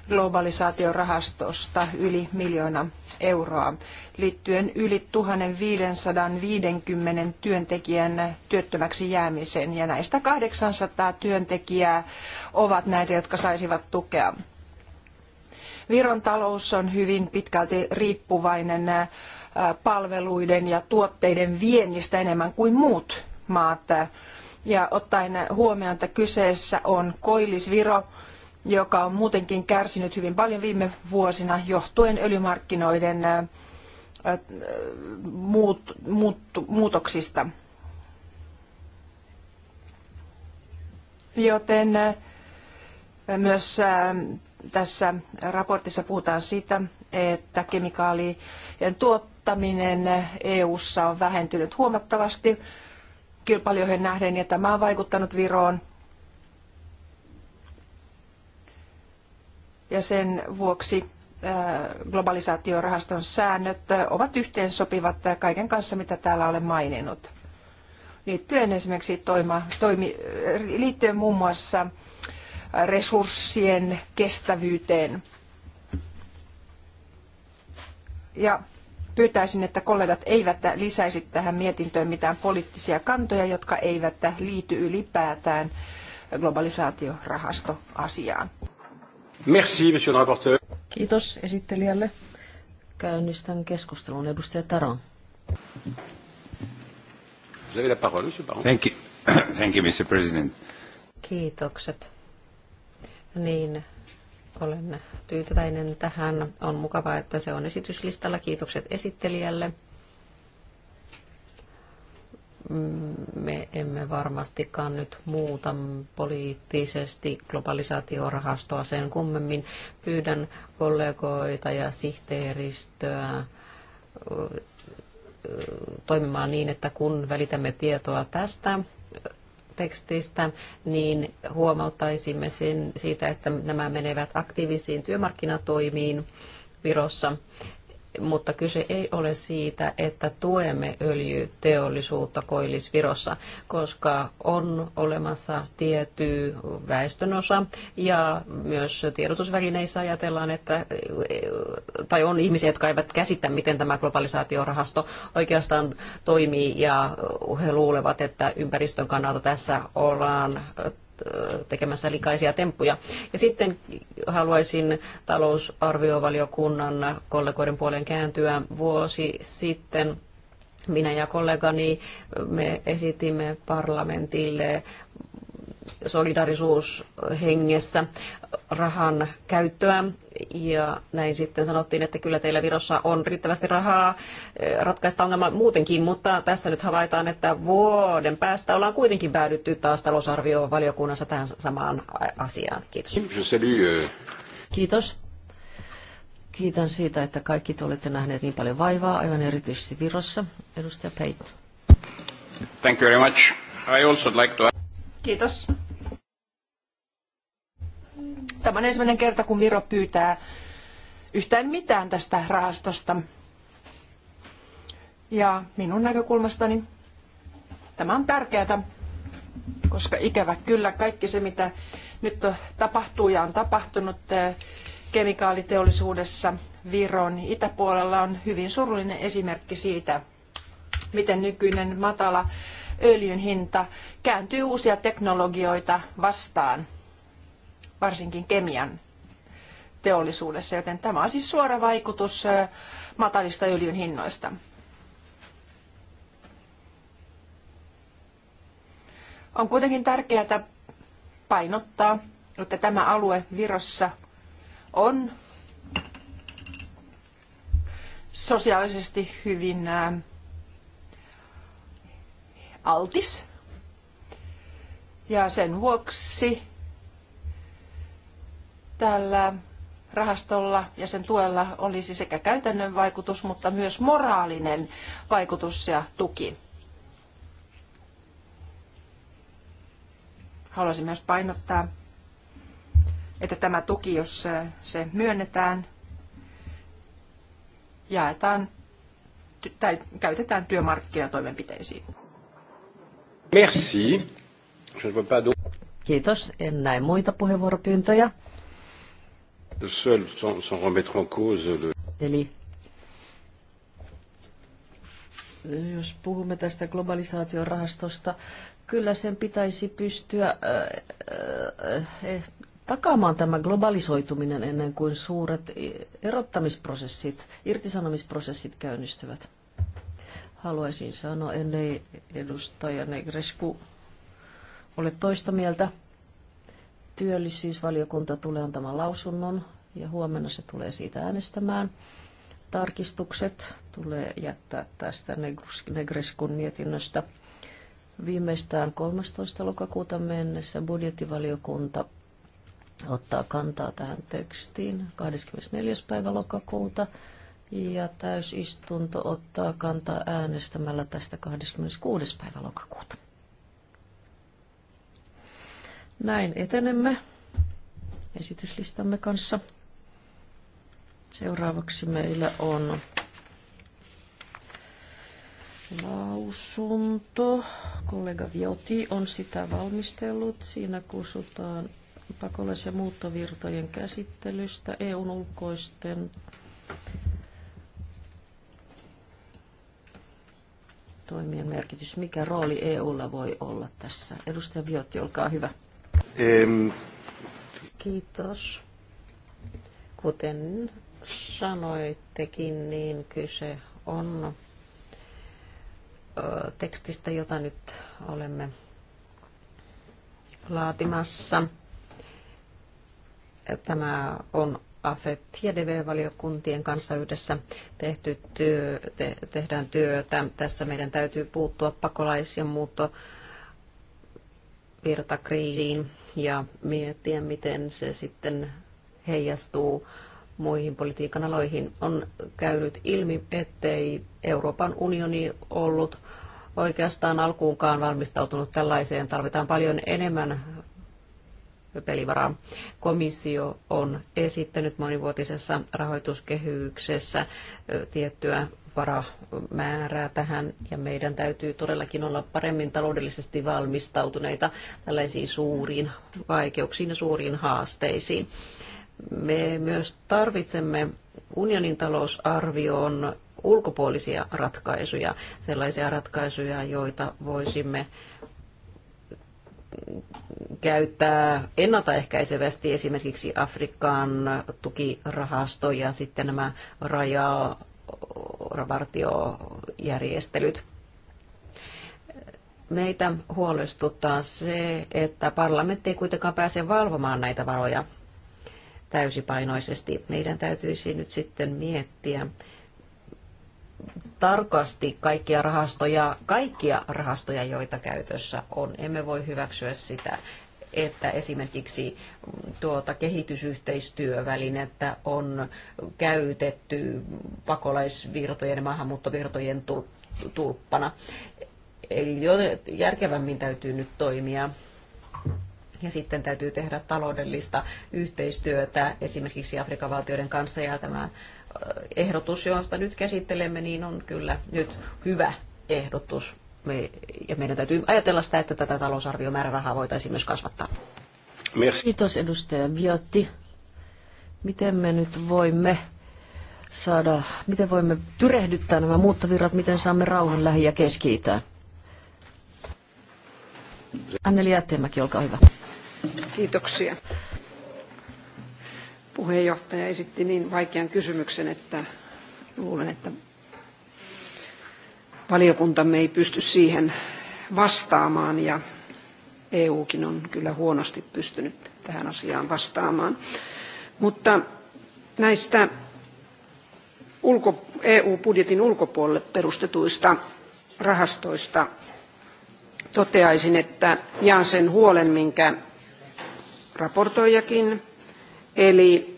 globalisaatiorahastosta yli miljoona euroa liittyen yli 1550 työntekijän työttömäksi jäämiseen ja näistä 800 työntekijää ovat näitä, jotka saisivat tukea. Viron talous on hyvin pitkälti riippuvainen palveluiden ja tuotteiden viennistä enemmän kuin muut maat. Ja ottaen huomioon, että kyseessä on Koillisviro, joka on muutenkin kärsinyt hyvin paljon viime vuosina johtuen öljymarkkinoiden muut, muut, muutoksista. Joten myös tässä raportissa puhutaan siitä, että kemikaalien tuottaminen EU:ssa on vähentynyt huomattavasti kilpailijoihin nähden ja tämä on vaikuttanut Viroon. Ja sen vuoksi globalisaatiorahaston säännöt ovat yhteensopivat kaiken kanssa, mitä täällä olen maininnut. Liittyen esimerkiksi toima, toimi, liittyen muun muassa resurssien kestävyyteen. Ja pyytäisin, että kollegat eivät lisäisi tähän mietintöön mitään poliittisia kantoja, jotka eivät liity ylipäätään globalisaatiorahastoasiaan. Merci, monsieur le rapporteur. Kiitos esittelijälle. Käynnistän keskustelun. Edustaja Taron. Thank you. Thank you, Mr. President. Kiitokset niin olen tyytyväinen tähän. On mukavaa, että se on esityslistalla. Kiitokset esittelijälle. Mm, me emme varmastikaan nyt muuta poliittisesti globalisaatiorahastoa sen kummemmin. Pyydän kollegoita ja sihteeristöä toimimaan niin, että kun välitämme tietoa tästä tekstistä, niin huomauttaisimme sen siitä, että nämä menevät aktiivisiin työmarkkinatoimiin Virossa mutta kyse ei ole siitä, että tuemme öljyteollisuutta Koillisvirossa, koska on olemassa tietty väestönosa ja myös tiedotusvälineissä ajatellaan, että tai on ihmisiä, jotka eivät käsitä, miten tämä globalisaatiorahasto oikeastaan toimii ja he luulevat, että ympäristön kannalta tässä ollaan Äh, tekemässä likaisia temppuja. Ja sitten haluaisin talousarviovaliokunnan kollegoiden puolen kääntyä vuosi sitten. Minä ja kollegani me esitimme parlamentille solidarisuushengessä rahan käyttöä. Ja näin sitten sanottiin, että kyllä teillä Virossa on riittävästi rahaa eh, ratkaista ongelma muutenkin, mutta tässä nyt havaitaan, että vuoden päästä ollaan kuitenkin päädytty taas talousarvioon valiokunnassa tähän samaan asiaan. Kiitos. Eh, Kiitos. Kiitän siitä, että kaikki te olette nähneet niin paljon vaivaa, aivan erityisesti Virossa. Edustaja Peit. Thank you very much. I also like to... Kiitos. Tämä on ensimmäinen kerta, kun Viro pyytää yhtään mitään tästä rahastosta. Ja minun näkökulmastani tämä on tärkeää, koska ikävä kyllä kaikki se, mitä nyt tapahtuu ja on tapahtunut eh, kemikaaliteollisuudessa Viron itäpuolella on hyvin surullinen esimerkki siitä, miten nykyinen matala öljyn hinta kääntyy uusia teknologioita vastaan, varsinkin kemian teollisuudessa, joten tämä on siis suora vaikutus matalista öljyn hinnoista. On kuitenkin tärkeää painottaa, että tämä alue Virossa on sosiaalisesti hyvin altis. Ja sen vuoksi tällä rahastolla ja sen tuella olisi sekä käytännön vaikutus, mutta myös moraalinen vaikutus ja tuki. Haluaisin myös painottaa, että tämä tuki, jos se myönnetään, jaetaan tai käytetään työmarkkinatoimenpiteisiin. Merci. Kiitos. En näe muita puheenvuoropyyntöjä. Eli jos puhumme tästä globalisaation rahastosta, kyllä sen pitäisi pystyä äh, äh, takaamaan tämä globalisoituminen ennen kuin suuret erottamisprosessit, irtisanomisprosessit käynnistyvät haluaisin sanoa, ellei edustaja Negresku ole toista mieltä. Työllisyysvaliokunta tulee antamaan lausunnon ja huomenna se tulee siitä äänestämään. Tarkistukset tulee jättää tästä Negreskun mietinnöstä. Viimeistään 13. lokakuuta mennessä budjettivaliokunta ottaa kantaa tähän tekstiin 24. päivä lokakuuta ja täysistunto ottaa kantaa äänestämällä tästä 26. päivä lokakuuta. Näin etenemme esityslistamme kanssa. Seuraavaksi meillä on lausunto. Kollega Vioti on sitä valmistellut. Siinä kusutaan pakolais- ja muuttovirtojen käsittelystä EUn ulkoisten toimien merkitys? Mikä rooli EUlla voi olla tässä? Edustaja Viotti, olkaa hyvä. Em... Kiitos. Kuten sanoittekin, niin kyse on tekstistä, jota nyt olemme laatimassa. Tämä on AFEP ja DV-valiokuntien kanssa yhdessä tehty työ, te, tehdään työtä. Tässä meidän täytyy puuttua pakolais- ja muutto ja miettiä, miten se sitten heijastuu muihin politiikan aloihin. On käynyt ilmi, ettei Euroopan unioni ollut oikeastaan alkuunkaan valmistautunut tällaiseen. Tarvitaan paljon enemmän pelivaraa. Komissio on esittänyt monivuotisessa rahoituskehyksessä tiettyä varamäärää tähän ja meidän täytyy todellakin olla paremmin taloudellisesti valmistautuneita tällaisiin suuriin vaikeuksiin ja suuriin haasteisiin. Me myös tarvitsemme unionin talousarvioon ulkopuolisia ratkaisuja, sellaisia ratkaisuja, joita voisimme käyttää ennaltaehkäisevästi esimerkiksi Afrikan ja sitten nämä rajavartiojärjestelyt. Meitä huolestuttaa se, että parlamentti ei kuitenkaan pääse valvomaan näitä varoja täysipainoisesti. Meidän täytyisi nyt sitten miettiä, tarkasti kaikkia rahastoja, kaikkia rahastoja, joita käytössä on. Emme voi hyväksyä sitä, että esimerkiksi tuota kehitysyhteistyövälinettä on käytetty pakolaisvirtojen ja maahanmuuttovirtojen tulppana. Eli järkevämmin täytyy nyt toimia ja sitten täytyy tehdä taloudellista yhteistyötä esimerkiksi Afrikan valtioiden kanssa ja tämä ehdotus, josta nyt käsittelemme, niin on kyllä nyt hyvä ehdotus. Me, ja meidän täytyy ajatella sitä, että tätä talousarviomäärärahaa voitaisiin myös kasvattaa. Merci. Kiitos edustaja Viotti. Miten me nyt voimme saada, miten voimme tyrehdyttää nämä muuttovirrat, miten saamme rauhan lähi- ja keski -Itään? Anneli Jätteenmäki, olkaa hyvä. Kiitoksia puheenjohtaja esitti niin vaikean kysymyksen, että luulen, että valiokuntamme ei pysty siihen vastaamaan ja EUkin on kyllä huonosti pystynyt tähän asiaan vastaamaan. Mutta näistä EU-budjetin ulkopuolelle perustetuista rahastoista toteaisin, että jaan sen huolen, minkä raportoijakin Eli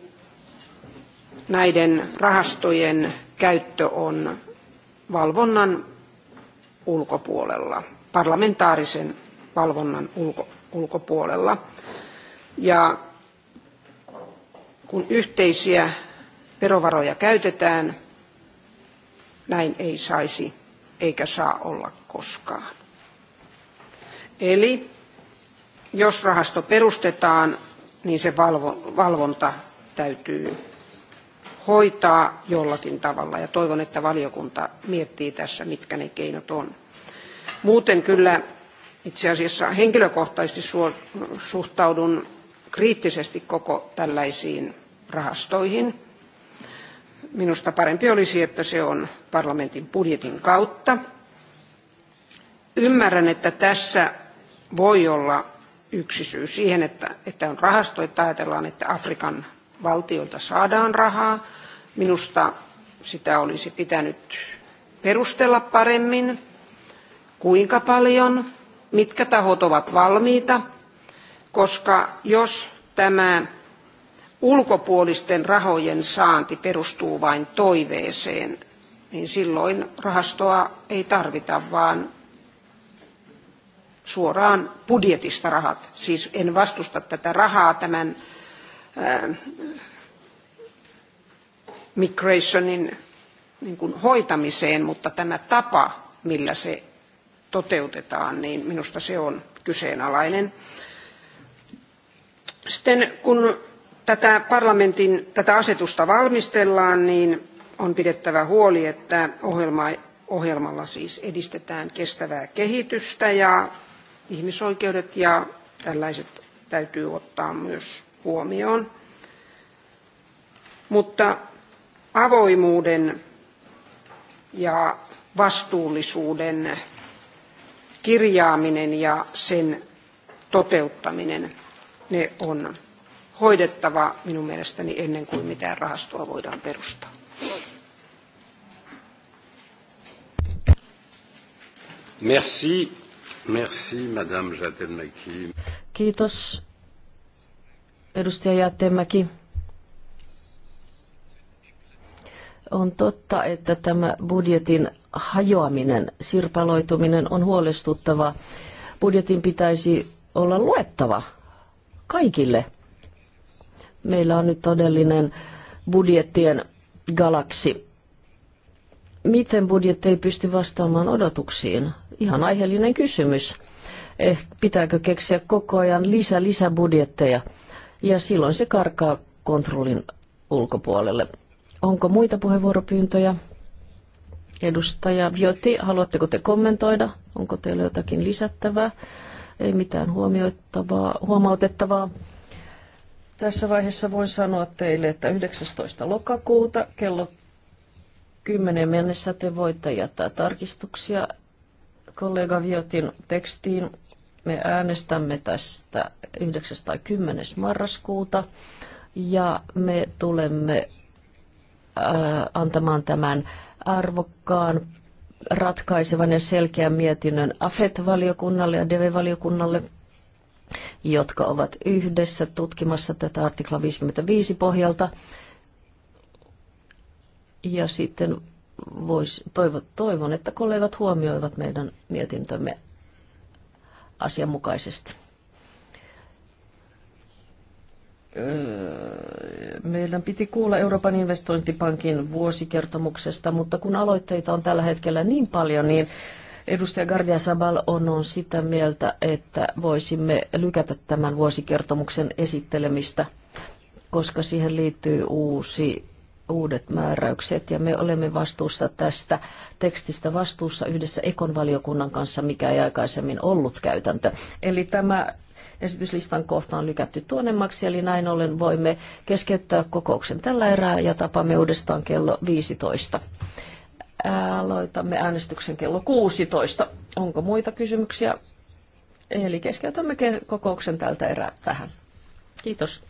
näiden rahastojen käyttö on valvonnan ulkopuolella, parlamentaarisen valvonnan ulko, ulkopuolella. Ja kun yhteisiä verovaroja käytetään, näin ei saisi eikä saa olla koskaan. Eli jos rahasto perustetaan, niin se valvonta täytyy hoitaa jollakin tavalla. Ja toivon, että valiokunta miettii tässä, mitkä ne keinot on. Muuten kyllä itse asiassa henkilökohtaisesti suhtaudun kriittisesti koko tällaisiin rahastoihin. Minusta parempi olisi, että se on parlamentin budjetin kautta. Ymmärrän, että tässä voi olla yksi syy siihen, että, että on rahasto, että ajatellaan, että Afrikan valtioilta saadaan rahaa. Minusta sitä olisi pitänyt perustella paremmin, kuinka paljon, mitkä tahot ovat valmiita, koska jos tämä ulkopuolisten rahojen saanti perustuu vain toiveeseen, niin silloin rahastoa ei tarvita, vaan suoraan budjetista rahat. Siis en vastusta tätä rahaa tämän ää, migrationin niin kuin hoitamiseen, mutta tämä tapa, millä se toteutetaan, niin minusta se on kyseenalainen. Sitten kun tätä parlamentin tätä asetusta valmistellaan, niin on pidettävä huoli, että ohjelma, ohjelmalla siis edistetään kestävää kehitystä ja ihmisoikeudet ja tällaiset täytyy ottaa myös huomioon. Mutta avoimuuden ja vastuullisuuden kirjaaminen ja sen toteuttaminen, ne on hoidettava minun mielestäni ennen kuin mitään rahastoa voidaan perustaa. Merci. Merci, Madame Kiitos, edustaja Jätemäki. On totta, että tämä budjetin hajoaminen, sirpaloituminen on huolestuttava. Budjetin pitäisi olla luettava kaikille. Meillä on nyt todellinen budjettien galaksi Miten budjetti ei pysty vastaamaan odotuksiin? Ihan aiheellinen kysymys. Eh, pitääkö keksiä koko ajan lisä lisäbudjetteja? Ja silloin se karkaa kontrollin ulkopuolelle. Onko muita puheenvuoropyyntöjä? Edustaja Vioti, haluatteko te kommentoida? Onko teillä jotakin lisättävää? Ei mitään huomioittavaa, huomautettavaa. Tässä vaiheessa voin sanoa teille, että 19. lokakuuta kello Kymmenen mennessä te voitte jättää tarkistuksia kollega Viotin tekstiin. Me äänestämme tästä 9. tai 10. marraskuuta ja me tulemme ää, antamaan tämän arvokkaan, ratkaisevan ja selkeän mietinnön AFET-valiokunnalle ja DEVE-valiokunnalle, jotka ovat yhdessä tutkimassa tätä artikla 55 pohjalta. Ja sitten vois, toivon, toivon, että kollegat huomioivat meidän mietintömme asianmukaisesti. Öö, meidän piti kuulla Euroopan investointipankin vuosikertomuksesta, mutta kun aloitteita on tällä hetkellä niin paljon, niin Edustaja Gardia Sabal on, on sitä mieltä, että voisimme lykätä tämän vuosikertomuksen esittelemistä, koska siihen liittyy uusi uudet määräykset ja me olemme vastuussa tästä tekstistä vastuussa yhdessä Ekon valiokunnan kanssa, mikä ei aikaisemmin ollut käytäntö. Eli tämä esityslistan kohta on lykätty tuonemmaksi, eli näin ollen voimme keskeyttää kokouksen tällä erää ja tapaamme uudestaan kello 15. Aloitamme äänestyksen kello 16. Onko muita kysymyksiä? Eli keskeytämme kokouksen tältä erää tähän. Kiitos.